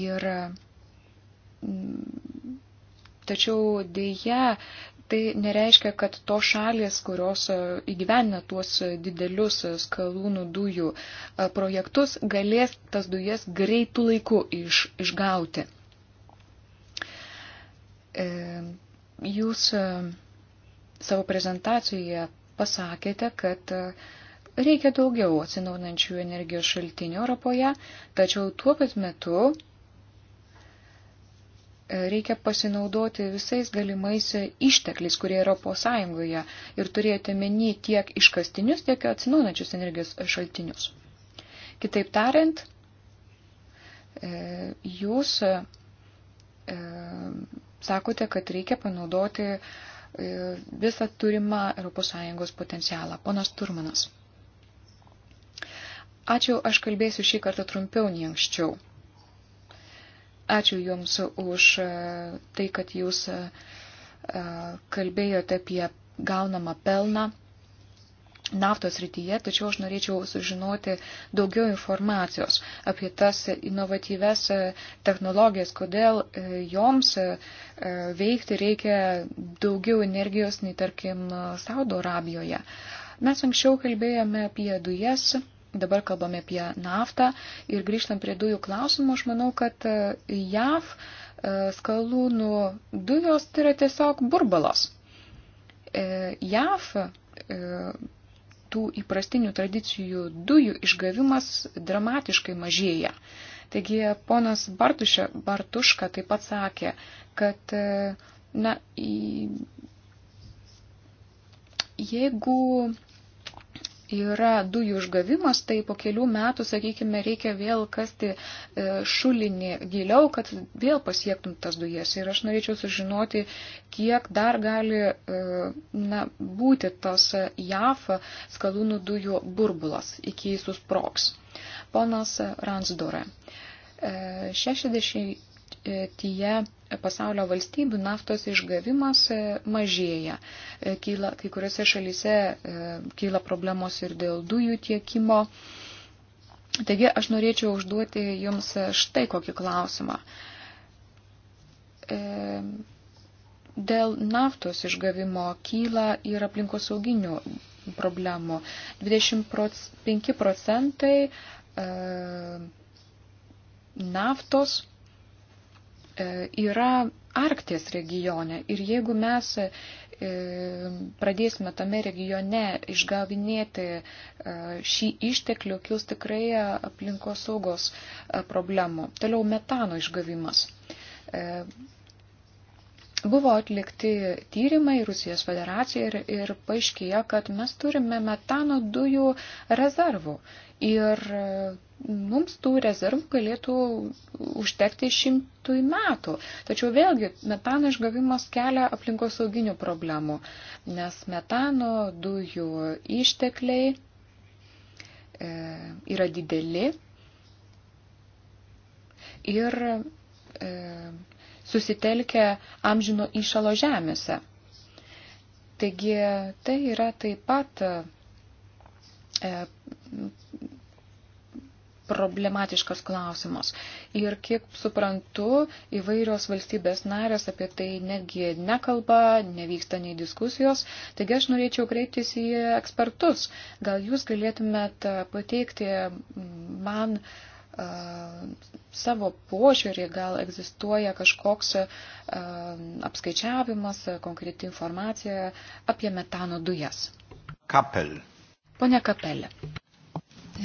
Ir mm, tačiau dėja, tai nereiškia, kad to šalis, kurios e, įgyvenina tuos didelius skalūnų dujų projektus, galės tas dujas greitų laikų iš, išgauti. E, jūs e, savo prezentacijoje pasakėte, kad e, reikia daugiau atsinaunančių energijos šaltinių Europoje, tačiau tuo pat metu reikia pasinaudoti visais galimais ištekliais, kurie Europos Sąjungoje ir turėti meni tiek iškastinius, tiek atsinaujančius energijos šaltinius. Kitaip tariant, jūs sakote, kad reikia panaudoti e, visą turimą ES potencialą. Ponas Turmanas. Ačiū, aš kalbėsiu šį kartą trumpiau nei anksčiau. Ačiū Jums už e, tai, kad Jūs e, kalbėjote apie gaunamą pelną naftos rytyje, tačiau aš norėčiau sužinoti daugiau informacijos apie tas inovatyves e, technologijas, kodėl e, joms e, veikti reikia daugiau energijos nei, tarkim, Saudo Arabijoje. Mes anksčiau kalbėjome apie dujas, dabar kalbame apie naftą ir grįžtam prie dujų klausimų. Aš manau, kad JAV skalūnų dujos tai yra tiesiog burbalos. JAV tų įprastinių tradicijų dujų išgavimas dramatiškai mažėja. Taigi ponas Bartušė, Bartuška taip pat sakė, kad e, na, jeigu yra dujų išgavimas, tai po kelių metų, sakykime, reikia vėl kasti e, šulinį giliau, kad vėl pasiektum tas dujas. Ir aš norėčiau sužinoti, kiek dar gali e, na, būti tas JAF skalūnų dujų burbulas iki susproks. Ponas Ransdore. 60 tie pasaulio valstybių naftos išgavimas e, mažėja. E, kyla, kai kuriuose šalyse e, kyla problemos ir dėl dujų tiekimo. Taigi aš norėčiau užduoti Jums štai kokį klausimą. Dėl naftos išgavimo kyla ir aplinkosauginių problemų. 25 procentai naftos E, yra Arkties regione ir jeigu mes e, pradėsime tame regione išgavinėti e, šį išteklių, kils tikrai aplinkos saugos problemų. Toliau metano išgavimas. Buvo atlikti tyrimai Rusijos federacijoje ir, ir paaiškėjo, kad mes turime metano dujų rezervų Ir e, mums tų rezervų galėtų užtekti šimtui metų. Tačiau vėlgi metano išgavimas kelia aplinkosauginių problemų, nes metano dujų ištekliai e, yra dideli ir e, susitelkia amžino įšalo žemėse. Taigi tai yra taip pat E, problematiškas klausimas. Ir kiek suprantu, įvairios valstybės narės apie tai netgi nekalba, nevyksta nei diskusijos. Taigi aš norėčiau kreiptis į ekspertus. Gal jūs galėtumėt e, pateikti man uh, savo požiūrį, gal egzistuoja kažkoks uh, apskaičiavimas, konkreti informacija apie metano dujas. Kapel. Pone Kapelė.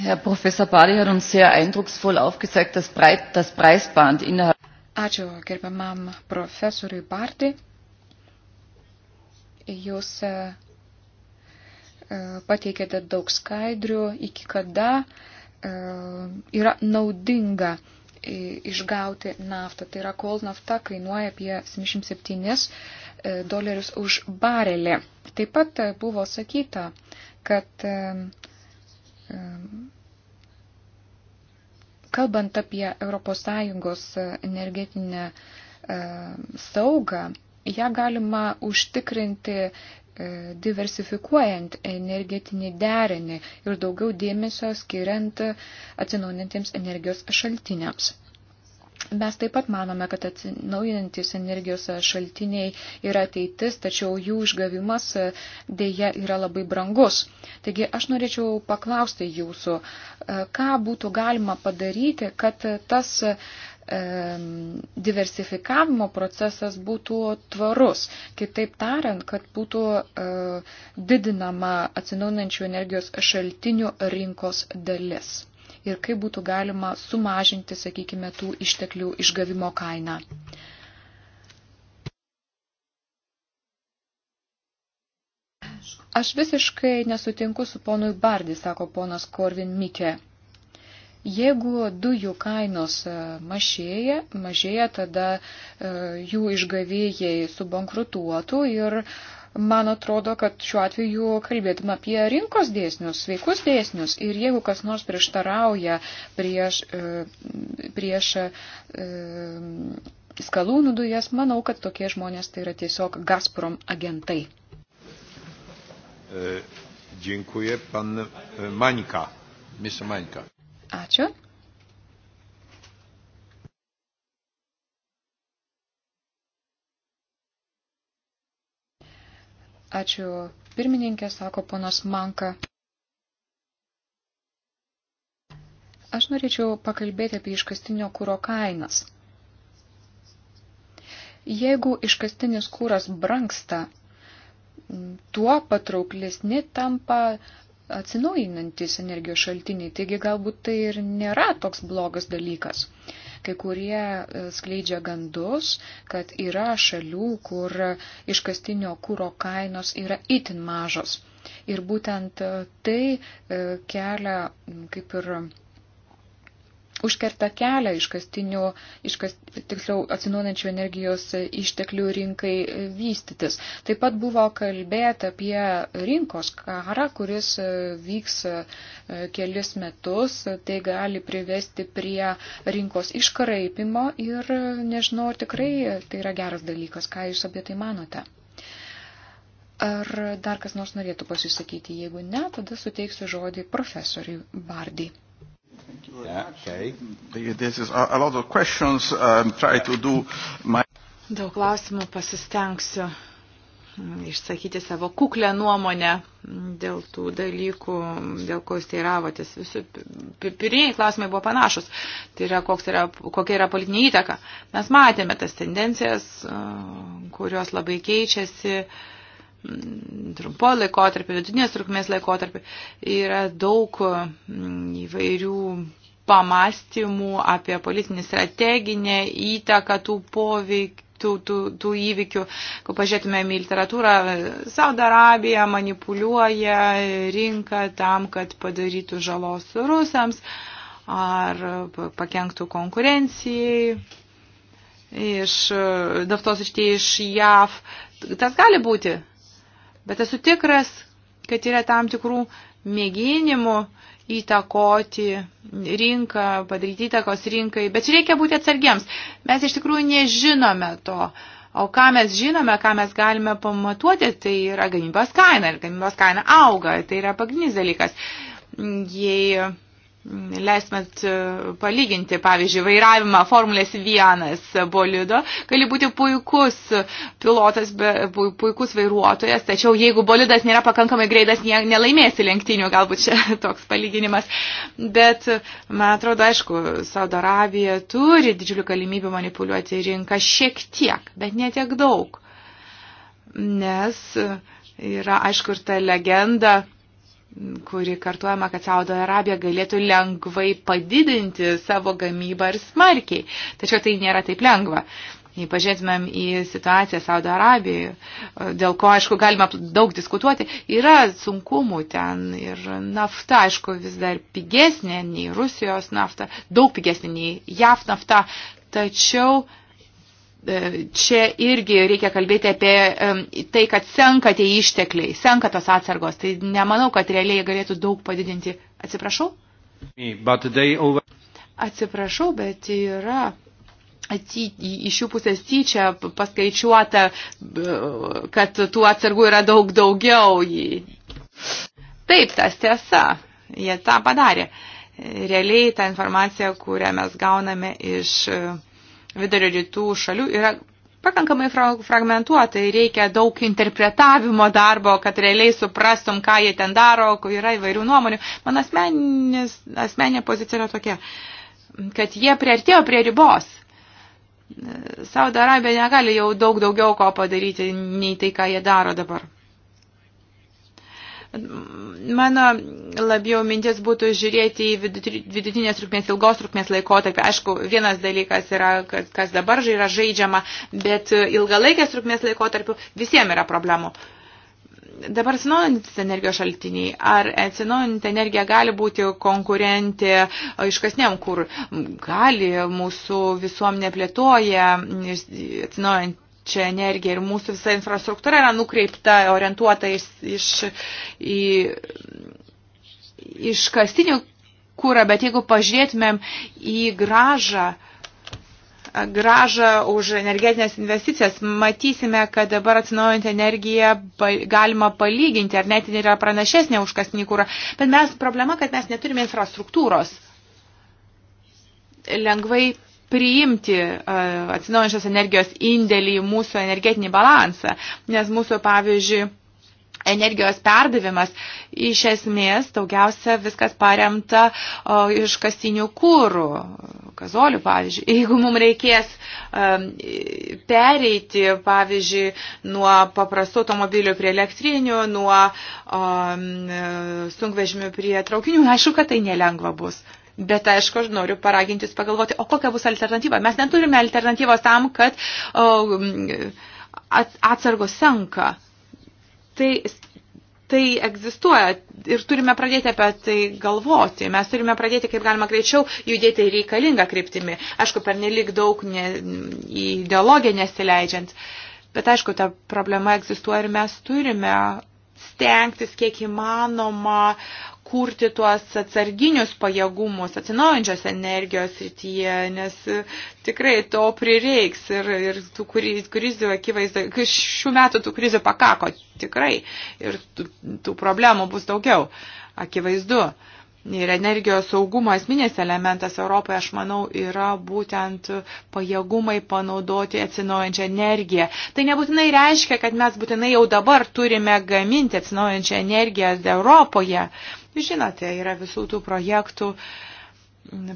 Herr Professor Badi hat uns sehr eindrucksvoll aufgezeigt, dass breit, das Preisband innerhalb. Ačiū gerbiamam profesoriui Bardi. Jūs e, e, pateikėte daug skaidrių, iki kada e, yra naudinga išgauti naftą. Tai yra, kol nafta kainuoja apie 77 dolerius už barelį. Taip pat buvo sakyta, kad kalbant apie ES energetinę saugą, ją galima užtikrinti e, diversifikuojant energetinį derinį ir daugiau dėmesio skiriant atsinaujantiems energijos šaltiniams. Mes taip pat manome, kad atsinaujantis energijos šaltiniai yra ateitis, tačiau jų išgavimas e, dėja yra labai brangus. Taigi aš norėčiau paklausti jūsų, e, ką būtų galima padaryti, kad tas e, diversifikavimo procesas būtų tvarus. Kitaip tariant, kad būtų didinama atsinaunančių energijos šaltinių rinkos dalis ir kaip būtų galima sumažinti, sakykime, tų išteklių išgavimo kainą. Aš visiškai nesutinku su ponui Bardi, sako ponas Korvin Mikė. Jeigu dujų kainos e, mažėja, mažėja tada e, jų išgavėjai subankrutuotų ir uh, Man atrodo, kad šiuo atveju kalbėtum apie rinkos dėsnius, sveikus dėsnius ir jeigu kas nors prieštarauja prieš, e, prieš e, skalūnų dujas, manau, kad tokie žmonės tai yra tiesiog Gazprom agentai. E, dziękuję. Pan Mańka. Mr. Mańka. Ačiū. Ačiū pirmininkė, sako ponas Manka. Aš norėčiau pakalbėti apie iškastinio kūro kainas. Jeigu iškastinis kūras branksta, tuo patrauklesni tampa atsinaujinantis energijos šaltiniai, taigi galbūt tai ir nėra toks blogas dalykas. Uh, Kai kurie e, skleidžia gandus, kad yra šalių, kur iškastinio kūro kainos yra itin mažos. Ir būtent e, tai e, kelia kaip ir užkerta kelią iškastinių, iškas, tiksliau atsinuojančių energijos išteklių rinkai vystytis. Taip pat buvo kalbėta apie rinkos karą, kuris vyks kelis metus, tai gali privesti prie rinkos iškraipimo ir nežinau, tikrai tai yra geras dalykas, ką jūs apie tai manote. Ar dar kas nors norėtų pasisakyti? Jeigu ne, tada suteiksiu žodį profesoriui Bardį. Thank you very yeah, much. Okay. This is a lot of questions. I'm um, trying to do my... Daug klausimų pasistengsiu mm, išsakyti savo kuklę nuomonę dėl tų dalykų, dėl ko jūs teiravotės. Visi pirmieji klausimai buvo panašus. Tai yra, yra, kokia yra politinė įtaka. Mes matėme tas tendencijas, uh, kurios labai keičiasi. Uh, trumpo laikotarpį, vidutinės trukmės laikotarpį, yra daug mm, įvairių pamastymų apie politinį strateginę įtaką tų poveikių. Tų, tų, tų įvykių, kai pažiūrėtumėm į literatūrą, Saudo Arabija manipuliuoja rinką tam, kad padarytų žalos rusams ar pakenktų konkurencijai iš naftos iš tie iš JAV. Tas gali būti, Bet esu tikras, kad yra tam tikrų mėginimų įtakoti rinką, padaryti įtakos rinkai, bet reikia būti atsargiems. Mes iš tikrųjų nežinome to. O ką mes žinome, ką mes galime pamatuoti, tai yra gamybos kaina. Ir gamybos kaina auga, tai yra pagrindinis dalykas. Jei leismet e, palyginti, pavyzdžiui, vairavimą Formulės 1 bolido, gali būti puikus pilotas, puikus vairuotojas, tačiau jeigu bolidas nėra pakankamai greitas, nelaimėsi lenktynių, galbūt čia toks palyginimas. Bet, man atrodo, aišku, Saudo Arabija turi didžiulių galimybių manipuliuoti rinką šiek tiek, bet ne tiek daug. Nes yra, aišku, ir ta legenda kuri kartuojama, kad Saudo Arabija galėtų lengvai padidinti savo gamybą ir smarkiai. Tačiau tai nėra taip lengva. Jei pažiūrėtumėm į situaciją Saudo Arabijoje, dėl ko, aišku, galima daug diskutuoti, yra sunkumų ten ir nafta, aišku, vis dar pigesnė nei Rusijos nafta, daug pigesnė nei JAF nafta, tačiau uh, E, čia irgi reikia kalbėti apie e, tai, kad senka tie ištekliai, senka tos atsargos. Tai nemanau, kad realiai galėtų daug padidinti. Atsiprašau? Atsiprašau, bet yra iš jų pusės tyčia paskaičiuota, e, kad tų atsargų yra daug daugiau. Taip, tas tiesa. Jie tą padarė. Realiai ta informacija, kurią mes gauname iš vidurio rytų šalių yra pakankamai fragmentuota ir reikia daug interpretavimo darbo, kad realiai suprastum, ką jie ten daro, yra įvairių nuomonių. Man asmeninės, asmeninė pozicija yra tokia, kad jie priartėjo prie ribos. Saudo Arabija negali jau daug daugiau ko padaryti, nei tai, ką jie daro dabar. Mano labiau mintis būtų žiūrėti į vidutinės trukmės, ilgos trukmės laikotarpį. Aišku, vienas dalykas yra, kas dabar yra žaidžiama, bet ilgalaikės trukmės laikotarpių visiems yra problemų. Dabar atsinaujantis energijos šaltiniai. Ar atsinaujinti energija gali būti konkurentė iškasniam, kur gali mūsų visuomenė plėtoja atsinaujant čia energija ir mūsų visa infrastruktūra yra nukreipta, orientuota iš, iš, į, iš kastinių kūrą, bet jeigu pažiūrėtumėm į gražą, gražą už energetinės investicijas, matysime, kad dabar atsinaujant energiją galima palyginti, ar net yra pranašesnė už kastinį kūrą. Bet mes problema, kad mes neturime infrastruktūros lengvai priimti e, atsinaujančios energijos indėlį į mūsų energetinį balansą, nes mūsų, pavyzdžiui, energijos perdavimas iš esmės daugiausia viskas paremta o, iš kasinių kūrų, kazolių pavyzdžiui. Jeigu mums reikės um, pereiti, pavyzdžiui, nuo paprastų automobilių prie elektrinių, nuo um, sunkvežimių prie traukinių, aišku, kad tai nelengva bus. Bet aišku, aš noriu paragintis pagalvoti, o kokia bus alternatyva. Mes neturime alternatyvos tam, kad o, atsargos senka. Tai tai egzistuoja ir turime pradėti apie tai galvoti. Mes turime pradėti kaip galima greičiau judėti reikalingą kryptimį. Aišku, per nelik daug ne, į ideologiją nesileidžiant. Bet aišku, ta problema egzistuoja ir mes turime stengtis kiek įmanoma kurti tuos atsarginius pajėgumus atsinaujančios energijos rytyje, nes e, tikrai to prireiks ir, ir tų krizių akivaizdu, šių metų tų krizių pakako tikrai ir tų, tų problemų bus daugiau, akivaizdu. Ir energijos saugumo esminės elementas Europoje, aš manau, yra būtent pajėgumai panaudoti atsinaujančią energiją. Tai nebūtinai reiškia, kad mes būtinai jau dabar turime gaminti atsinaujančią energiją Europoje. Žinote, yra visų tų projektų,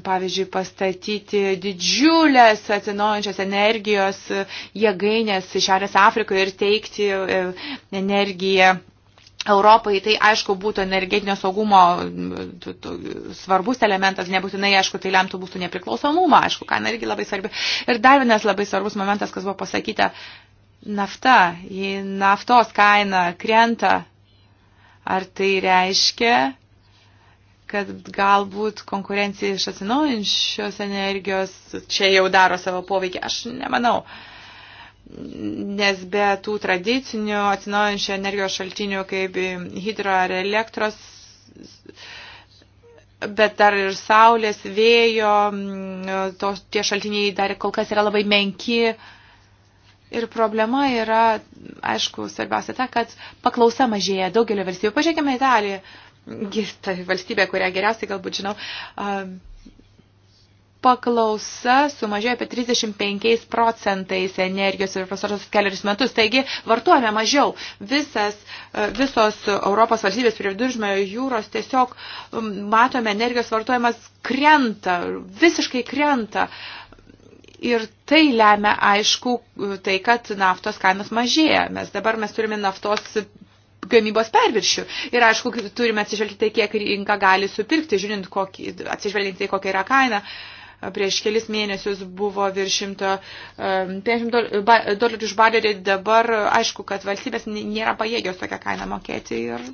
pavyzdžiui, pastatyti didžiulės atsinaujančios energijos jėgainės Šiaurės Afrikoje ir teikti e, energiją Europai tai, aišku, būtų energetinio saugumo svarbus elementas, nebūtinai, aišku, tai lemtų būtų nepriklausomumą, aišku, ką irgi labai svarbi. Ir dar vienas labai svarbus momentas, kas buvo pasakyta, nafta, jei naftos kaina krenta, ar tai reiškia, kad galbūt konkurencija iš atsinaujančios energijos čia jau daro savo poveikį. Aš nemanau. Nes be tų tradicinių atsinaujančių energijos šaltinių kaip hidro ar elektros, bet dar ir saulės, vėjo, to, tie šaltiniai dar kol kas yra labai menki. Ir problema yra, aišku, svarbiausia ta, kad paklausa mažėja daugelio valstybių. Pažiūrėkime Italiją ta valstybė, kurią geriausiai galbūt žinau, paklausa sumažėjo apie 35 procentais energijos ir pasaros keliarius metus. Taigi vartuojame mažiau. Visas, visos Europos valstybės prie viduržmėjo jūros tiesiog matome energijos vartojimas krenta, visiškai krenta. Ir tai lemia, aišku, tai, kad naftos kainos mažėja. Mes dabar mes turime naftos gamybos perviršių. Ir aišku, turime atsižvelgti tai, kiek rinka gali supirkti, žiūrint, kokį, atsižvelgti tai, kokia yra kaina. Prieš kelis mėnesius buvo virš 150 dolerių už barelį, dabar aišku, kad valstybės nėra pajėgios tokią kainą mokėti ir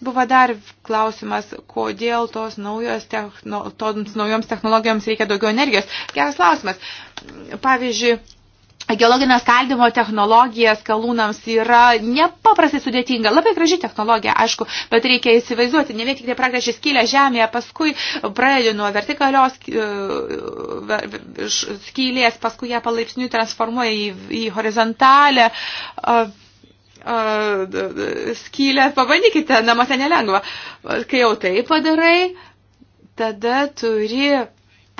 Buvo dar klausimas, kodėl tos naujos techno, toms naujoms technologijoms reikia daugiau energijos. Geras klausimas. Pavyzdžiui, geologinio skaldimo technologija skalūnams yra nepaprastai sudėtinga. Labai graži technologija, aišku, bet reikia įsivaizduoti, ne vien tik tai praktiškai skylę žemėje, paskui pradedi nuo vertikalios e, skylės, paskui ją palaipsniui transformuoja į, į horizontalę skylę. Pabandykite, namuose nelengva. Kai jau tai padarai, tada turi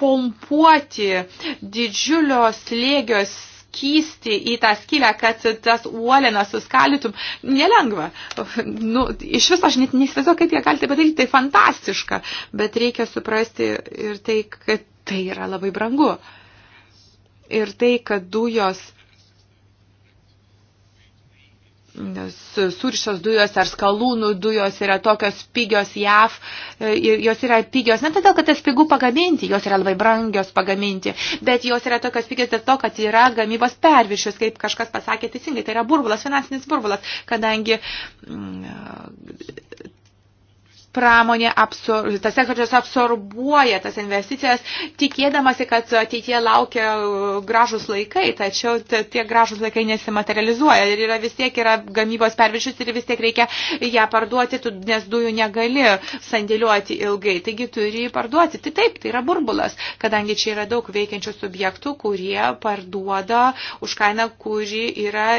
pompuoti didžiulio slėgios skysti į tą skylę, kad tas uolienas suskalytum, nelengva. Nu, iš viso aš net nesivaizduoju, kaip jie gali tai padaryti, tai fantastiška, bet reikia suprasti ir tai, kad tai yra labai brangu. Ir tai, kad dujos suršios dujos ar skalūnų dujos yra tokios pigios JAV e, ir jos yra pigios, ne todėl, kad tas pigų pagaminti, jos yra labai brangios pagaminti, bet jos yra tokios pigios dėl to, kad yra gamybos perviršius, kaip kažkas pasakė teisingai, tai yra burbulas, finansinis burbulas, kadangi mm, pramonė, absor, tas sektorius absorbuoja tas investicijas, tikėdamasi, kad ateitie laukia uh, gražus laikai, tačiau tie gražus laikai nesimaterializuoja ir yra, vis tiek yra gamybos pervišius ir vis tiek reikia ją parduoti, nes dujų negali sandėliuoti ilgai, taigi turi parduoti. Tai taip, tai yra burbulas, kadangi čia yra daug veikiančių subjektų, kurie parduoda už kainą, kuri yra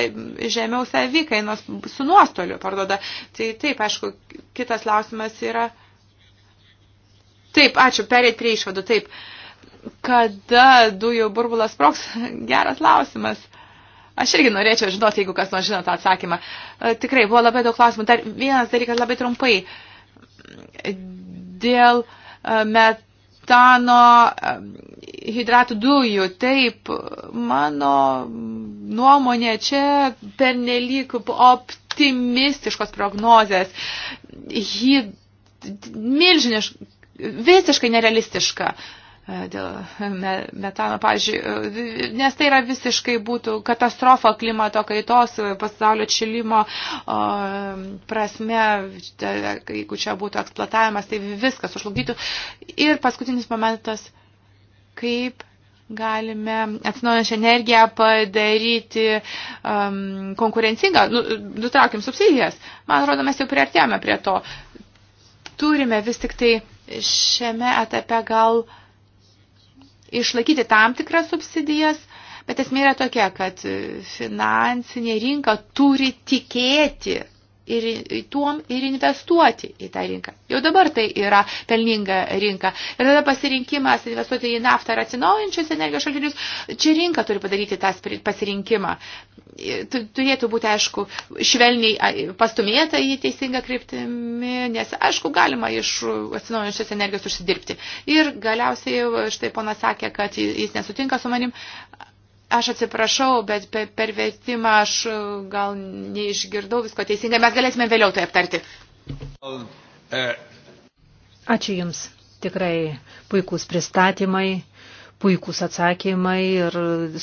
žemiau savikainos su nuostoliu parduoda. Tai taip, aišku, kitas klausimas Tai yra. Taip, ačiū, perėt prie išvadų, taip. Kada dujų burbulas proks? Geras klausimas. Aš irgi norėčiau žinoti, jeigu kas nors žino tą atsakymą. E, tikrai buvo labai daug klausimų. Dar vienas dalykas labai trumpai. Dėl e, metano e, hidratų dujų. Taip, mano nuomonė čia pernelyg optimistiškos prognozės. Hid milžiniš, visiškai nerealistiška e, dėl metano, pavyzdžiui, e, nes tai yra visiškai būtų katastrofa klimato kaitos, pasaulio čilimo prasme, jeigu čia būtų eksploatavimas, tai viskas užlugdytų. Ir paskutinis momentas, kaip galime atsinaujančią energiją padaryti um, konkurencingą, nu, nutraukim subsidijas. Man atrodo, mes jau priartėjome prie to. Uh, turime vis tik tai šiame etape gal išlaikyti tam tikras subsidijas, bet esmė yra tokia, kad finansinė rinka turi tikėti ir, tuom ir investuoti į tą rinką. Jau dabar tai yra pelninga rinka. Ir tada pasirinkimas investuoti į naftą ar atsinaujančius energijos šaltinius, čia rinka turi padaryti tą pasirinkimą. Turėtų būti, aišku, švelniai pastumėta į teisingą kryptimį, nes, aišku, galima iš atsinaujančios energijos užsidirbti. Ir galiausiai, štai ponas sakė, kad jis nesutinka su manim, Aš atsiprašau, bet per vertimą aš e, gal neišgirdau visko teisingai. Mes galėsime vėliau tai aptarti. Ačiū Jums. Tikrai puikūs pristatymai, puikūs atsakymai ir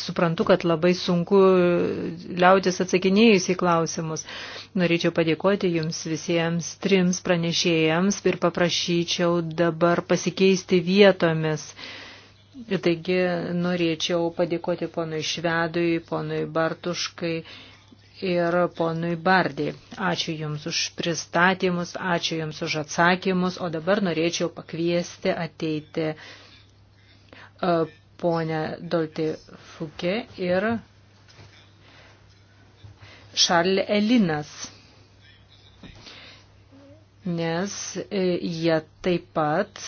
suprantu, kad labai sunku liautis atsakinėjus į klausimus. Norėčiau padėkoti Jums visiems trims pranešėjams ir paprašyčiau dabar pasikeisti vietomis. Taigi norėčiau padėkoti ponui Švedui, ponui Bartuškai ir ponui Bardį. Ačiū Jums už pristatymus, ačiū Jums už atsakymus, o dabar norėčiau pakviesti ateiti e, ponę Dolti Fuke ir Šarlį Elinas, nes e, jie taip pat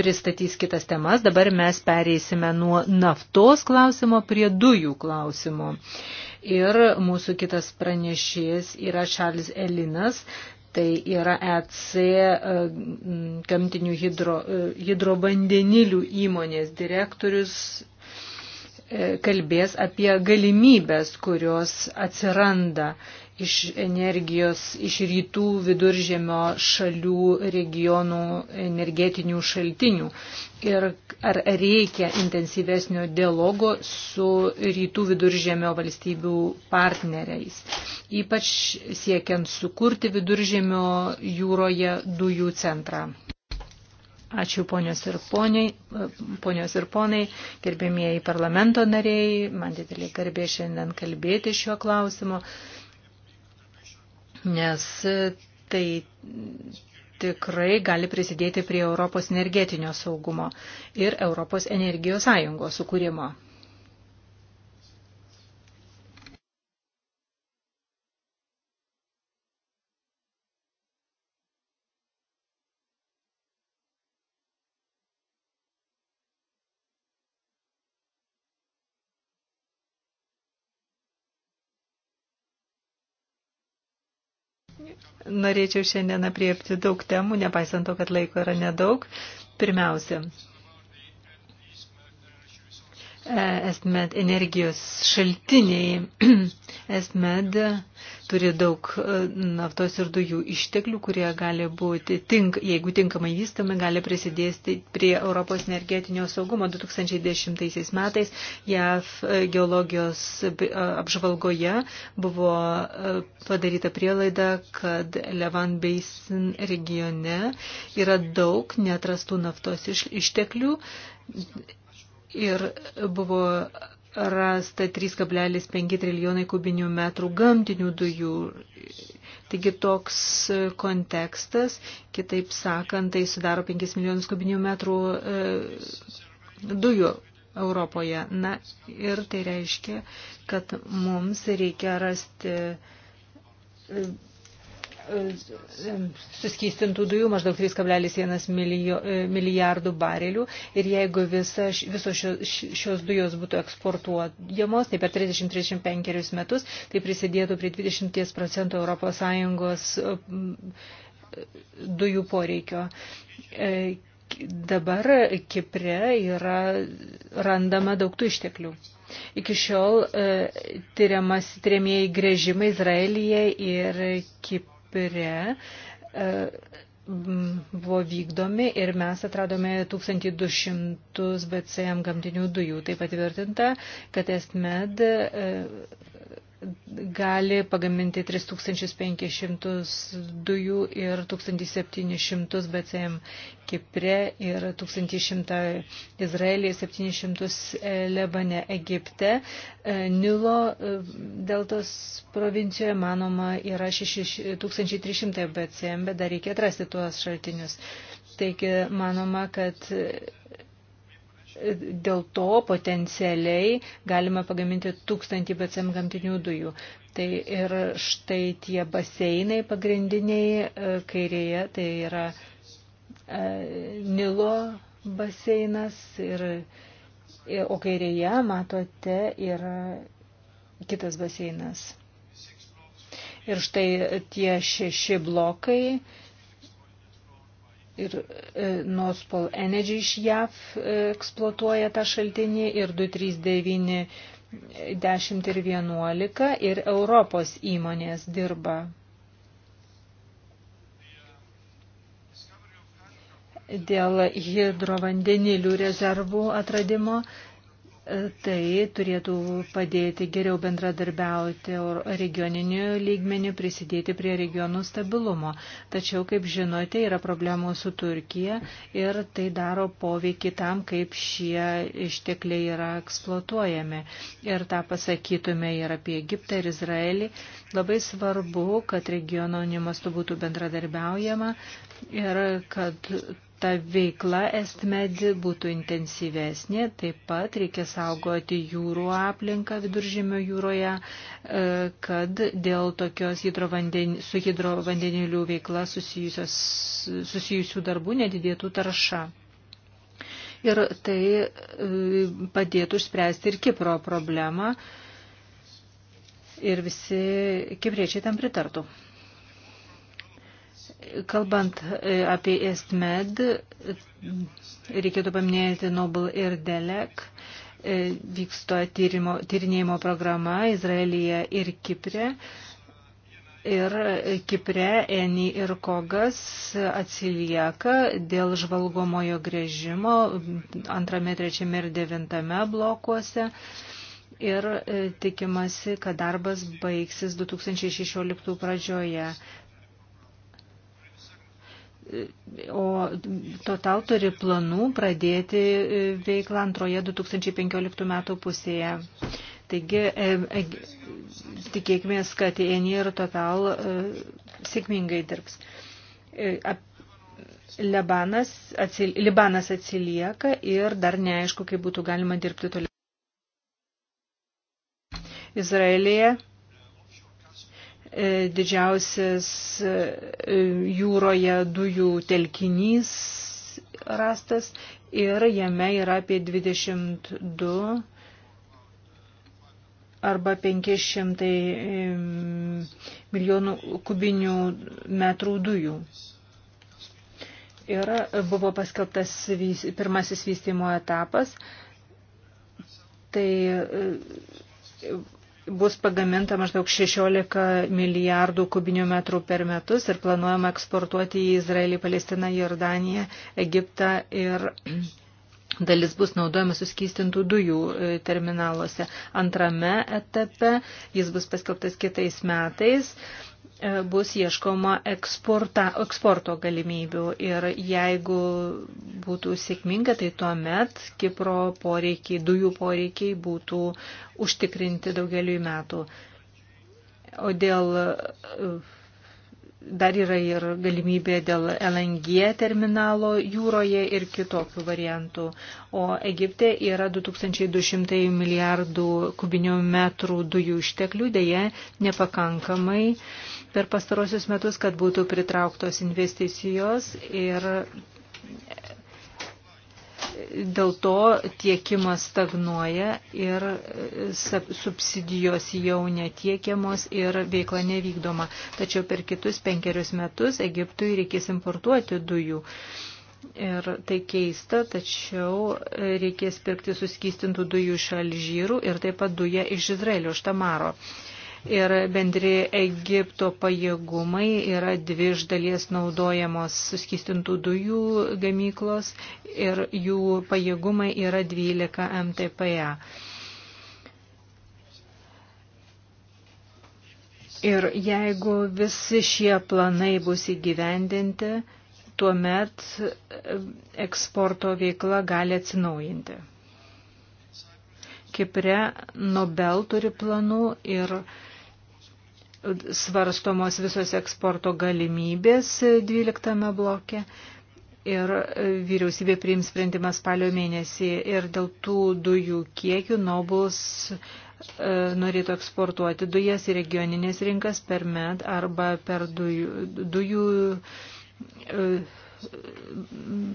pristatys kitas temas. Dabar mes pereisime nuo naftos klausimo prie dujų klausimo. Ir mūsų kitas pranešėjas yra Čarlis Elinas, tai yra EC e, gamtinių hidro, e, hidrobandenilių įmonės direktorius e, kalbės apie galimybės, kurios atsiranda uh, iš energijos iš rytų viduržėmio šalių regionų energetinių šaltinių ir ar reikia intensyvesnio dialogo su rytų viduržėmio valstybių partneriais, ypač siekiant sukurti viduržėmio jūroje dujų centrą. Ačiū ponios ir, poniai, ponios ir ponai, gerbėmieji parlamento nariai, man didelį garbė šiandien kalbėti šiuo klausimu nes tai tikrai gali prisidėti prie Europos energetinio saugumo ir Europos energijos sąjungos sukūrimo. norėčiau šiandien apriepti daug temų, nepaisant to, kad laiko yra nedaug. Pirmiausia, ESMED energijos šaltiniai. ESMED turi daug e, naftos ir dujų išteklių, kurie gali būti, tink, jeigu tinkamai vystami, gali prisidėsti prie Europos energetinio saugumo. 2010 metais JAV e, geologijos e, apžvalgoje buvo padaryta prielaida, kad Levan Basin regione yra daug netrastų naftos išteklių ir buvo rasta 3,5 trilijonai kubinių metrų gamtinių dujų. Taigi toks kontekstas, kitaip sakant, tai sudaro 5 milijonus kubinių metrų e, dujų Europoje. Na ir tai reiškia, kad mums reikia rasti e, suskystintų dujų maždaug 3,1 e, milijardų barelių ir jeigu visa, visos šios dujos būtų eksportuojamos, tai per 30-35 metus, tai prisidėtų prie 20 procentų ES e, dujų poreikio e, dabar Kipre yra randama daug tų išteklių. Iki šiol tyriamas tyriamieji grėžimai Izraelyje ir Kipre Kipre e, buvo vykdomi ir mes atradome 1200 BCM gamtinių dujų. Taip patvirtinta, kad ESMED e, gali pagaminti 3500 dujų ir 1700 BCM Kipre ir 1100 Izraelyje, 700 Lebane, Egipte. E, Nilo e, deltos provincijoje, manoma, yra 6300 BCM, bet dar reikia atrasti tuos šaltinius. Taigi, manoma, kad Dėl to potencialiai galima pagaminti tūkstantį BCM gamtinių dujų. Tai ir štai tie baseinai pagrindiniai e, kairėje, tai yra e, Nilo baseinas ir, e, o kairėje, matote, yra kitas baseinas. Ir štai tie šeši blokai ir e, Nospol Energy iš JAV e, eksploatuoja tą šaltinį ir 239, 10 e, ir 11 ir Europos įmonės dirba. Dėl hidrovandenilių rezervų atradimo Tai turėtų padėti geriau bendradarbiauti regioniniu lygmeniu, prisidėti prie regionų stabilumo. Tačiau, kaip žinote, yra problemų su Turkija ir tai daro poveikį tam, kaip šie ištekliai yra eksploatuojami. Ir tą pasakytume ir apie Egiptą ir Izraelį. Labai svarbu, kad regiono mastu būtų bendradarbiaujama ir kad ta veikla Estmed būtų intensyvesnė, taip pat reikia saugoti jūrų aplinką viduržėmio jūroje, e, kad dėl tokios hidrovanden, su hidrovandenilių veikla susijusių darbų nedidėtų tarša. Ir tai e, padėtų išspręsti ir Kipro problemą ir visi kipriečiai tam pritartų. Kalbant e, apie EstMed, reikėtų paminėti Noble ir Delek. E, Vyksto tyrimo, tyrinėjimo programa Izraelyje ir Kiprė. Ir Kipre, Eni ir Kogas atsilieka dėl žvalgomojo grėžimo antrame, trečiame ir devintame blokuose. Ir e, tikimasi, kad darbas baigsis 2016 pradžioje o Total turi planų pradėti veiklą antroje 2015 metų pusėje. Taigi, e, e, tikėkime, kad Eni ir Total e, sėkmingai dirbs. E, ap, Libanas, atsil, Libanas atsilieka ir dar neaišku, kaip būtų galima dirbti toliau. Izraelėje E, didžiausias e, jūroje dujų telkinys rastas ir jame yra apie 22 arba 500 milijonų kubinių metrų dujų. Ir buvo paskelbtas pirmasis vystymo etapas. Tai e, bus pagaminta maždaug 16 milijardų kubinių metrų per metus ir planuojama eksportuoti į Izraelį, Palestiną, Jordaniją, Egiptą ir dalis bus naudojama suskystintų dujų e, terminaluose. Antrame etape jis bus paskelbtas kitais metais. E, bus ieškoma eksporta, eksporto galimybių ir jeigu būtų sėkminga, tai tuomet Kipro poreikiai, dujų poreikiai būtų užtikrinti daugeliu metų. O dėl e, dar yra ir galimybė dėl LNG terminalo jūroje ir kitokių variantų. O Egipte yra 2200 milijardų kubinių metrų dujų išteklių, dėje nepakankamai per pastarosius metus, kad būtų pritrauktos investicijos ir dėl to tiekimas stagnuoja ir subsidijos jau netiekiamos ir veikla nevykdoma. Tačiau per kitus penkerius metus Egiptui reikės importuoti dujų. Ir tai keista, tačiau reikės pirkti suskystintų dujų iš Alžyrų ir taip pat duja iš Izraelio, iš Tamaro. Uh, ir bendri Egipto pajėgumai yra dvi iš dalies naudojamos suskistintų dujų gamyklos ir jų pajėgumai yra 12 MTPA. Ir jeigu visi šie planai bus įgyvendinti, tuomet e, eksporto veikla gali atsinaujinti. Kipre Nobel turi planų ir svarstomos visos eksporto galimybės 12 bloke ir vyriausybė priims sprendimą spalio mėnesį ir dėl tų dujų kiekių Nobles e, norėtų eksportuoti dujas į regioninės rinkas per med arba per dujų, dujų e,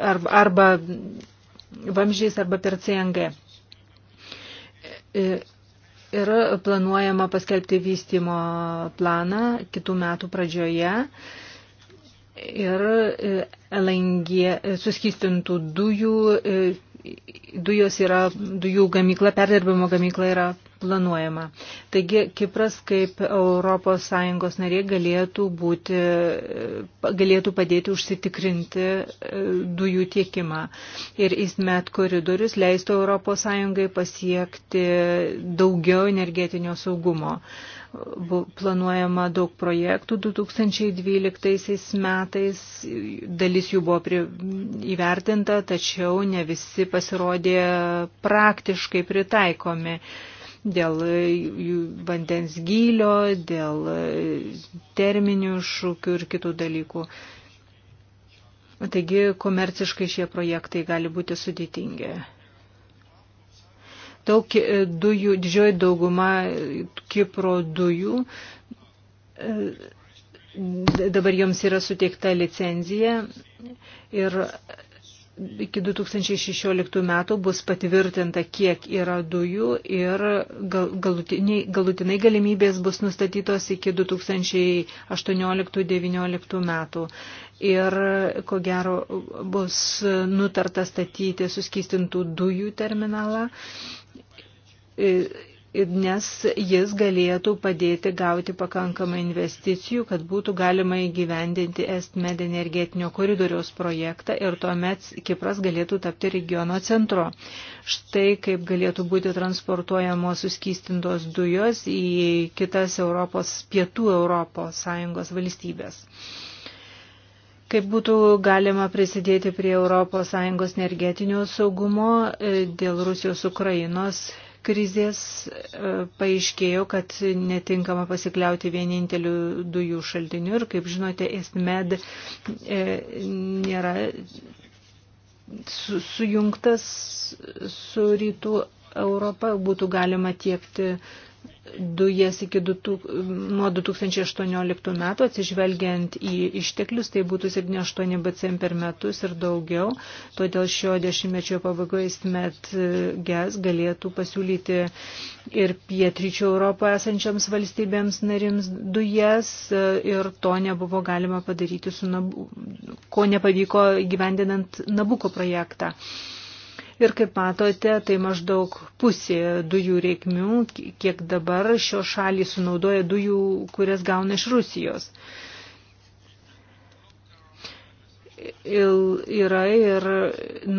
arba, arba vamžiais arba per CNG. E, Ir planuojama paskelbti vystimo planą kitų metų pradžioje. Ir e, LNG e, suskistintų dujų, e, dujos yra, dujų gamykla, perdirbimo gamykla yra planuojama. Taigi Kipras kaip ES narė galėtų, būti, galėtų padėti užsitikrinti e, dujų tiekimą. Ir įsmet koridorius leistų ES pasiekti daugiau energetinio saugumo planuojama daug projektų 2012 metais, dalis jų buvo pri, įvertinta, tačiau ne visi pasirodė praktiškai pritaikomi dėl e, vandens gylio, dėl e, terminių šūkių ir kitų dalykų. Taigi komerciškai šie projektai gali būti sudėtingi. Daug e, dujų, didžioji dauguma Kipro dujų dabar joms yra suteikta licenzija ir iki 2016 metų bus patvirtinta, kiek yra dujų ir galutiniai, galutinai galimybės bus nustatytos iki 2018-2019 metų. Ir ko gero bus nutarta statyti suskystintų dujų terminalą nes jis galėtų padėti gauti pakankamai investicijų, kad būtų galima įgyvendinti Estmed energetinio koridoriaus projektą ir tuomet Kipras galėtų tapti regiono centro. Štai kaip galėtų būti transportuojamos suskystintos dujos į kitas Europos, pietų Europos Sąjungos valstybės. Kaip būtų galima prisidėti prie ES energetinio saugumo e, dėl Rusijos Ukrainos krizės e, paaiškėjo, kad netinkama pasikliauti vieninteliu dujų šaltiniu ir, kaip žinote, ESMED e, nėra sujungtas su rytų Europą, būtų galima tiekti dujas iki du, nuo 2018 metų, atsižvelgiant į išteklius, tai būtų 7-8 BCM per metus ir daugiau. Todėl šio dešimtmečio pabaigoje met GES galėtų pasiūlyti ir pietryčių Europoje esančiams valstybėms narims dujas ir to nebuvo galima padaryti, su, ko nepavyko gyvendinant Nabuko projektą. Ir kaip matote, tai maždaug pusė dujų reikmių, kiek dabar šio šalį sunaudoja dujų, kurias gauna iš Rusijos. Il, yra ir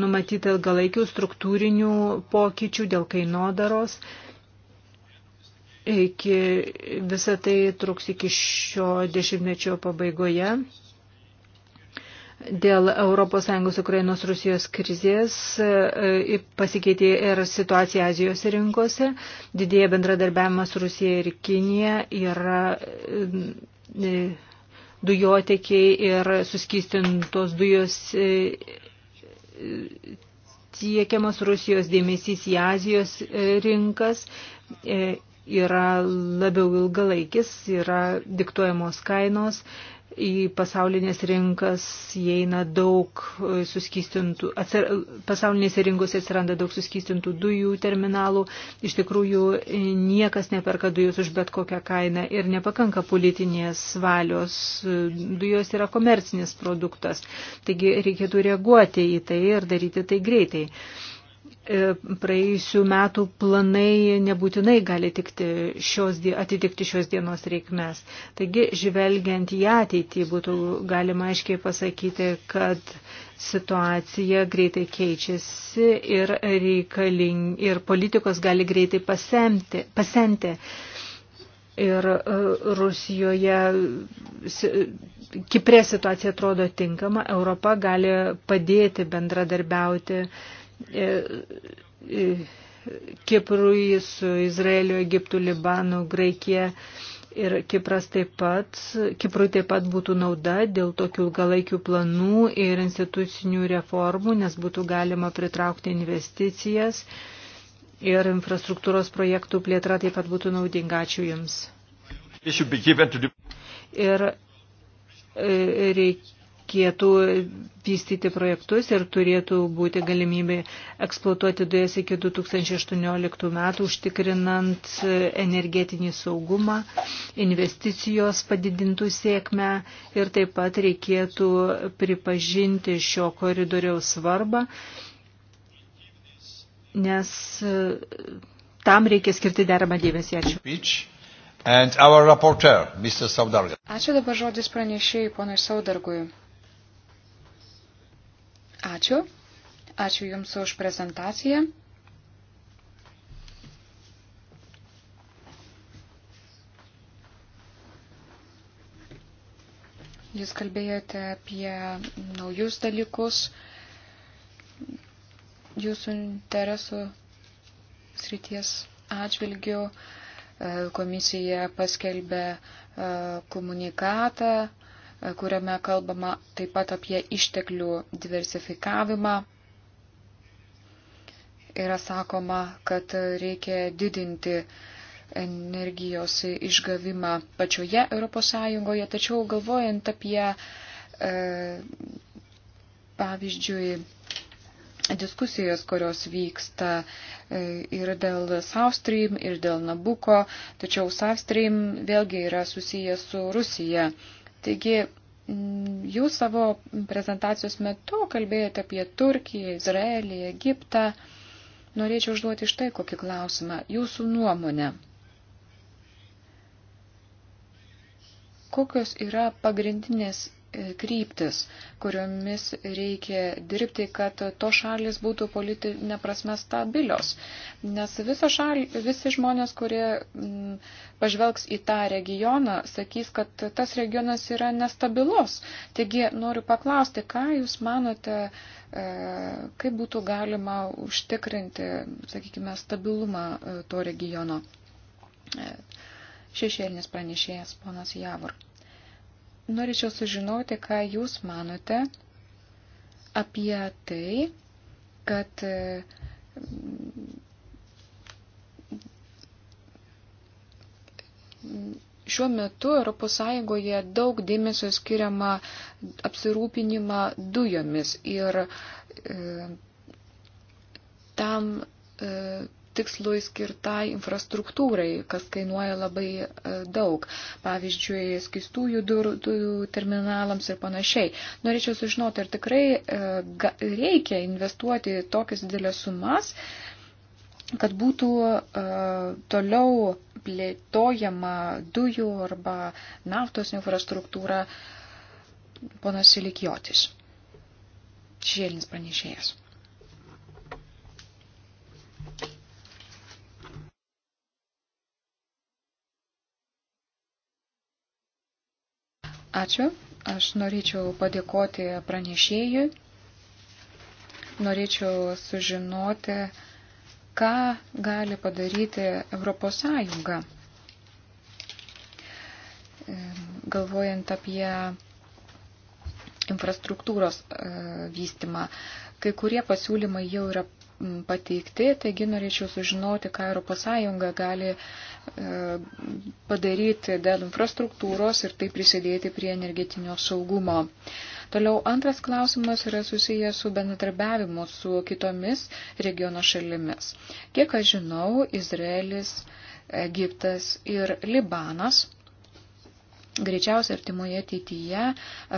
numatyta ilgalaikių struktūrinių pokyčių dėl kainodaros. Iki, visa tai truks iki šio dešimtmečio pabaigoje. Dėl ES Ukrainos Rusijos krizės e, e, pasikeitė ir situacija Azijos rinkose. Didėja bendradarbiavimas Rusija ir Kinija yra e, dujotekiai ir suskystintos dujos tiekiamas Rusijos dėmesys į Azijos rinkas yra labiau ilgalaikis, yra diktuojamos kainos į pasaulinės rinkas įeina daug e, suskystintų, atsir, pasaulinėse rinkose atsiranda daug suskystintų dujų terminalų. Iš tikrųjų, e, niekas neperka dujos už bet kokią kainą ir nepakanka politinės valios. E, dujos yra komercinis produktas. Taigi reikėtų reaguoti į tai ir daryti tai greitai. E, praėjusių metų planai nebūtinai gali tikti šios, atitikti šios dienos reikmes. Taigi, žvelgiant į ateitį, būtų galima aiškiai pasakyti, kad situacija greitai keičiasi ir, reikaling, ir politikos gali greitai pasemti, pasenti. Ir e, Rusijoje, Kiprė situacija atrodo tinkama, Europa gali padėti bendradarbiauti uh, E, e, Kiprui su Izraeliu, Egiptu, Libanu, Graikija ir Kipras taip pat, Kiprui taip pat būtų nauda dėl tokių ilgalaikių planų ir institucinių reformų, nes būtų galima pritraukti investicijas ir infrastruktūros projektų plėtra taip pat būtų naudinga. Ačiū Jums. Ir e, reikia reikėtų vystyti projektus ir turėtų būti galimybė eksploatuoti dujas iki 2018 metų, užtikrinant e, energetinį saugumą, investicijos padidintų sėkmę ir taip pat reikėtų pripažinti šio koridoriaus svarbą, nes e, tam reikia skirti deramą dėmesį. Ačiū. Reporter, Ačiū dabar žodis pranešėjai ponui Saudargui. Ačiū. Ačiū Jums už prezentaciją. Jūs kalbėjote apie naujus dalykus, jūsų interesų srities atžvilgių. E, komisija paskelbė e, komunikatą kuriame kalbama taip pat apie išteklių diversifikavimą. Yra sakoma, kad reikia didinti energijos išgavimą pačioje ES, tačiau galvojant apie, e, pavyzdžiui, diskusijas, kurios vyksta e, ir dėl South Stream, ir dėl Nabuko, tačiau South Stream vėlgi yra susijęs su Rusija. Taigi, mm, jūs savo prezentacijos metu kalbėjote apie Turkiją, Izraelį, Egiptą. Norėčiau užduoti štai kokį klausimą. Jūsų nuomonė. Kokios yra pagrindinės E, kryptis, kuriomis reikia dirbti, kad to šalis būtų politinė prasme stabilios. Nes šal, visi žmonės, kurie m, pažvelgs į tą regioną, sakys, kad tas regionas yra nestabilus. Taigi noriu paklausti, ką Jūs manote, e, kaip būtų galima užtikrinti, sakykime, stabilumą e, to regiono. E, šešėlinis pranešėjas, ponas Javor. Norėčiau sužinoti, ką Jūs manote apie tai, kad mm, šiuo metu ES daug dėmesio skiriama apsirūpinimą dujomis ir e, tam e, tikslui skirtai infrastruktūrai, kas kainuoja labai e, daug, pavyzdžiui, skistųjų durų terminalams ir panašiai. Norėčiau sužinoti, ar tikrai e, reikia investuoti tokias didelės sumas, kad būtų e, toliau plėtojama dujų arba naftos infrastruktūra ponas Silikijotis, šėlinis pranešėjas. Ačiū. Aš norėčiau padėkoti pranešėjui. Norėčiau sužinoti, ką gali padaryti Europos Sąjunga. Galvojant apie infrastruktūros e, vystimą, kai kurie pasiūlymai jau yra pateikti, taigi norėčiau sužinoti, ką ES gali e, padaryti dėl infrastruktūros ir tai prisidėti prie energetinio saugumo. Toliau antras klausimas yra susijęs su bendradarbiavimu su kitomis regiono šalimis. Kiek aš žinau, Izraelis, Egiptas ir Libanas greičiausiai artimoje ateityje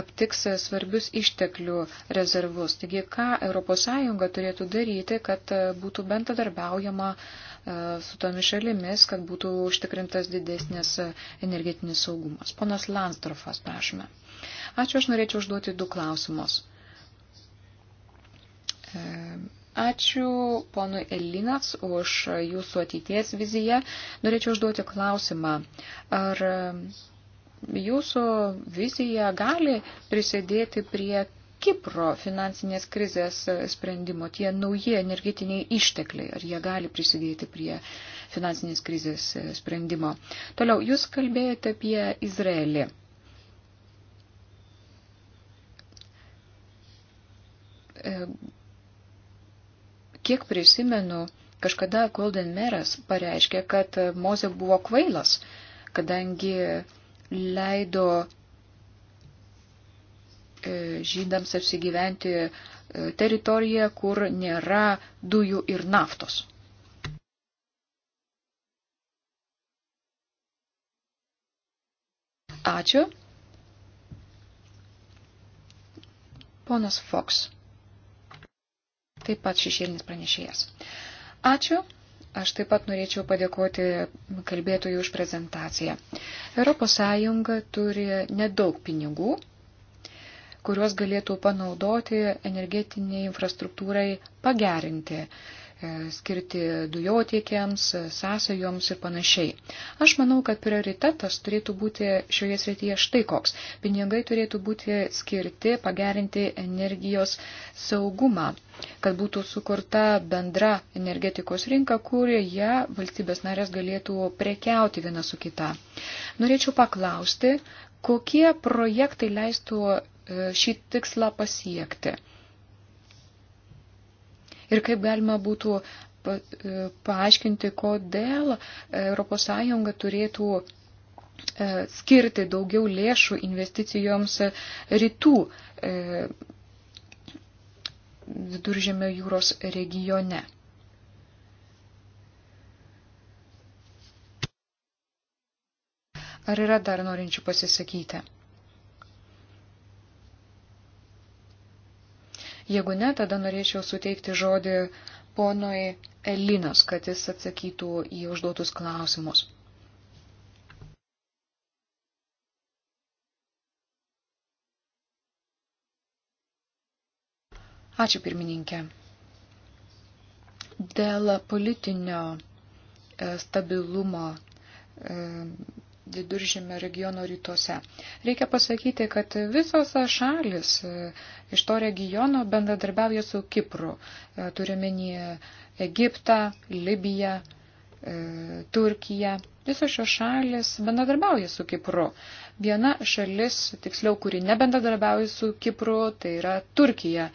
aptiks svarbius išteklių rezervus. Taigi, ką ES turėtų daryti, kad būtų bendradarbiaujama e, su tomis šalimis, kad būtų užtikrintas didesnis energetinis saugumas. Ponas Landsdorfas, prašome. Ačiū, aš norėčiau užduoti du klausimus. E, ačiū ponui Elinas už jūsų ateities viziją. Norėčiau užduoti klausimą. Ar jūsų vizija gali prisidėti prie Kipro finansinės krizės sprendimo, tie nauji energetiniai ištekliai, ar jie gali prisidėti prie finansinės krizės sprendimo. Toliau, jūs kalbėjote apie Izraelį. E, kiek prisimenu, kažkada Golden Meras pareiškė, kad Moze buvo kvailas, kadangi leido e, žydams apsigyventi e, teritoriją, kur nėra dujų ir naftos. Ačiū. Ponas Fox. Taip pat šešėlinis pranešėjas. Ačiū. Aš taip pat norėčiau padėkoti kalbėtojų už prezentaciją. ES turi nedaug pinigų, kuriuos galėtų panaudoti energetiniai infrastruktūrai pagerinti. E, skirti dujotiekiams, e, sąsajoms ir panašiai. Aš manau, kad prioritetas turėtų būti šioje srityje štai koks. Pinigai turėtų būti skirti pagerinti energijos saugumą, kad būtų sukurta bendra energetikos rinka, kurioje valstybės narės galėtų prekiauti viena su kita. Norėčiau paklausti, kokie projektai leistų e, šį tikslą pasiekti Ir kaip galima būtų e, paaiškinti, kodėl ES turėtų e, skirti daugiau lėšų investicijoms rytų e, viduržėmio jūros regione. Ar yra dar norinčių pasisakyti? Jeigu ne, tada norėčiau suteikti žodį ponui Elinas, kad jis atsakytų į užduotus klausimus. Ačiū pirmininkė. Dėl politinio e, stabilumo e, viduržėmio regiono rytuose. Reikia pasakyti, kad visos šalis e, iš to regiono bendradarbiauja su Kipru. E, Turiuomenį Egiptą, Libiją, e, Turkiją. Visos šios šalis bendradarbiauja su Kipru. Viena šalis, tiksliau, kuri nebendradarbiauja su Kipru, tai yra Turkija,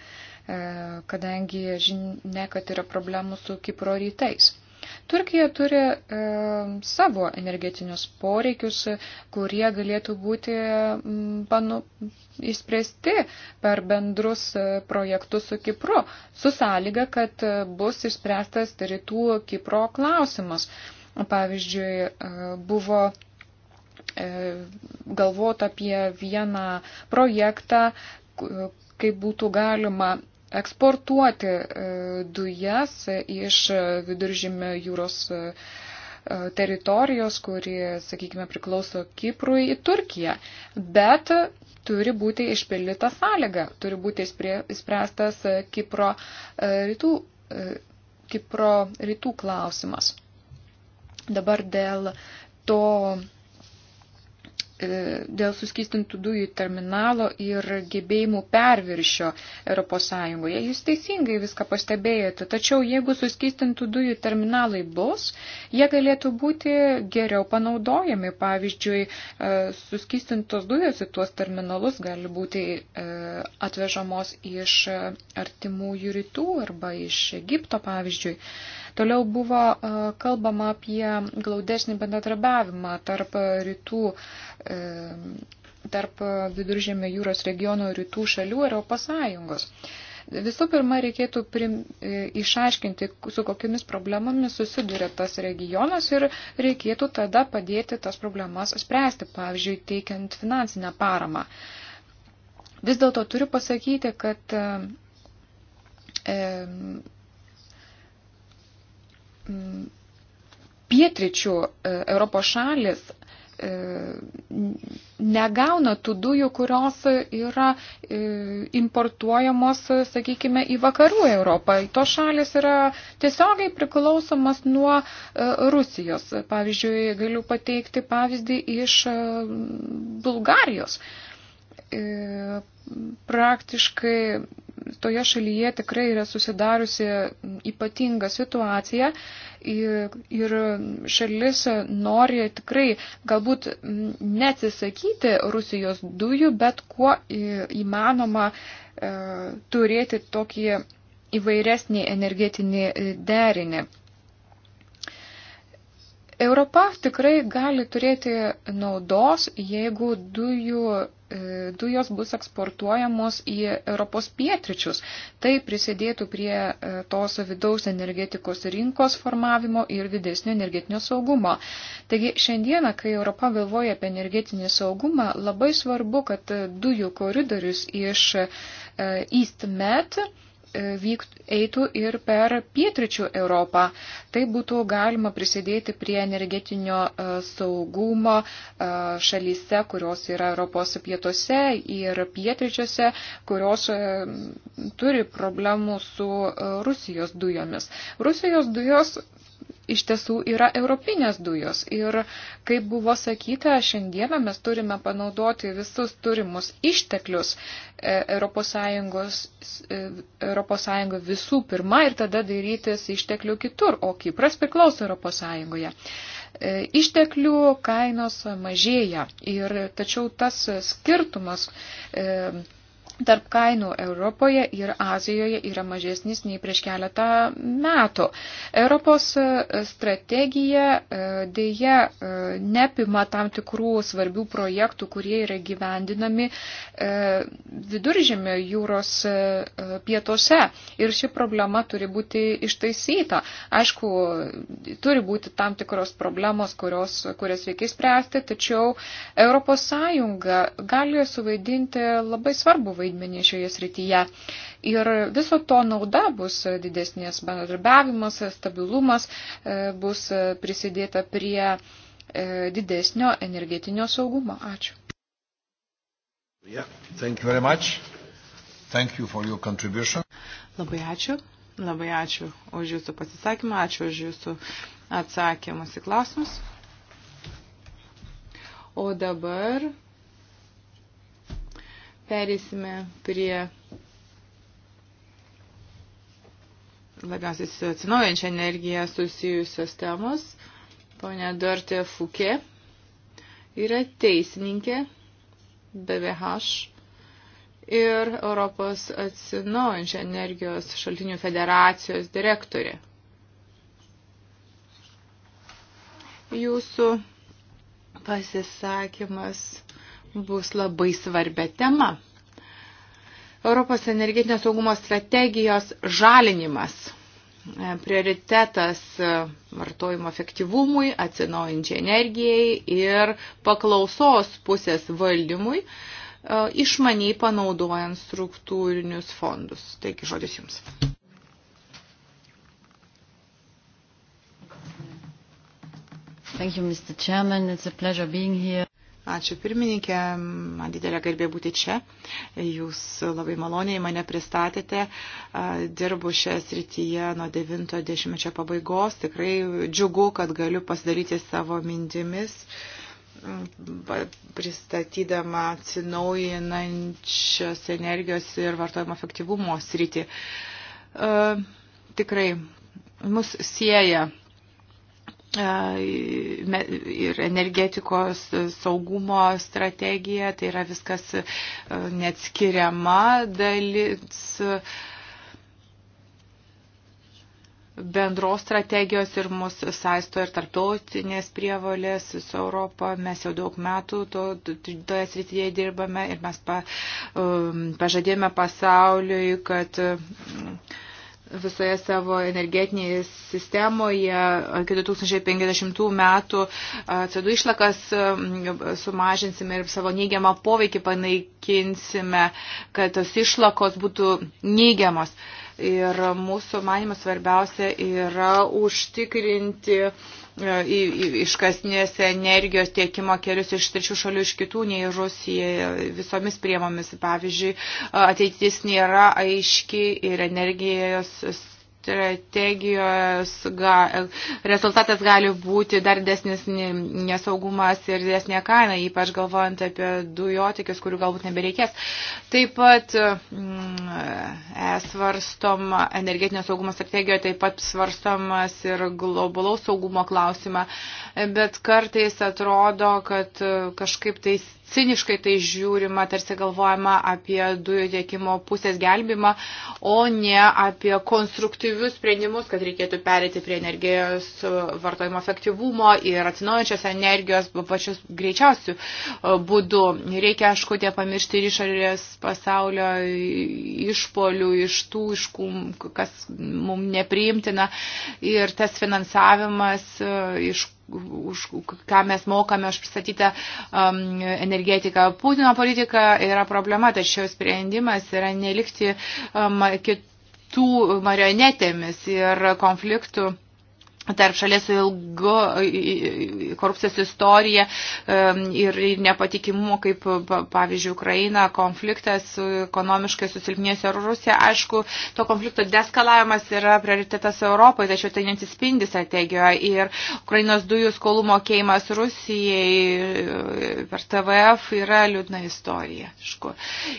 kadangi žinia, kad yra problemų su Kipro rytais. Turkija turi e, savo energetinius poreikius, kurie galėtų būti panu, išspręsti per bendrus e, projektus su Kipru, su sąlyga, kad e, bus išspręstas rytų Kipro klausimas. Pavyzdžiui, e, buvo e, galvota apie vieną projektą, kaip būtų galima eksportuoti e, dujas iš viduržymio jūros e, teritorijos, kuri, sakykime, priklauso Kiprui į Turkiją. Bet turi būti išpildyta sąlyga, turi būti įspręstas Kipro e, rytų, Kipro rytų klausimas. Dabar dėl to E, dėl suskystintų dujų terminalo ir gebėjimų perviršio ES. Jūs teisingai viską pastebėjote, tačiau jeigu suskystintų dujų terminalai bus, jie galėtų būti geriau panaudojami. Pavyzdžiui, e, suskystintos dujos į tuos terminalus gali būti e, atvežamos iš artimųjų rytų arba iš Egipto, pavyzdžiui. Toliau buvo e, kalbama apie glaudesnį bendradarbiavimą tarp rytų e, tarp viduržėmio jūros regiono rytų šalių Europos Sąjungos. Visų pirma, reikėtų prim, e, išaiškinti, su kokiamis problemomis susiduria tas regionas ir reikėtų tada padėti tas problemas spręsti, pavyzdžiui, teikiant finansinę paramą. Vis dėlto turiu pasakyti, kad e, pietričių e, Europos šalis e, negauna tų dujų, kurios yra e, importuojamos, sakykime, į vakarų Europą. To šalis yra tiesiogiai priklausomas nuo Rusijos. Pavyzdžiui, galiu pateikti pavyzdį iš Bulgarijos. Praktiškai toje šalyje tikrai yra susidariusi ypatinga situacija ir šalis nori tikrai galbūt neatsisakyti Rusijos dujų, bet kuo įmanoma e, turėti tokį įvairesnį energetinį e, derinį. Europa tikrai gali turėti naudos, jeigu dujų E, dujos bus eksportuojamos į Europos pietričius. Tai prisidėtų prie e, tos vidaus energetikos rinkos formavimo ir didesnio energetinio saugumo. Taigi šiandieną, kai Europa galvoja apie energetinį saugumą, labai svarbu, kad dujų koridorius iš e, EastMed E, vykt, eitų ir per pietričių Europą. Tai būtų galima prisidėti prie energetinio e, saugumo e, šalyse, kurios yra Europos pietuose ir pietričiuose, kurios turi problemų su Rusijos dujomis. Rusijos dujos iš tiesų yra europinės dujos. Ir kaip buvo sakyta, šiandieną mes turime panaudoti visus turimus išteklius ES, ES visų pirma ir tada darytis išteklių kitur, o Kipras priklauso ES. E, išteklių kainos mažėja ir tačiau tas skirtumas e, tarp kainų Europoje ir Azijoje yra mažesnis nei prieš keletą metų. Europos e, strategija e, dėja e, nepima tam tikrų svarbių projektų, kurie yra gyvendinami viduržėmio jūros pietuose. Ir ši problema turi būti ištaisyta. Aišku, turi būti tam tikros problemos, kurios, kurias reikia spręsti, tačiau ES gali suvaidinti labai svarbu vaidmenį vaidmenį šioje srityje. Ir viso to nauda bus didesnės bendradarbiavimas, stabilumas, e, bus prisidėta prie e, didesnio energetinio saugumo. Ačiū. Yeah, thank you very much. Thank you for your contribution. Labai ačiū. Labai ačiū už jūsų pasisakymą, ačiū už jūsų atsakymus į klausimus. O dabar Perėsime prie labiausiai su atsinaujančia energija susijusios temos. Pone Dorte Fuke yra teisininkė BVH ir Europos atsinaujančio energijos šaltinių federacijos direktorė. Jūsų pasisakymas bus labai svarbia tema. Europos energetinio saugumo strategijos žalinimas prioritetas e, vartojimo efektyvumui, atsinaujančiai energijai ir paklausos pusės valdymui, e, išmaniai panaudojant struktūrinius fondus. Taigi žodis Jums. Thank you, Mr. Chairman. It's a pleasure being here. Ačiū pirmininkė, man didelė garbė būti čia. Jūs labai maloniai mane pristatėte. Dirbu šią srityje nuo 90-mečio pabaigos. Tikrai džiugu, kad galiu pasidalyti savo mintimis pristatydama atsinaujinančios energijos ir vartojimo efektyvumo sritį. Tikrai mus sieja E, ir energetikos saugumo strategija, tai yra viskas e, neatskiriama dalis e, bendros strategijos ir mus saisto ir tarptautinės prievolės su Europą. Mes jau daug metų to, toje srityje dirbame ir mes pa, um, pažadėjome pasauliui, kad um, visoje savo energetinėje sistemoje iki 2050 metų CO2 išlakas sumažinsime ir savo neigiamą poveikį panaikinsime, kad tos išlakos būtų neigiamos. Ir mūsų manimas svarbiausia yra užtikrinti uh, E, iškasnės energijos tiekimo kelius iš trečių šalių, iš kitų nei Rusija visomis priemomis. Pavyzdžiui, e, ateitis nėra aiški ir energijos strategijos ga, rezultatas gali būti dar desnis nesaugumas ir desnė kaina, ypač galvojant apie dujotikius, kurių galbūt nebereikės. Taip pat mm, e, svarstom energetinio saugumo strategijoje, taip pat svarstomas ir globalaus saugumo klausimą, e, bet kartais atrodo, kad e, kažkaip tais ciniškai tai žiūrima, tarsi galvojama apie dujų tiekimo pusės gelbimą, o ne apie konstruktyvius sprendimus, kad reikėtų perėti prie energijos vartojimo efektyvumo ir atsinaujančios energijos pačius greičiausių e, būdų. Reikia, aišku, tie pamiršti ir išorės pasaulio išpolių, iš tų, iš kum, kas mums nepriimtina ir tas finansavimas, e, iš už ką mes mokame už pristatytą um, energetiką. Putino politika yra problema, tačiau sprendimas yra nelikti um, kitų marionetėmis ir konfliktų tarp šalies su ilgo korupcijos istorija ir nepatikimumo, kaip pavyzdžiui Ukraina, konfliktas e, ekonomiškai susilpnėjusi Rusija. Aišku, to konflikto deskalavimas yra prioritetas Europoje, tačiau tai nesispindi strategijoje. Ir Ukrainos dujų skolų mokėjimas Rusijai e, per TVF yra liūdna istorija. Aišku.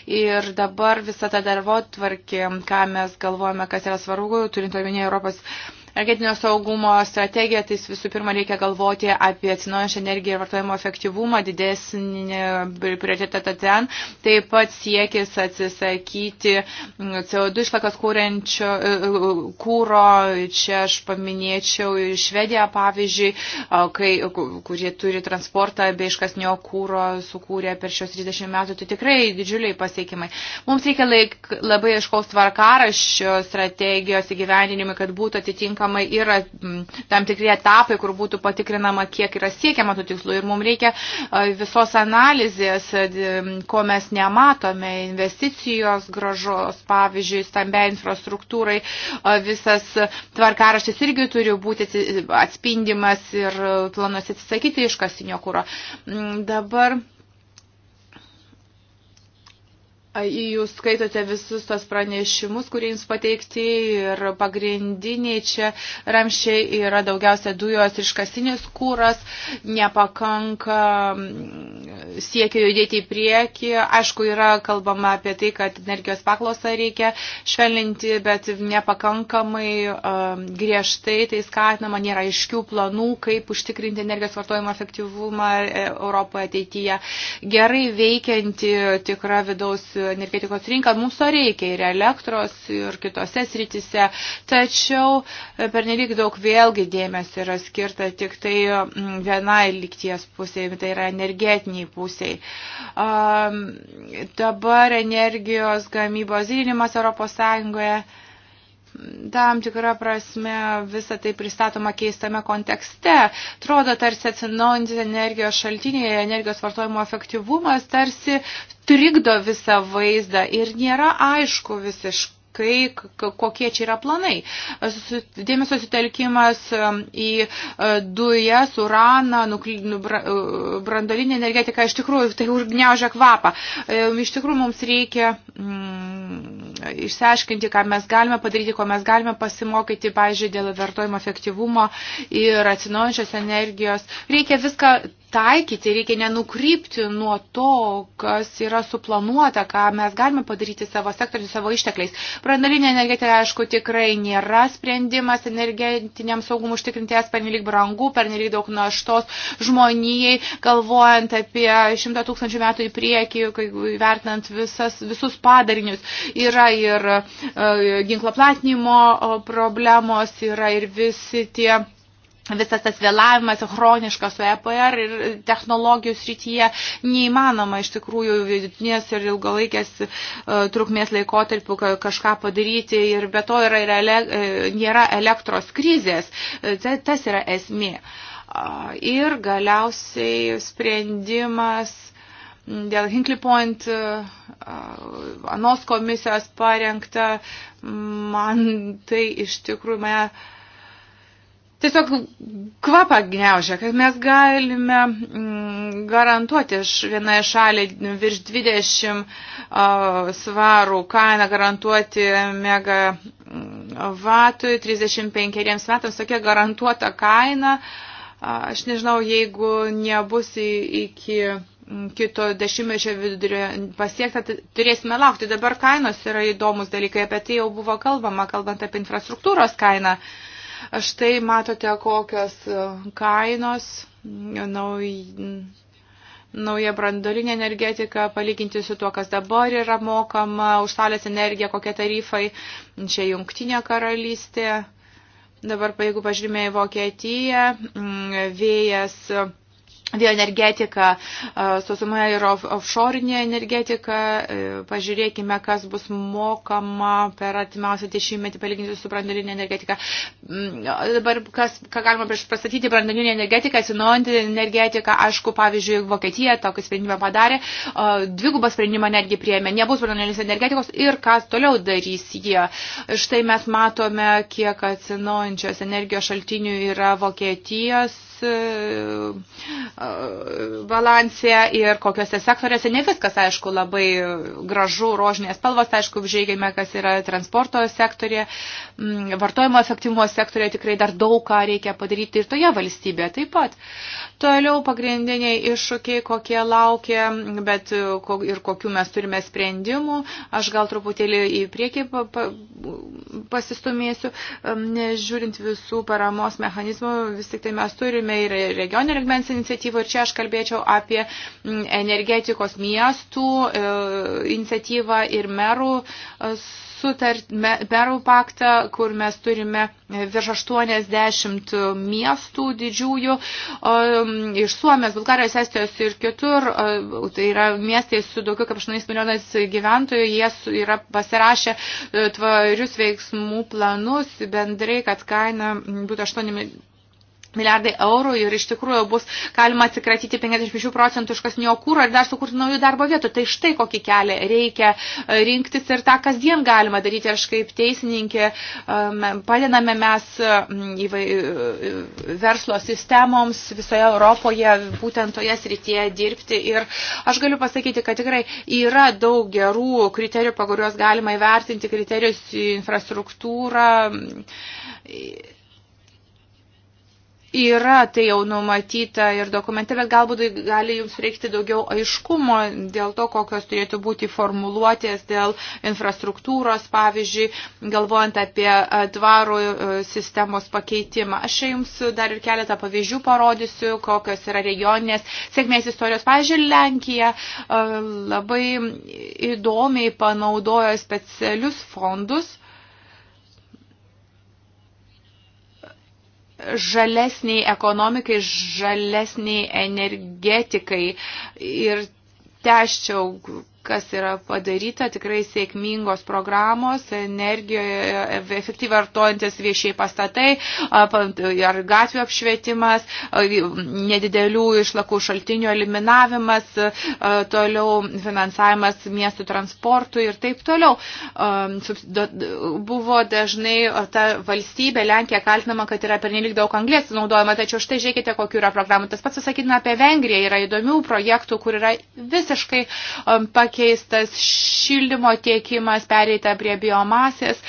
Ir dabar visa ta darbo tvarkė, ką mes galvojame, kas yra svarbu, turint omenyje Europos energetinio saugumo strategiją, tai visų pirma reikia galvoti apie atsinaujančią energiją ir vartojimo efektyvumą, didesnį prioritetą ten, taip pat siekis atsisakyti mm, CO2 išlakas kūrenčio e, e, kūro, čia aš paminėčiau Švediją pavyzdžiui, kai, kurie turi transportą bei iškasnio kūro sukūrė per šios 30 metų, tai tikrai didžiuliai pasiekimai. Mums reikia laik, labai iškaus tvarkaraščio strategijos įgyvendinimui, kad būtų atitinkamai atitinkamai yra tam tikri etapai, kur būtų patikrinama, kiek yra siekiama tų tikslų. Ir mums reikia visos analizės, ko mes nematome, investicijos gražos, pavyzdžiui, stambiai infrastruktūrai, visas tvarkaraštis irgi turi būti atspindimas ir planuose atsisakyti iškasinio kūro. Dabar Jūs skaitote visus tos pranešimus, kurie jums pateikti ir pagrindiniai čia ramščiai yra daugiausia dujos ir iškasinis kūras, nepakanka mm, siekio judėti į priekį. Aišku, yra kalbama apie tai, kad energijos paklausą reikia švelninti, bet nepakankamai um, griežtai tai skatinama, nėra aiškių planų, kaip užtikrinti energijos vartojimo efektyvumą e, Europoje ateityje. Gerai veikianti tikra vidaus energetikos rinką, mums to reikia ir elektros, ir kitose sritise. Tačiau e, per nelik daug vėlgi dėmesio yra skirta tik tai mm, vienai likties pusėje, tai yra energetiniai pusiai. Um, dabar energijos gamybos didinimas Europos Sąjungoje tam tikrą prasme visą tai pristatoma keistame kontekste. Atrodo, tarsi atsinaujantys energijos šaltiniai, energijos vartojimo efektyvumas tarsi trikdo visą vaizdą ir nėra aišku visiškai kai, kokie čia yra planai. Dėmesio sutelkimas um, į e, dujas, uraną, nu, e, brandolinį energetiką, iš tikrųjų, tai užgneužia kvapą. E, iš tikrųjų, mums reikia. Mm, išsiaiškinti, ką mes galime padaryti, ko mes galime pasimokyti, pažiūrėjau, dėl vartojimo efektyvumo ir atsinaujančios energijos. Reikia viską taikyti, reikia nenukrypti nuo to, kas yra suplanuota, ką mes galime padaryti savo sektoriu, savo ištekliais. Brandalinė energetika, aišku, tikrai nėra sprendimas energetiniam saugumui užtikrinti, es pernelyg brangu, pernelyg daug naštos žmonijai, galvojant apie šimtą tūkstančių metų į priekį, kai vertinant visas, visus padarinius. Yra ir e, ginklo platinimo problemos, yra ir visi tie visas tas vėlavimas chroniškas su EPR ir technologijų srityje neįmanoma iš tikrųjų vidutinės ir ilgalaikės e, trukmės laikotarpių kažką padaryti ir be to yra, yra, e, nėra elektros krizės. E, tas yra esmė. Ir galiausiai sprendimas dėl Hinkley Point anos komisijos parengta, man tai iš tikrųjų mane tiesiog kvapą gniaužia, kad mes galime mm, garantuoti iš vienai šaliai virš 20 svarų kainą, garantuoti mega mm, vatui 35 metams, tokia garantuota kaina. Aš nežinau, jeigu nebus iki mm, kito dešimtmečio vidurio pasiekta, tai turėsime laukti. Dabar kainos yra įdomus dalykai, apie tai jau buvo kalbama, kalbant apie infrastruktūros kainą. Uh, Štai matote, kokios e, kainos nauj, nauja brandolinė energetika, palyginti su tuo, kas dabar yra mokama už salės energiją, kokie tarifai, čia jungtinė karalystė. Dabar, jeigu pažiūrime į Vokietiją, vėjas bioenergetika, sausumoje ir offshorinė energetika. E, pažiūrėkime, kas bus mokama per artimiausią dešimtmetį palyginti su brandalinė energetika. Mm, dabar, kas, ką galima prieš pastatyti, brandalinė energetika, atsinaujantį energetiką, aišku, pavyzdžiui, Vokietija tokį sprendimą padarė, dvigubą sprendimą netgi priėmė, nebus brandalinės energetikos ir kas toliau darys jie. Štai mes matome, kiek atsinaujančios energijos šaltinių yra Vokietijos balanse ir kokiuose sektoriuose. Ne viskas, aišku, labai gražu, rožinės spalvas, aišku, žiūrėkime, kas yra transporto sektorė, mm, vartojimo efektyvumo sektorė tikrai dar daug ką reikia padaryti ir toje valstybėje taip pat. Toliau pagrindiniai iššūkiai, kokie laukia, bet ir kokiu mes turime sprendimų. Aš gal truputėlį į priekį pasistumėsiu, žiūrint visų paramos mechanizmų, vis tik tai mes turime ir regioninio regmens iniciatyvą ir čia aš kalbėčiau apie energetikos miestų e, iniciatyvą ir merų e, Berų paktą, kur mes turime virš 80 miestų didžiųjų iš Suomės, Bulgarijos, Estijos ir kitur. Tai yra miestai su daugiau kaip 8 milijonais gyventojų. Jie yra pasirašę e, tvarius veiksmų planus bendrai, kad kaina būtų 8 milijonai milijardai eurų ir iš tikrųjų bus galima atsikratyti 56 procentų iškasnio kūro ir dar sukurti naujų darbo vietų. Tai štai kokį kelią reikia e, rinktis ir tą kasdien galima daryti. Aš kaip teisininkė e, padedame mes e, įvai, verslo sistemoms visoje Europoje būtent toje srityje dirbti ir aš galiu pasakyti, kad tikrai yra daug gerų kriterijų, pagal kuriuos galima įvertinti kriterijus infrastruktūrą Yra tai jau numatyta ir dokumente, bet galbūt gali jums reikti daugiau aiškumo dėl to, kokios turėtų būti formuluotės dėl infrastruktūros, pavyzdžiui, galvojant apie tvarų e, sistemos pakeitimą. Aš jums dar ir keletą pavyzdžių parodysiu, kokios yra regioninės sėkmės istorijos. Pavyzdžiui, Lenkija labai įdomiai panaudojo specialius fondus žalesniai ekonomikai, žalesniai energetikai ir teščiau kas yra padaryta, tikrai sėkmingos programos, energijoje efektyviai vartojantis viešiai pastatai, ar gatvių apšvietimas, nedidelių išlakų šaltinių eliminavimas, toliau finansavimas miestų transportui ir taip toliau. Buvo dažnai ta valstybė, Lenkija, kaltinama, kad yra pernelik daug anglės naudojama, tačiau štai žiūrėkite, kokiu yra programų. Tas pats sakytina apie Vengriją, yra įdomių projektų, kur yra visiškai pakeisti pakeistas, šildymo tiekimas pereita prie biomasės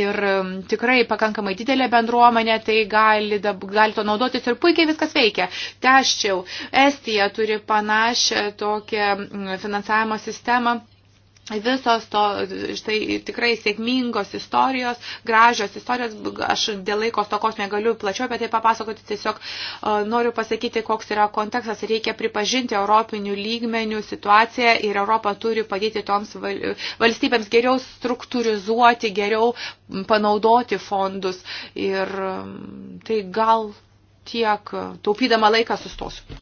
ir um, tikrai pakankamai didelė bendruomenė, tai gali, gali to naudotis ir puikiai viskas veikia. Teščiau, Estija turi panašią tokią mm, finansavimo sistemą visos to, štai tikrai sėkmingos istorijos, gražios istorijos, aš dėl laiko stokos negaliu plačiau apie tai papasakoti, tiesiog e, noriu pasakyti, koks yra kontekstas, reikia pripažinti europinių lygmenių situaciją ir Europa turi padėti toms valstybėms geriau struktūrizuoti, geriau panaudoti fondus ir mm, tai gal tiek taupydama laiką sustosiu.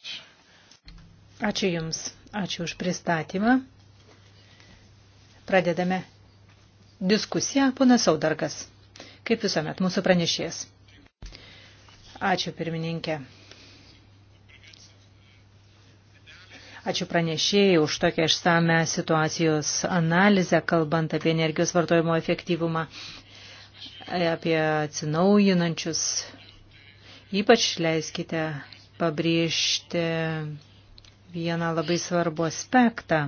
Ačiū Jums, ačiū už pristatymą. Pradedame diskusiją, ponas Saudargas. Kaip visuomet, mūsų pranešėjas. Ačiū, pirmininkė. Ačiū pranešėjai už tokią išsame situacijos analizę, kalbant apie energijos vartojimo efektyvumą, apie atsinaujinančius. Ypač leiskite pabrėžti vieną labai svarbų aspektą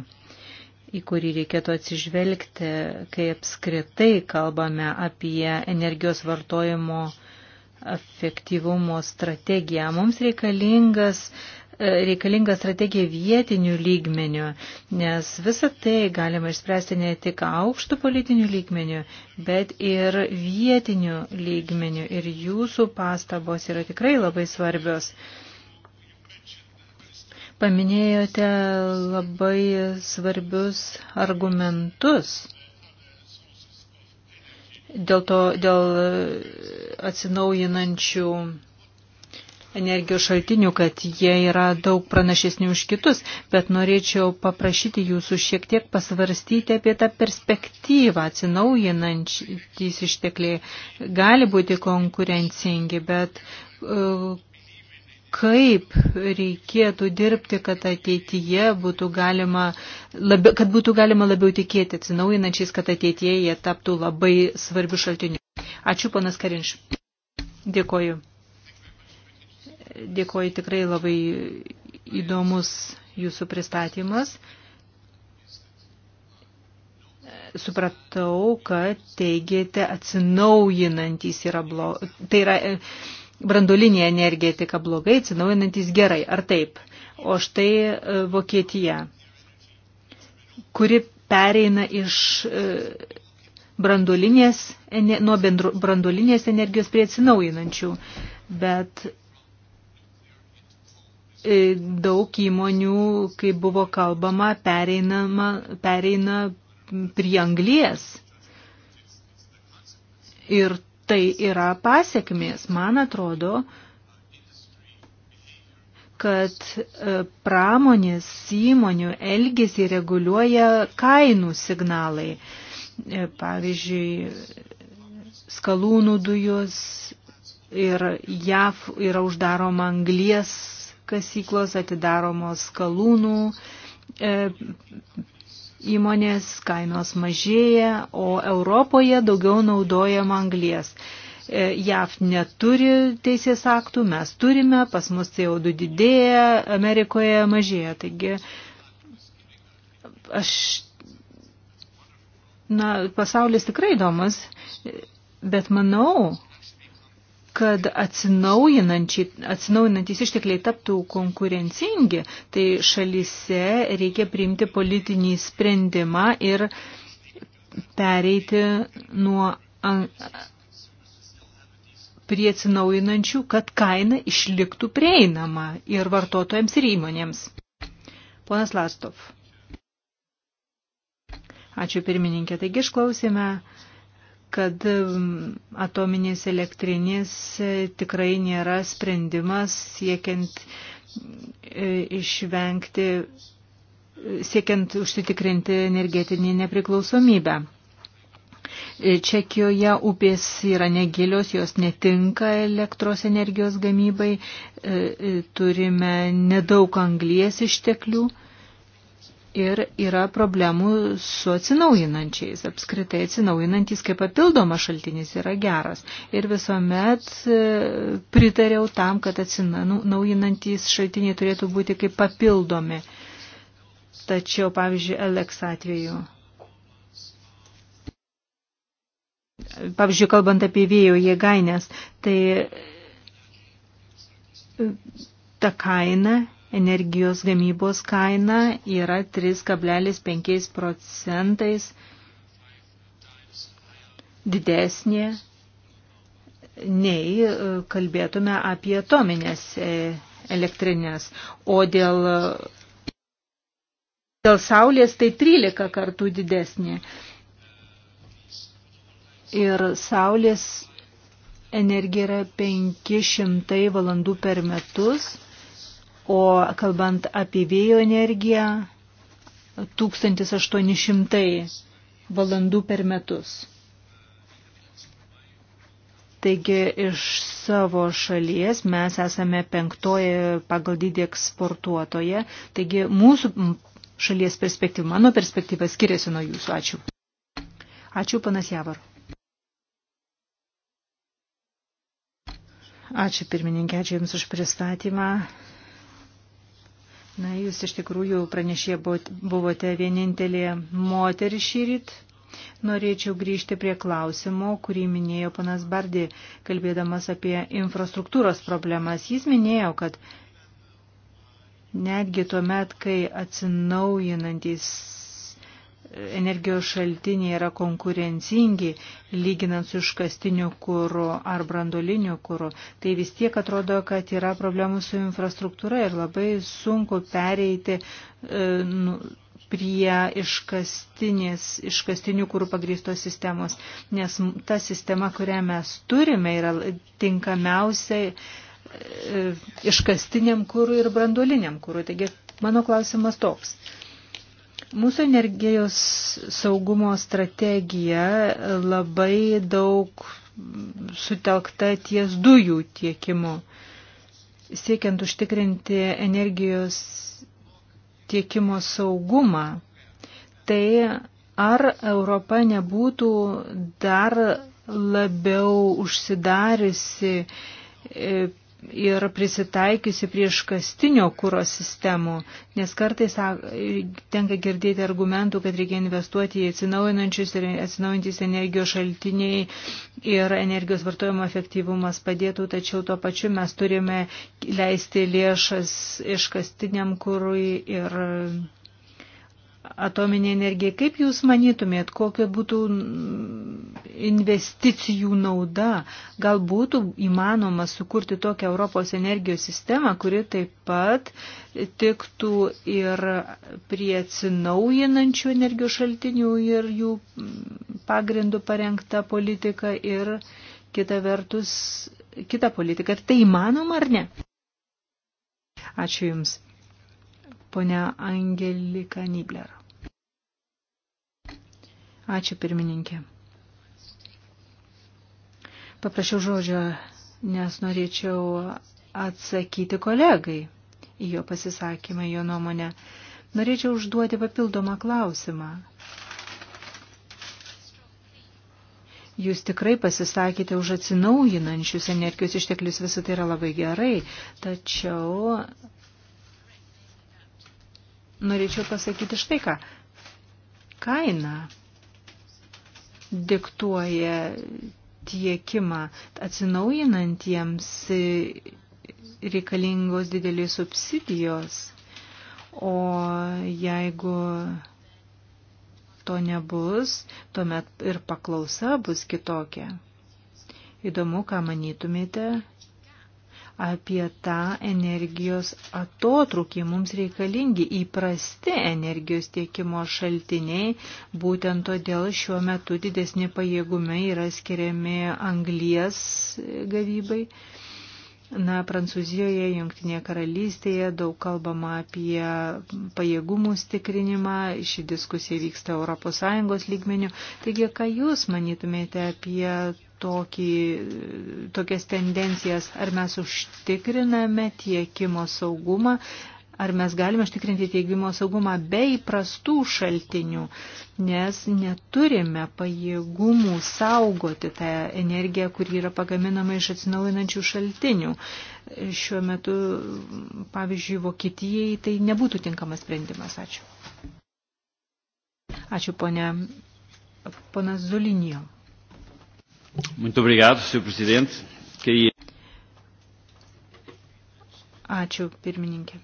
į kurį reikėtų atsižvelgti, kai apskritai kalbame apie energijos vartojimo efektyvumo strategiją. Mums reikalingas e, reikalinga strategija vietinių lygmenių, nes visą tai galima išspręsti ne tik aukštų politinių lygmenių, bet ir vietinių lygmenių. Ir jūsų pastabos yra tikrai labai svarbios paminėjote labai svarbius argumentus dėl, to, dėl atsinaujinančių energijos šaltinių, kad jie yra daug pranašesni už kitus, bet norėčiau paprašyti jūsų šiek tiek pasvarstyti apie tą perspektyvą atsinaujinantys ištekliai. Gali būti konkurencingi, bet kaip reikėtų dirbti, kad ateityje būtų galima, labi, kad būtų galima labiau tikėti atsinaujinančiais, kad ateityje jie taptų labai svarbių šaltinių. Ačiū, panas Karinš. Dėkoju. Dėkoju tikrai labai įdomus jūsų pristatymas. Supratau, kad teigėte atsinaujinantys yra blo... Tai yra brandulinė energetika blogai, atsinaujinantis gerai, ar taip. O štai e, Vokietija, kuri pereina iš e, brandulinės, nuo brandulinės energijos prie atsinaujinančių, bet e, daug įmonių, kaip buvo kalbama, pereina, pereina prie anglies. Ir tai yra pasiekmės. Man atrodo, kad e, pramonės įmonių elgesį reguliuoja kainų signalai. E, pavyzdžiui, skalūnų dujos ir JAV yra uždaroma anglies kasyklos, atidaromos skalūnų e, įmonės, kainos mažėja, o Europoje daugiau naudojama anglies. E, JAV neturi teisės aktų, mes turime, pas mus CO2 didėja, Amerikoje mažėja. Taigi aš, na, pasaulis tikrai įdomus, bet manau, kad atsinaujinantys ištekliai taptų konkurencingi, tai šalise reikia priimti politinį sprendimą ir pereiti nuo prie atsinaujinančių, kad kaina išliktų prieinama ir vartotojams ir įmonėms. Ponas Lastov. Ačiū pirmininkė. Taigi išklausėme kad mm, atominės elektrinės e, tikrai nėra sprendimas siekiant e, išvengti, e, siekiant užsitikrinti energetinį nepriklausomybę. Čekijoje upės yra negilios, jos netinka elektros energijos gamybai, turime nedaug anglies išteklių ir yra problemų su atsinaujinančiais. Apskritai atsinaujinantis kaip papildomas šaltinis yra geras. Ir visuomet e, pritariau tam, kad atsinaujinantis šaltiniai turėtų būti kaip papildomi. Tačiau, pavyzdžiui, Alex atveju. Pavyzdžiui, kalbant apie vėjo jėgainės, tai e, ta kaina energijos gamybos kaina yra 3,5 procentais didesnė nei e, kalbėtume apie atominės e, elektrinės. O dėl, dėl saulės tai 13 kartų didesnė. Ir saulės energija yra 500 valandų per metus o kalbant apie vėjo energiją, 1800 valandų per metus. Taigi iš savo šalies mes esame penktoje pagal dydį eksportuotoje, taigi mūsų šalies perspektyva, mano perspektyva skiriasi nuo jūsų. Ačiū. Ačiū, panas Javar. Ačiū pirmininkė, ačiū Jums už pristatymą. Na, jūs iš tikrųjų pranešė buvote vienintelė moteris šį rytą. Norėčiau grįžti prie klausimo, kurį minėjo panas Bardi, kalbėdamas apie infrastruktūros problemas. Jis minėjo, kad netgi tuo met, kai atsinaujinantis energijos šaltiniai yra konkurencingi, lyginant su iškastiniu kūru ar brandoliniu kūru, tai vis tiek atrodo, kad yra problemų su infrastruktūra ir labai sunku pereiti e, nu, prie iškastinės, iškastinių kūrų pagrįstos sistemos, nes ta sistema, kurią mes turime, yra tinkamiausiai e, iškastiniam kūrui ir brandoliniam kūrui. Taigi, mano klausimas toks. Mūsų energijos saugumo strategija labai daug sutelkta ties dujų tiekimu. Siekiant užtikrinti energijos tiekimo saugumą, tai ar Europa nebūtų dar labiau užsidariusi e, ir prisitaikiusi prieš kastinio kūro sistemų, nes kartais tenka girdėti argumentų, kad reikia investuoti į atsinaujinančius ir atsinaujantis energijos šaltiniai ir energijos vartojimo efektyvumas padėtų, tačiau tuo pačiu mes turime leisti lėšas iškastiniam kūrui ir atominė energija. Kaip Jūs manytumėt, kokia būtų investicijų nauda? Gal būtų įmanoma sukurti tokią Europos energijos sistemą, kuri taip pat tiktų ir prie atsinaujinančių energijos šaltinių ir jų pagrindų parengta politika ir kita vertus kita politika. Ar tai įmanoma ar ne? Ačiū Jums ponia Angelika Nibler. Ačiū pirmininkė. Paprašiau žodžio, nes norėčiau atsakyti kolegai į jo pasisakymą, jo nuomonę. Norėčiau užduoti papildomą klausimą. Jūs tikrai pasisakėte už atsinaujinančius energijos išteklius, visą tai yra labai gerai, tačiau norėčiau pasakyti štai ką. Kaina diktuoja tiekimą atsinaujinantiems reikalingos didelės subsidijos, o jeigu to nebus, tuomet ir paklausa bus kitokia. Įdomu, ką manytumėte apie tą energijos atotrukį. Mums reikalingi įprasti energijos tiekimo šaltiniai, būtent todėl šiuo metu didesni pajėgumai yra skiriami anglijas gavybai. Na, Prancūzijoje, Junktinėje karalystėje daug kalbama apie pajėgumų stiprinimą, ši diskusija vyksta ES lygmenių. Taigi, ką Jūs manytumėte apie tokį, tokias tendencijas? Ar mes užtikriname tiekimo saugumą, ar mes galime užtikrinti teigimo saugumą be įprastų šaltinių, nes neturime pajėgumų saugoti tą energiją, kuri yra pagaminama iš atsinaujinančių šaltinių. Šiuo metu, pavyzdžiui, Vokietijai tai nebūtų tinkamas sprendimas. Ačiū. Ačiū, ponė. Ponas Zulinijo. Muito obrigado, senhor presidente. Queria... Ačiū, pirmininkė.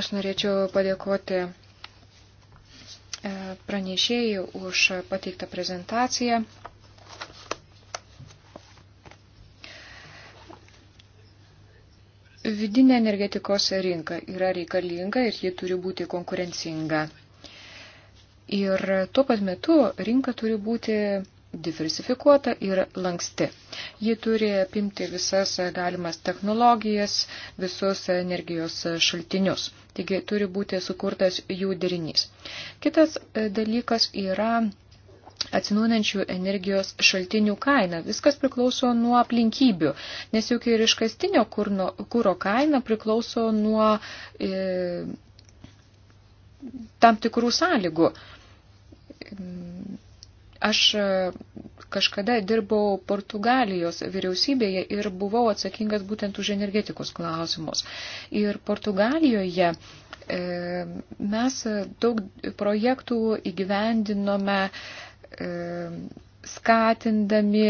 Aš norėčiau padėkoti e, pranešėjai už pateiktą prezentaciją. Vidinė energetikos rinka yra reikalinga ir ji turi būti konkurencinga. Ir tuo pat metu rinka turi būti diversifikuota ir lanksti. Ji turi apimti visas galimas technologijas, visus energijos šaltinius. Taigi turi būti sukurtas jų derinys. Kitas e, dalykas yra atsinaujančių energijos šaltinių kaina. Viskas priklauso nuo aplinkybių, nes juk ir iškastinio kūro kaina priklauso nuo e, tam tikrų sąlygų. Aš e, kažkada dirbau Portugalijos vyriausybėje ir buvau atsakingas būtent už energetikos klausimus. Ir Portugalijoje e, mes daug projektų įgyvendinome e, skatindami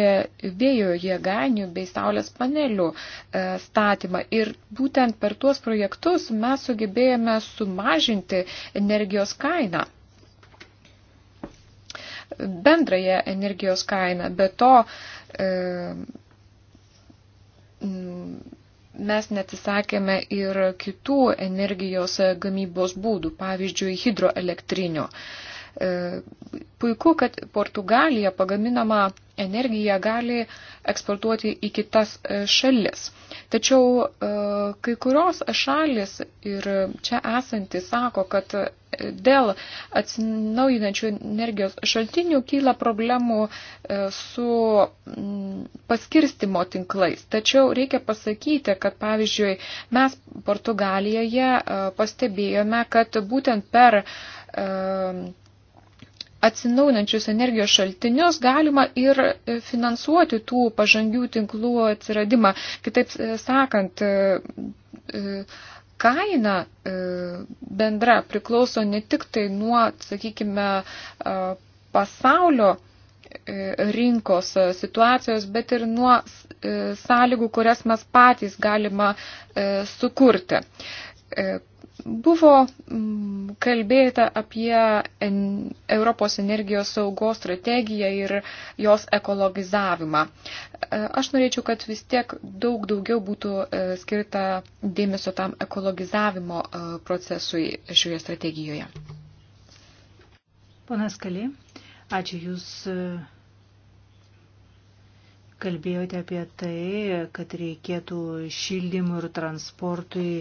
vėjo jėganių bei saulės panelių statymą. Ir būtent per tuos projektus mes sugebėjome sumažinti energijos kainą bendrąją energijos kainą. Be to, e, mes netisakėme ir kitų energijos gamybos būdų, pavyzdžiui, hidroelektrinio. E, puiku, kad Portugalija pagaminama energija gali eksportuoti į kitas e, šalis. Tačiau kai kurios šalis ir čia esanti sako, kad Dėl atsinaujinančių energijos šaltinių kyla problemų e, su mm, paskirstimo tinklais. Tačiau reikia pasakyti, kad pavyzdžiui, mes Portugalijoje e, pastebėjome, kad būtent per e, atsinaujinančius energijos šaltinius galima ir finansuoti tų pažangių tinklų atsiradimą. Kitaip sakant, kaina e, bendra priklauso ne tik tai nuo, sakykime, e, pasaulio e, rinkos situacijos, bet ir nuo sąlygų, kurias mes patys galima sukurti Buvo mm, kalbėta apie Europos energijos saugos strategiją ir jos ekologizavimą. E, aš norėčiau, kad vis tiek daug daugiau būtų e, skirta dėmesio tam ekologizavimo e, procesui šioje strategijoje. Ponas Kalė, ačiū Jūs kalbėjote apie tai, kad reikėtų šildymui ir transportui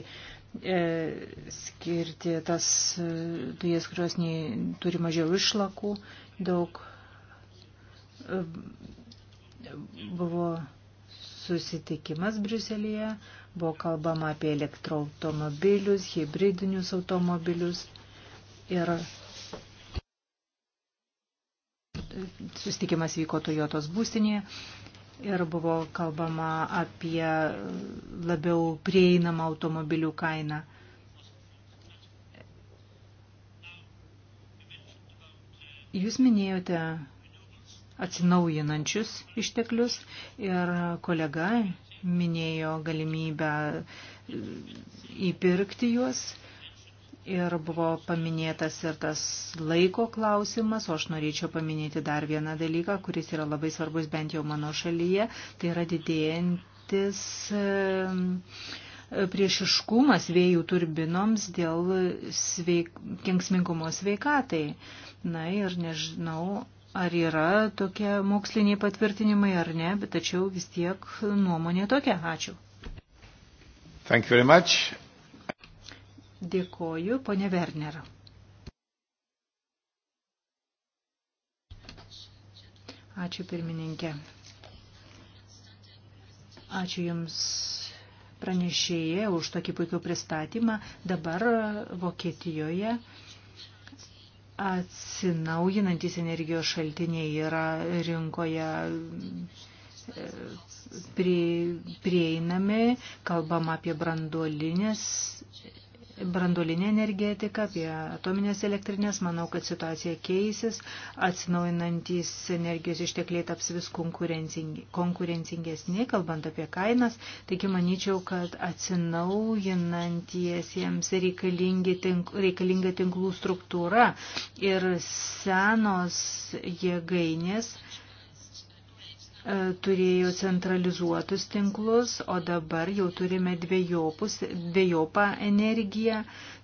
E, skirti tas e, dujas, kurios nei, turi mažiau išlakų, daug e, buvo susitikimas Briuselėje, buvo kalbama apie elektroautomobilius, hybridinius automobilius ir susitikimas vyko Toyotos būstinėje ir buvo kalbama apie labiau prieinamą automobilių kainą. Jūs minėjote atsinaujinančius išteklius ir kolega minėjo galimybę įpirkti juos Ir buvo paminėtas ir tas laiko klausimas, o aš norėčiau paminėti dar vieną dalyką, kuris yra labai svarbus bent jau mano šalyje, tai yra didėjantis priešiškumas vėjų turbinoms dėl sveik, kenksmingumo sveikatai. Na ir nežinau, ar yra tokie moksliniai patvirtinimai ar ne, bet tačiau vis tiek nuomonė tokia. Ačiū. Thank you very much. Dėkoju, ponė Werner. Ačiū pirmininkė. Ačiū Jums pranešėje už tokį puikų pristatymą. Dabar Vokietijoje atsinaujinantis energijos šaltiniai yra rinkoje e, prie, prieinami, kalbam apie branduolinės brandolinė energetika, apie atominės elektrinės, manau, kad situacija keisis, atsinaujinantis energijos ištekliai taps vis konkurencingesni, kalbant apie kainas, taigi manyčiau, kad atsinaujinantiesiems tink, reikalinga tinklų struktūra ir senos jėgainės E, turėjo centralizuotus tinklus, o dabar jau turime dviejopus, dviejopą energiją.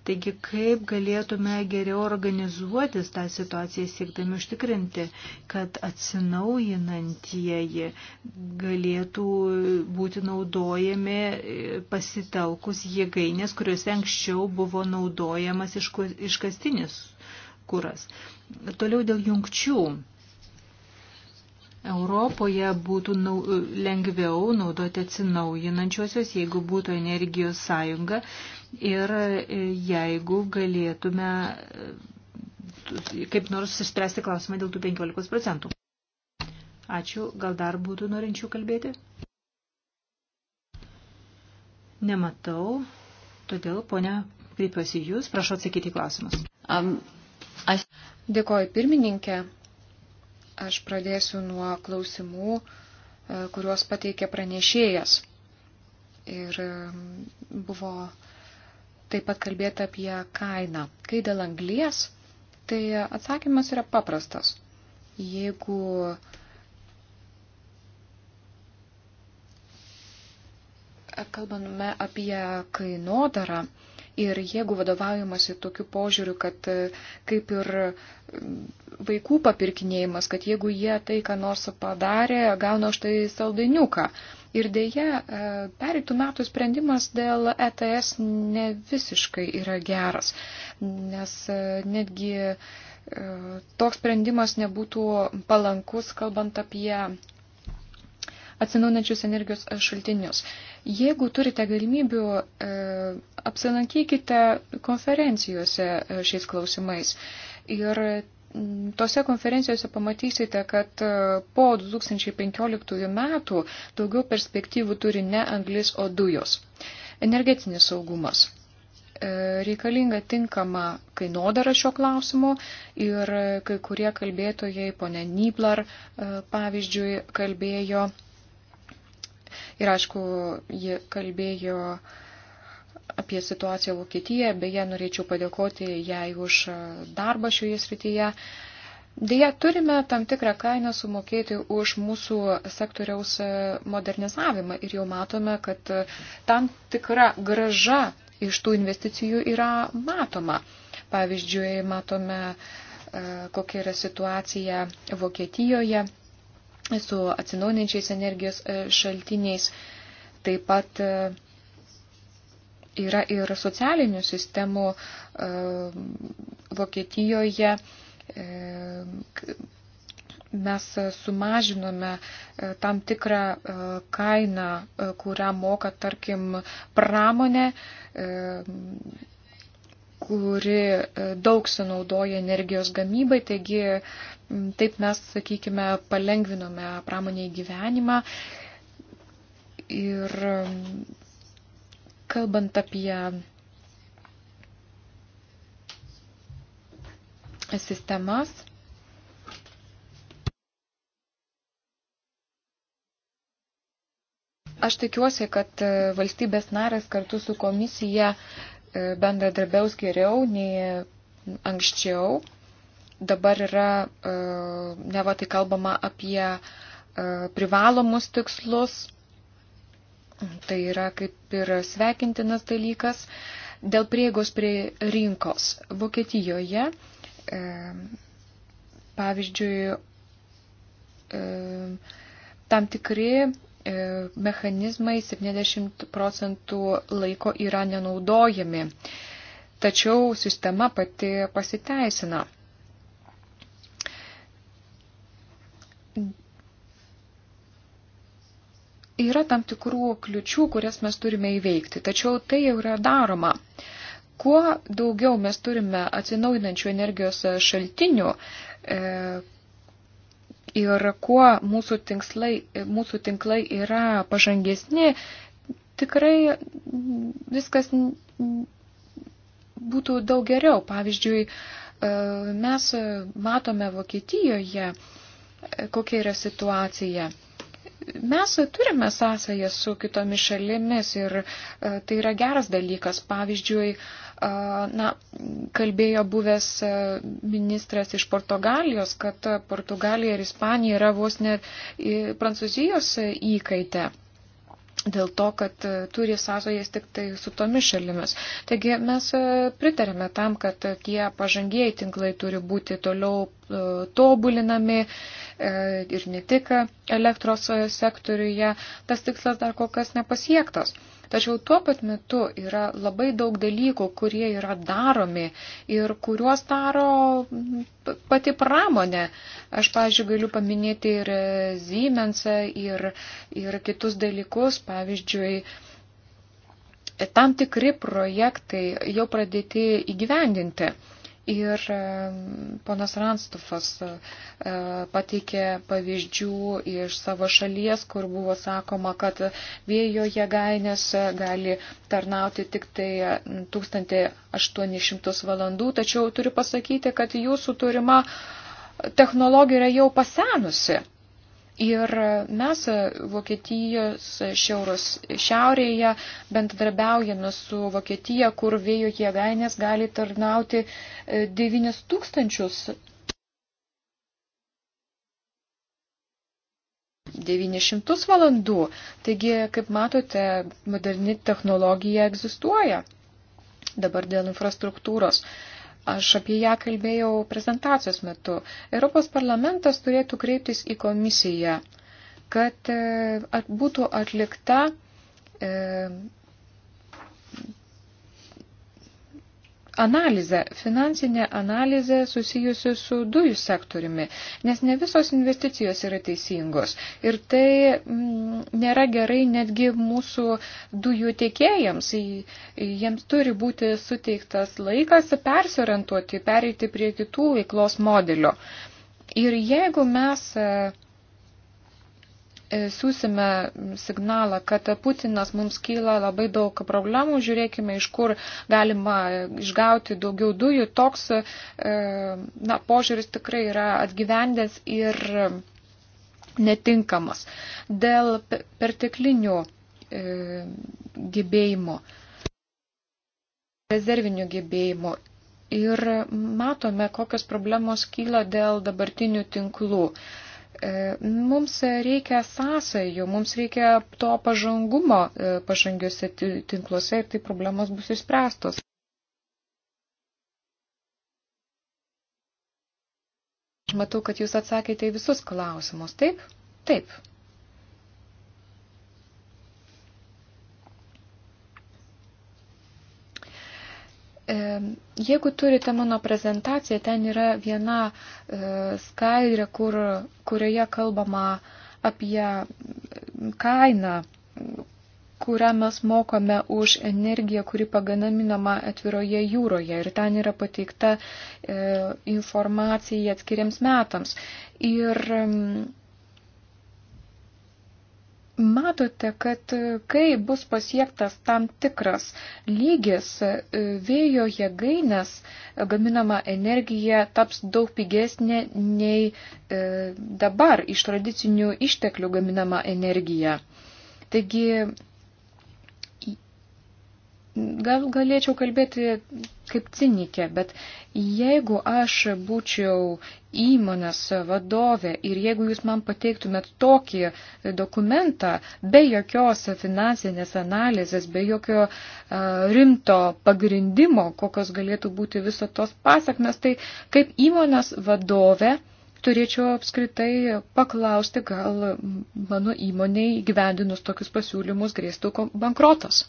Taigi, kaip galėtume geriau organizuotis tą situaciją, siekdami užtikrinti, kad atsinaujinantieji galėtų būti naudojami pasitelkus jėgainės, kuriuose anksčiau buvo naudojamas iškastinis kuras. Toliau dėl jungčių Europoje būtų nau, lengviau naudoti atsinaujinančiosios, jeigu būtų energijos sąjunga ir e, jeigu galėtume e, kaip nors išspręsti klausimą dėl tų 15 procentų. Ačiū, gal dar būtų norinčių kalbėti? Nematau, todėl, ponia, kreipiuosi jūs, prašau atsakyti klausimus. Um, aš dėkoju pirmininkė. Aš pradėsiu nuo klausimų, e, kuriuos pateikė pranešėjas. Ir e, buvo taip pat kalbėta apie kainą. Kai dėl anglies, tai atsakymas yra paprastas. Jeigu kalbame apie kainodarą, Ir jeigu vadovaujamasi tokiu požiūriu, kad e, kaip ir vaikų papirkinėjimas, kad jeigu jie tai, ką nors padarė, gauna štai saldainiuką. Ir dėja, e, pereitų metų sprendimas dėl ETS ne visiškai yra geras, nes e, netgi toks sprendimas nebūtų palankus, kalbant apie atsinaunančius energijos šaltinius. Jeigu turite galimybių, e, apsilankykite konferencijose e, šiais klausimais. Ir tose konferencijose pamatysite, kad e, po 2015 metų daugiau perspektyvų turi ne anglis, o dujos. Energetinis saugumas. Reikalinga tinkama kainodara šio klausimo ir kai kurie kalbėtojai, ponė Niblar pavyzdžiui, kalbėjo Ir aišku, ji kalbėjo apie situaciją Vokietijoje, beje, norėčiau padėkoti jai už darbą šioje srityje. Deja, turime tam tikrą kainą sumokėti už mūsų sektoriaus modernizavimą ir jau matome, kad tam tikra graža iš tų investicijų yra matoma. Pavyzdžiui, matome, e, kokia yra situacija Vokietijoje su atsinaujinančiais energijos e, šaltiniais. Taip pat e, yra ir socialinių sistemų e, Vokietijoje. Mes sumažinome tam tikrą kainą, kurią moka, tarkim, pramonė kuri e, daug sunaudoja energijos gamybai, taigi taip mes, sakykime, palengvinome pramoniai gyvenimą. Ir kalbant apie sistemas, Aš tikiuosi, kad e, valstybės narės kartu su komisija uh, bendradarbiaus geriau nei anksčiau. Dabar yra e, neva tai kalbama apie e, privalomus tikslus. Tai yra kaip ir sveikintinas dalykas dėl prieigos prie rinkos. Vokietijoje, e, pavyzdžiui, tam tikri E, mechanizmai 70 procentų laiko yra nenaudojami, tačiau sistema pati pasiteisina. Yra tam tikrų kliučių, kurias mes turime įveikti, tačiau tai jau yra daroma. Kuo daugiau mes turime atsinaujinančių energijos šaltinių, e, Ir kuo mūsų, tinkslai, mūsų tinklai yra pažangesni, tikrai viskas būtų daug geriau. Pavyzdžiui, e, mes matome Vokietijoje, e, kokia yra situacija. Mes turime sąsają su kitomis šalimis ir e, tai yra geras dalykas. Pavyzdžiui, na, kalbėjo buvęs e, ministras iš Portugalijos, kad Portugalija ir Ispanija yra vos ne e, Prancūzijos įkaitė. Dėl to, kad e, turi sąsojas tik tai su tomis šalimis. Taigi mes pritarėme tam, kad tie pažangieji tinklai turi būti toliau tobulinami ir ne tik elektros sektoriuje. Tas tikslas dar kol kas nepasiektas. Tačiau tuo pat metu yra labai daug dalykų, kurie yra daromi ir kuriuos daro pati pramonė. Aš, pavyzdžiui, galiu paminėti ir Siemensą, ir, ir kitus dalykus, pavyzdžiui, tam tikri projektai jau pradėti įgyvendinti. Ir e, ponas Ranstufas e, pateikė pavyzdžių iš savo šalies, kur buvo sakoma, kad vėjo jėgainės gali tarnauti tik tai 1800 valandų, tačiau turiu pasakyti, kad jūsų turima technologija yra jau pasenusi. Ir mes Vokietijos šiauros šiaurėje bendradarbiaujame su Vokietija, kur vėjo jėgainės gali tarnauti 9000 e, 900 valandų. Taigi, kaip matote, moderni technologija egzistuoja dabar dėl infrastruktūros. Uh, Aš apie ją kalbėjau prezentacijos metu. Europos parlamentas turėtų kreiptis į komisiją, kad e, būtų atlikta e, analizę, finansinę analizę susijusiu su dujų sektoriumi, nes ne visos investicijos yra teisingos. Ir tai m, mm, nėra gerai netgi mūsų dujų tiekėjams. Jiems turi būti suteiktas laikas persiorentuoti, pereiti prie kitų veiklos modelio. Ir jeigu mes e, E, siūsime signalą, kad Putinas mums kyla labai daug problemų, žiūrėkime, iš kur galima išgauti daugiau dujų, toks e, na, požiūris tikrai yra atgyvendęs ir netinkamas. Dėl perteklinių e, gebėjimų, rezervinių gebėjimų ir matome, kokios problemos kyla dėl dabartinių tinklų. E, E, mums reikia sąsajų, mums reikia to pažangumo e, pažangiuose tinkluose ir tai problemos bus išspręstos. Matau, kad jūs atsakėte į visus klausimus, taip? Taip. Jeigu turite mano prezentaciją, ten yra viena e, skaidrė, kur, kurioje kalbama apie kainą, kurią mes mokame už energiją, kuri pagaminama atviroje jūroje. Ir ten yra pateikta e, informacija atskiriams metams. Ir Matote, kad e, kai bus pasiektas tam tikras lygis, e, vėjo jėgainės e, gaminama energija taps daug pigesnė nei dabar iš tradicinių išteklių gaminama energija. Taigi Gal galėčiau kalbėti kaip cinikė, bet jeigu aš būčiau įmonės vadovė ir jeigu jūs man pateiktumėt tokį dokumentą be jokios finansinės analizės, be jokio rimto pagrindimo, kokios galėtų būti viso tos pasakmes, tai kaip įmonės vadovė turėčiau apskritai paklausti, gal mano įmoniai gyvendinus tokius pasiūlymus grėstų bankrotas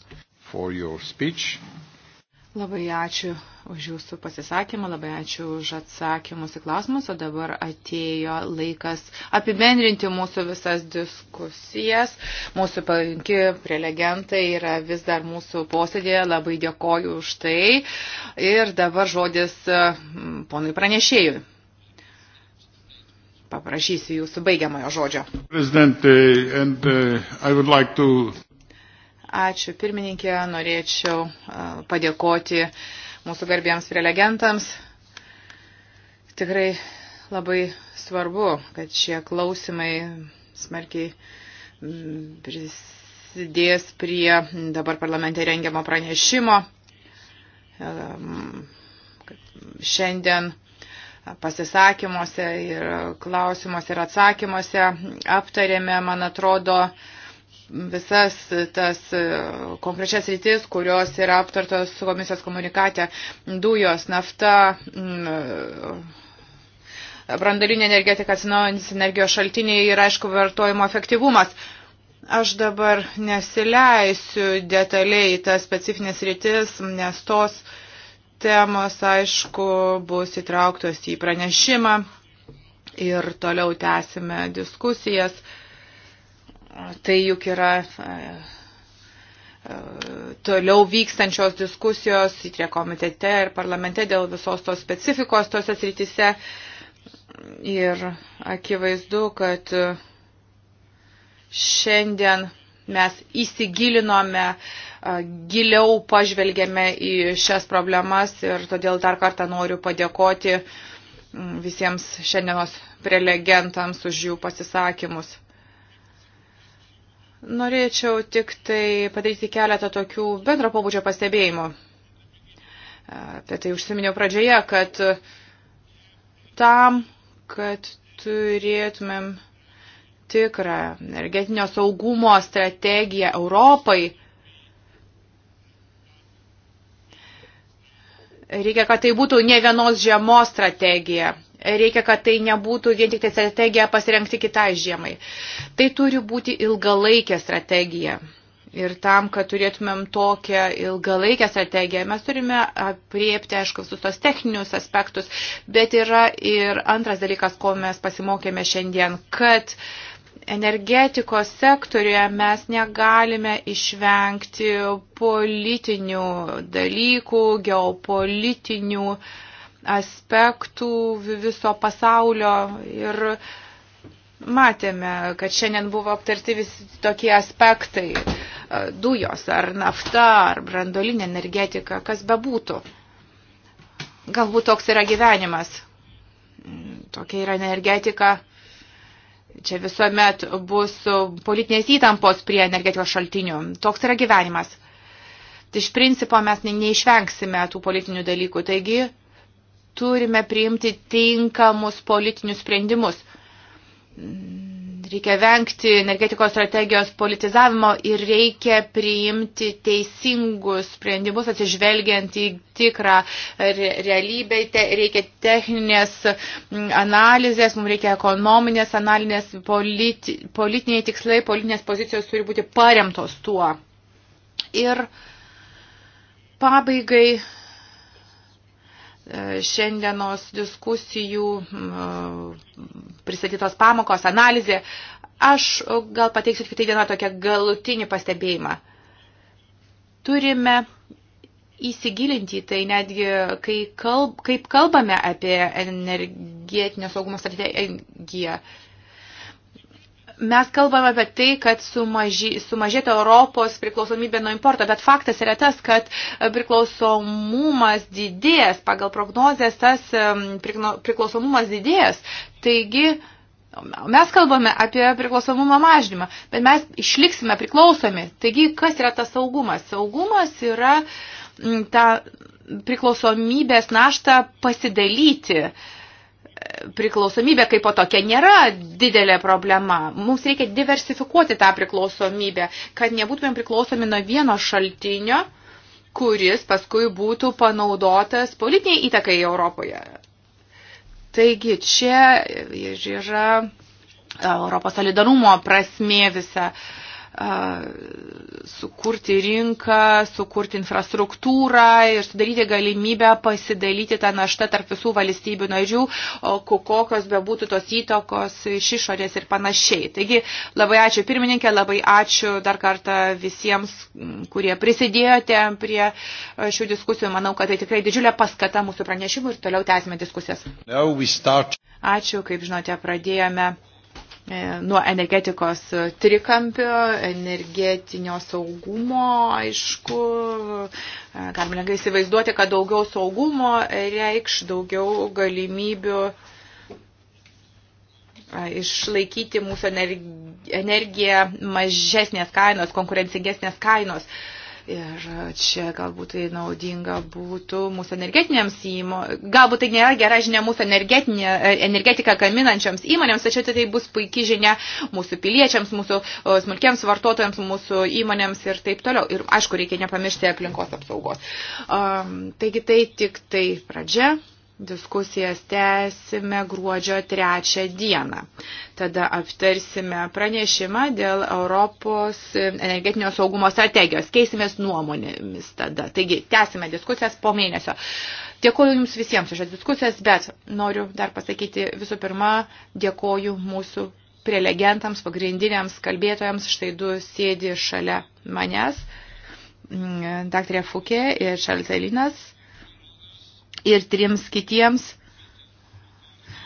for your speech. Labai ačiū už jūsų pasisakymą, labai ačiū už atsakymus į klausimus, o dabar atėjo laikas apibendrinti mūsų visas diskusijas. Mūsų palinki prelegentai yra vis dar mūsų posėdėje, labai dėkoju už tai. Ir dabar žodis mm, ponui pranešėjui. Paprašysiu jūsų baigiamojo žodžio. Uh, like to... Ačiū pirmininkė, norėčiau padėkoti mūsų garbiems prelegentams. Tikrai labai svarbu, kad šie klausimai smarkiai prisidės prie dabar parlamente rengiamo pranešimo. Šiandien pasisakymuose ir klausimuose ir atsakymuose aptarėme, man atrodo, visas tas e, konkrečias rytis, kurios yra aptartos komisijos komunikate - dujos, nafta, e, brandalinė energetika, atsinaujantis energijos šaltiniai ir, aišku, vartojimo efektyvumas. Aš dabar nesileisiu detaliai į tas specifines rytis, nes tos temos, aišku, bus įtrauktos į pranešimą ir toliau tęsime diskusijas. Tai juk yra e, e, toliau vykstančios diskusijos įtrė komitete ir parlamente dėl visos tos specifikos tose srityse. Ir akivaizdu, kad šiandien mes įsigilinome, e, giliau pažvelgėme į šias problemas ir todėl dar kartą noriu padėkoti visiems šiandienos prelegentams už jų pasisakymus. Norėčiau tik tai padaryti keletą tokių bendro pobūdžio pastebėjimų. Apie tai užsiminiau pradžioje, kad tam, kad turėtumėm tikrą energetinio saugumo strategiją Europai, reikia, kad tai būtų ne vienos žiemos strategija Reikia, kad tai nebūtų vien tik tai strategija pasirengti kitai žiemai. Tai turi būti ilgalaikė strategija. Ir tam, kad turėtumėm tokią ilgalaikę strategiją, mes turime priepti, aišku, visus tos techninius aspektus, bet yra ir antras dalykas, ko mes pasimokėme šiandien, kad energetikos sektoriuje mes negalime išvengti politinių dalykų, geopolitinių uh, aspektų viso pasaulio ir matėme, kad šiandien buvo aptarti visi tokie aspektai e, - dujos ar nafta ar brandolinė energetika, kas bebūtų. Galbūt toks yra gyvenimas. Mm, tokia yra energetika. Čia visuomet bus politinės įtampos prie energetikos šaltinių. Toks yra gyvenimas. Tai iš principo mes neišvengsime tų politinių dalykų. Taigi turime priimti tinkamus politinius sprendimus. Reikia vengti energetikos strategijos politizavimo ir reikia priimti teisingus sprendimus atsižvelgiant į tikrą realybę. Te, reikia techninės analizės, mums reikia ekonominės analizės, politi, politiniai tikslai, politinės pozicijos turi būti paremtos tuo. Ir pabaigai šiandienos diskusijų pristatytos pamokos, analizė. Aš gal pateiksiu tik tai vieną tokią galutinį pastebėjimą. Turime įsigilinti tai netgi, kai kalb, kaip kalbame apie energetinio saugumo strategiją mes kalbame apie tai, kad sumaži, sumažėtų Europos priklausomybė nuo importo, bet faktas yra tas, kad e, priklausomumas didės, pagal prognozės tas e, priklausomumas didės. Taigi, mes kalbame apie priklausomumą mažinimą, bet mes išliksime priklausomi. Taigi, kas yra tas saugumas? Saugumas yra ta priklausomybės naštą pasidalyti. Uh, priklausomybė kaip po tokia nėra didelė problema. Mums reikia diversifikuoti tą priklausomybę, kad nebūtumėm priklausomi nuo vieno šaltinio, kuris paskui būtų panaudotas politiniai įtakai Europoje. Taigi čia yra Europos solidarumo prasmė visa. Uh, sukurti rinką, sukurti infrastruktūrą ir sudaryti galimybę pasidalyti tą naštą tarp visų valstybių narių, kokios bebūtų tos įtokos iš išorės ir panašiai. Taigi labai ačiū pirmininkė, labai ačiū dar kartą visiems, kurie prisidėjote prie šių diskusijų. Manau, kad tai tikrai didžiulė paskata mūsų pranešimų ir toliau tęsime diskusijas. Ačiū, kaip žinote, pradėjome. E, nuo energetikos trikampio, energetinio saugumo, aišku, e, galime lengvai įsivaizduoti, kad daugiau saugumo reikš daugiau galimybių e, išlaikyti mūsų energiją mažesnės kainos, konkurencingesnės kainos. Uh, Ir čia galbūt tai naudinga būtų mūsų energetinėms įmonėms. Galbūt tai nėra gera žinia mūsų energetiką gaminančioms įmonėms, tačiau tai bus puikiai žinia mūsų piliečiams, mūsų smulkiems vartotojams, mūsų įmonėms ir taip toliau. Ir aišku, reikia nepamiršti aplinkos apsaugos. Um, taigi tai tik tai pradžia. Diskusijas tęsime gruodžio trečią dieną. Tada aptarsime pranešimą dėl Europos energetinio saugumo strategijos. Keisimės nuomonėmis tada. Taigi, tęsime diskusijas po mėnesio. Dėkoju Jums visiems už šias diskusijas, bet noriu dar pasakyti visų pirma, dėkoju mūsų prelegentams, pagrindiniams kalbėtojams. Štai du sėdi šalia manęs, mm, dr. Fukė ir Šalcelinas ir trims kitiems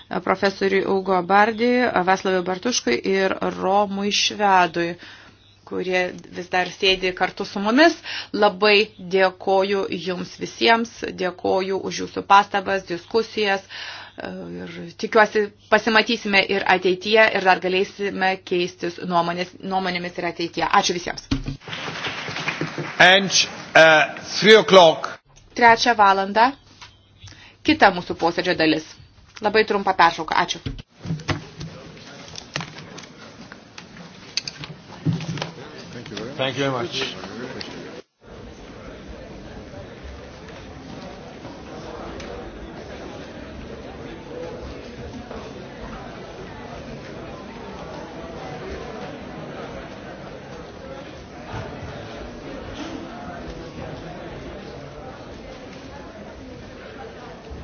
e, profesoriui Ugo Bardi, Vaslavui Bartuškui ir Romui Švedui kurie vis dar sėdi kartu su mumis. Labai dėkoju jums visiems, dėkoju už jūsų pastabas, diskusijas e, ir tikiuosi pasimatysime ir ateityje ir dar galėsime keistis nuomonės, nuomonėmis ir ateityje. Ačiū visiems. And, uh, Trečią valandą kita mūsų posėdžio dalis. Labai trumpa peršauka. Ačiū. Thank you very much.